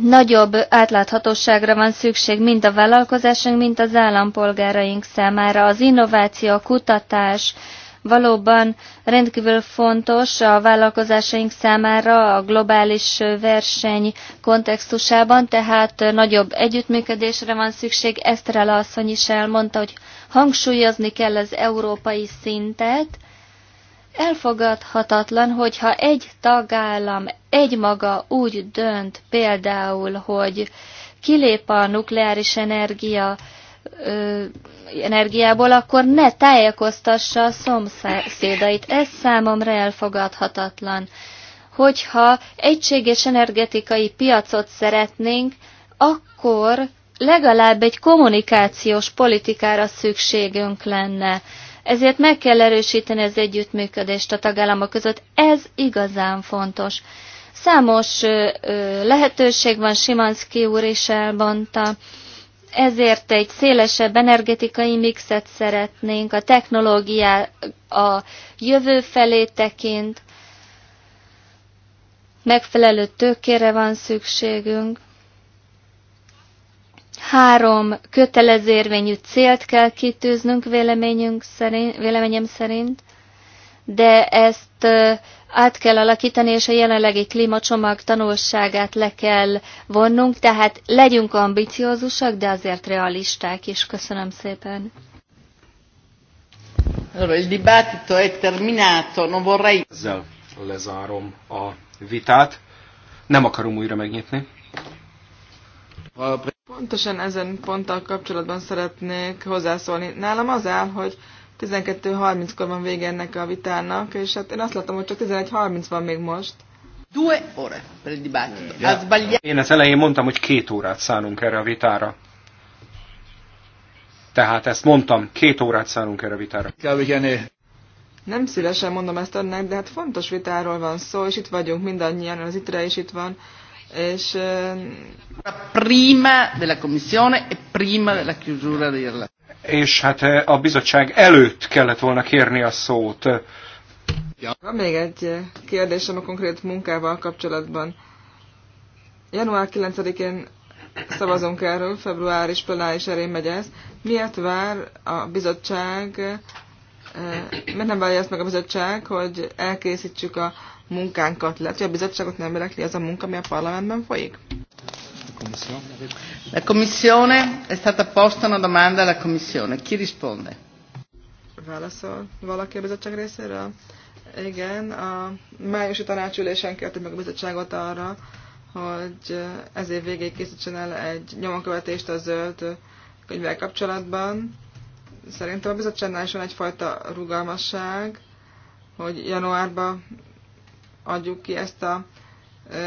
Nagyobb átláthatóságra van szükség mind a vállalkozásunk, mind az állampolgáraink számára. Az innováció, a kutatás, valóban rendkívül fontos a vállalkozásaink számára a globális verseny kontextusában, tehát nagyobb együttműködésre van szükség. Eszterela asszony is elmondta, hogy hangsúlyozni kell az európai szintet, Elfogadhatatlan, hogyha egy tagállam egymaga úgy dönt például, hogy kilép a nukleáris energia ö, energiából, akkor ne tájékoztassa a szomszédait. Ez számomra elfogadhatatlan. Hogyha egységes energetikai piacot szeretnénk, akkor legalább egy kommunikációs politikára szükségünk lenne. Ezért meg kell erősíteni az együttműködést a tagállamok között. Ez igazán fontos. Számos ö, lehetőség van, Simanszki úr is elmondta ezért egy szélesebb energetikai mixet szeretnénk, a technológiá a jövő felé tekint, megfelelő tőkére van szükségünk, három kötelezérvényű célt kell kitűznünk véleményünk szerint, véleményem szerint, de ezt át kell alakítani, és a jelenlegi klímacsomag tanulságát le kell vonnunk, tehát legyünk ambiciózusak, de azért realisták is. Köszönöm szépen. Ezzel lezárom a vitát. Nem akarom újra megnyitni. Pontosan ezen ponttal kapcsolatban szeretnék hozzászólni. Nálam az áll, hogy 12.30-kor van vége ennek a vitának, és hát én azt látom, hogy csak 11.30 van még most. Due ore per il dibattito. Én az elején mondtam, hogy két órát szánunk erre a vitára. Tehát ezt mondtam, két órát szánunk erre a vitára. Nem szívesen mondom ezt önnek, de hát fontos vitáról van szó, és itt vagyunk mindannyian, az itre is itt van, és... Prima della commissione e prima della chiusura della és hát eh, a bizottság előtt kellett volna kérni a szót. Ja. Van még egy eh, kérdésem a konkrét munkával kapcsolatban. Január 9-én szavazunk erről, február is is erén megy ez. Miért vár a bizottság, eh, miért nem várja ezt meg a bizottság, hogy elkészítsük a munkánkat? Lehet, hogy a bizottságot nem érekli az a munka, ami a parlamentben folyik? La Commissione è stata posta una domanda alla Commissione. Chi risponde? Válaszol valaki a bizottság részéről? Igen, a májusi tanácsülésen kértük meg a bizottságot arra, hogy ez év végéig készítsen el egy nyomonkövetést a zöld könyvvel kapcsolatban. Szerintem a bizottságnál is van egyfajta rugalmasság, hogy januárban adjuk ki ezt a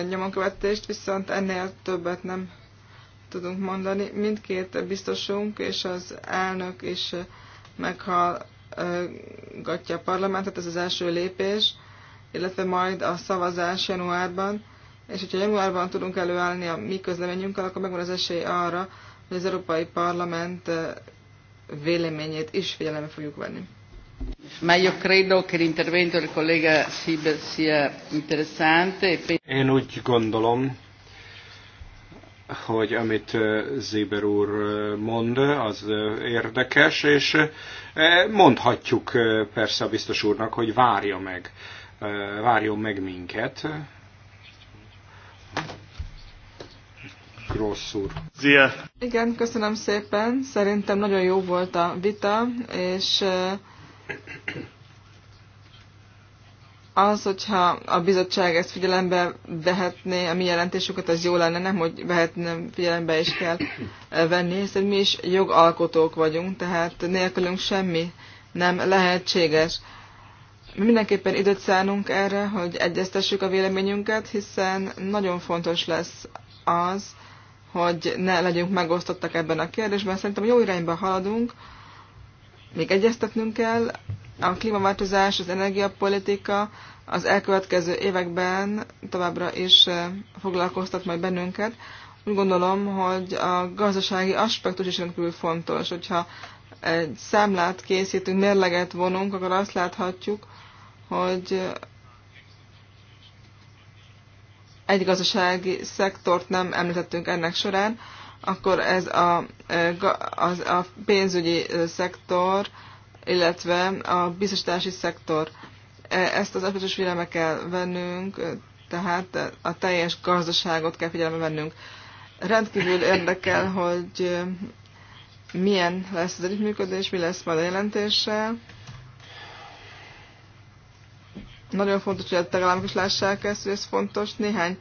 nyomonkövetést, viszont ennél többet nem tudunk mondani. Mindkét biztosunk és az elnök is meghallgatja a parlamentet, ez az első lépés, illetve majd a szavazás januárban, és hogyha januárban tudunk előállni a mi közleményünkkel, akkor megvan az esély arra, hogy az Európai Parlament eh, véleményét is figyelembe fogjuk venni. Ma io credo che l'intervento del collega sia interessante. E Én úgy gondolom, hogy amit eh, Zéber úr eh, mond, az eh, érdekes, és mondhatjuk persze a biztos úrnak, hogy várja meg, várjon meg minket. Rossz úr. Zia. Igen, köszönöm szépen. Szerintem nagyon jó volt a vita, és az, hogyha a bizottság ezt figyelembe vehetné, a mi jelentésüket, az jó lenne, nem, hogy vehetne, figyelembe is kell venni, hiszen mi is jogalkotók vagyunk, tehát nélkülünk semmi nem lehetséges. Mi mindenképpen időt szánunk erre, hogy egyeztessük a véleményünket, hiszen nagyon fontos lesz az, hogy ne legyünk megosztottak ebben a kérdésben. Szerintem jó irányba haladunk, még egyeztetnünk kell. A klímaváltozás, az energiapolitika az elkövetkező években továbbra is eh, foglalkoztat majd bennünket. Úgy gondolom, hogy a gazdasági aspektus is rendkívül fontos. Hogyha egy számlát készítünk, mérleget vonunk, akkor azt láthatjuk, hogy egy gazdasági szektort nem említettünk ennek során, akkor ez a, e, az, a pénzügyi e, szektor, illetve a biztosítási szektor. E, ezt az összes figyelembe kell vennünk, tehát a teljes gazdaságot kell figyelembe vennünk. Rendkívül érdekel, hogy milyen lesz az együttműködés, mi lesz majd a jelentéssel. Nagyon fontos, hogy a tagállamok is lássák ezt, hogy ez fontos. Néhány uh,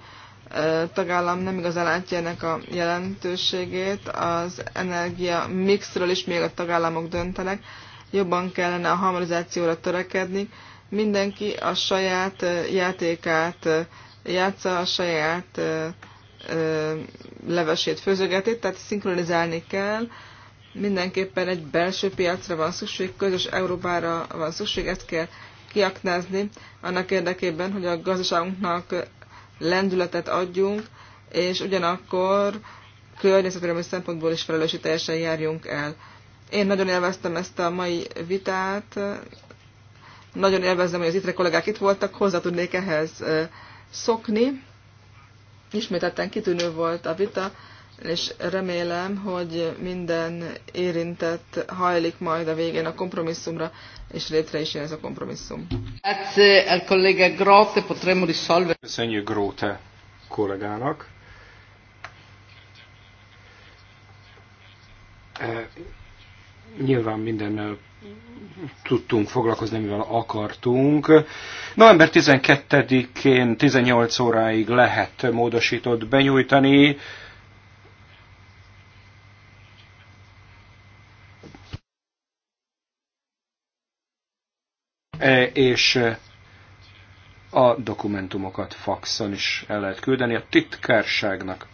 tagállam nem igazán látja ennek a jelentőségét. Az energia mixről is még a tagállamok döntenek. Jobban kellene a harmonizációra törekedni. Mindenki a saját játékát játsza, a saját levesét főzögeti, tehát szinkronizálni kell. Mindenképpen egy belső piacra van szükség, közös Európára van szükség, ezt kell kiaknázni annak érdekében, hogy a gazdaságunknak lendületet adjunk, és ugyanakkor környezetvédelmi szempontból is teljesen járjunk el. Én nagyon élveztem ezt a mai vitát, nagyon élvezem, hogy az itre kollégák itt voltak, hozzá tudnék ehhez szokni. Ismételten kitűnő volt a vita, és remélem, hogy minden érintett hajlik majd a végén a kompromisszumra, és létre is jön ez a kompromisszum. Köszönjük Gróte kollégának. E, nyilván minden tudtunk foglalkozni, mivel akartunk. November 12-én 18 óráig lehet módosított benyújtani E, és e, a dokumentumokat faxon is el lehet küldeni a titkárságnak.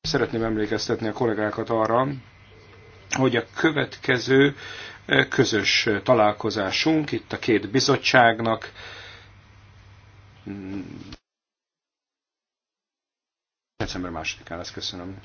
Szeretném emlékeztetni a kollégákat arra, hogy a következő e, közös találkozásunk itt a két bizottságnak december másodikán lesz. Köszönöm.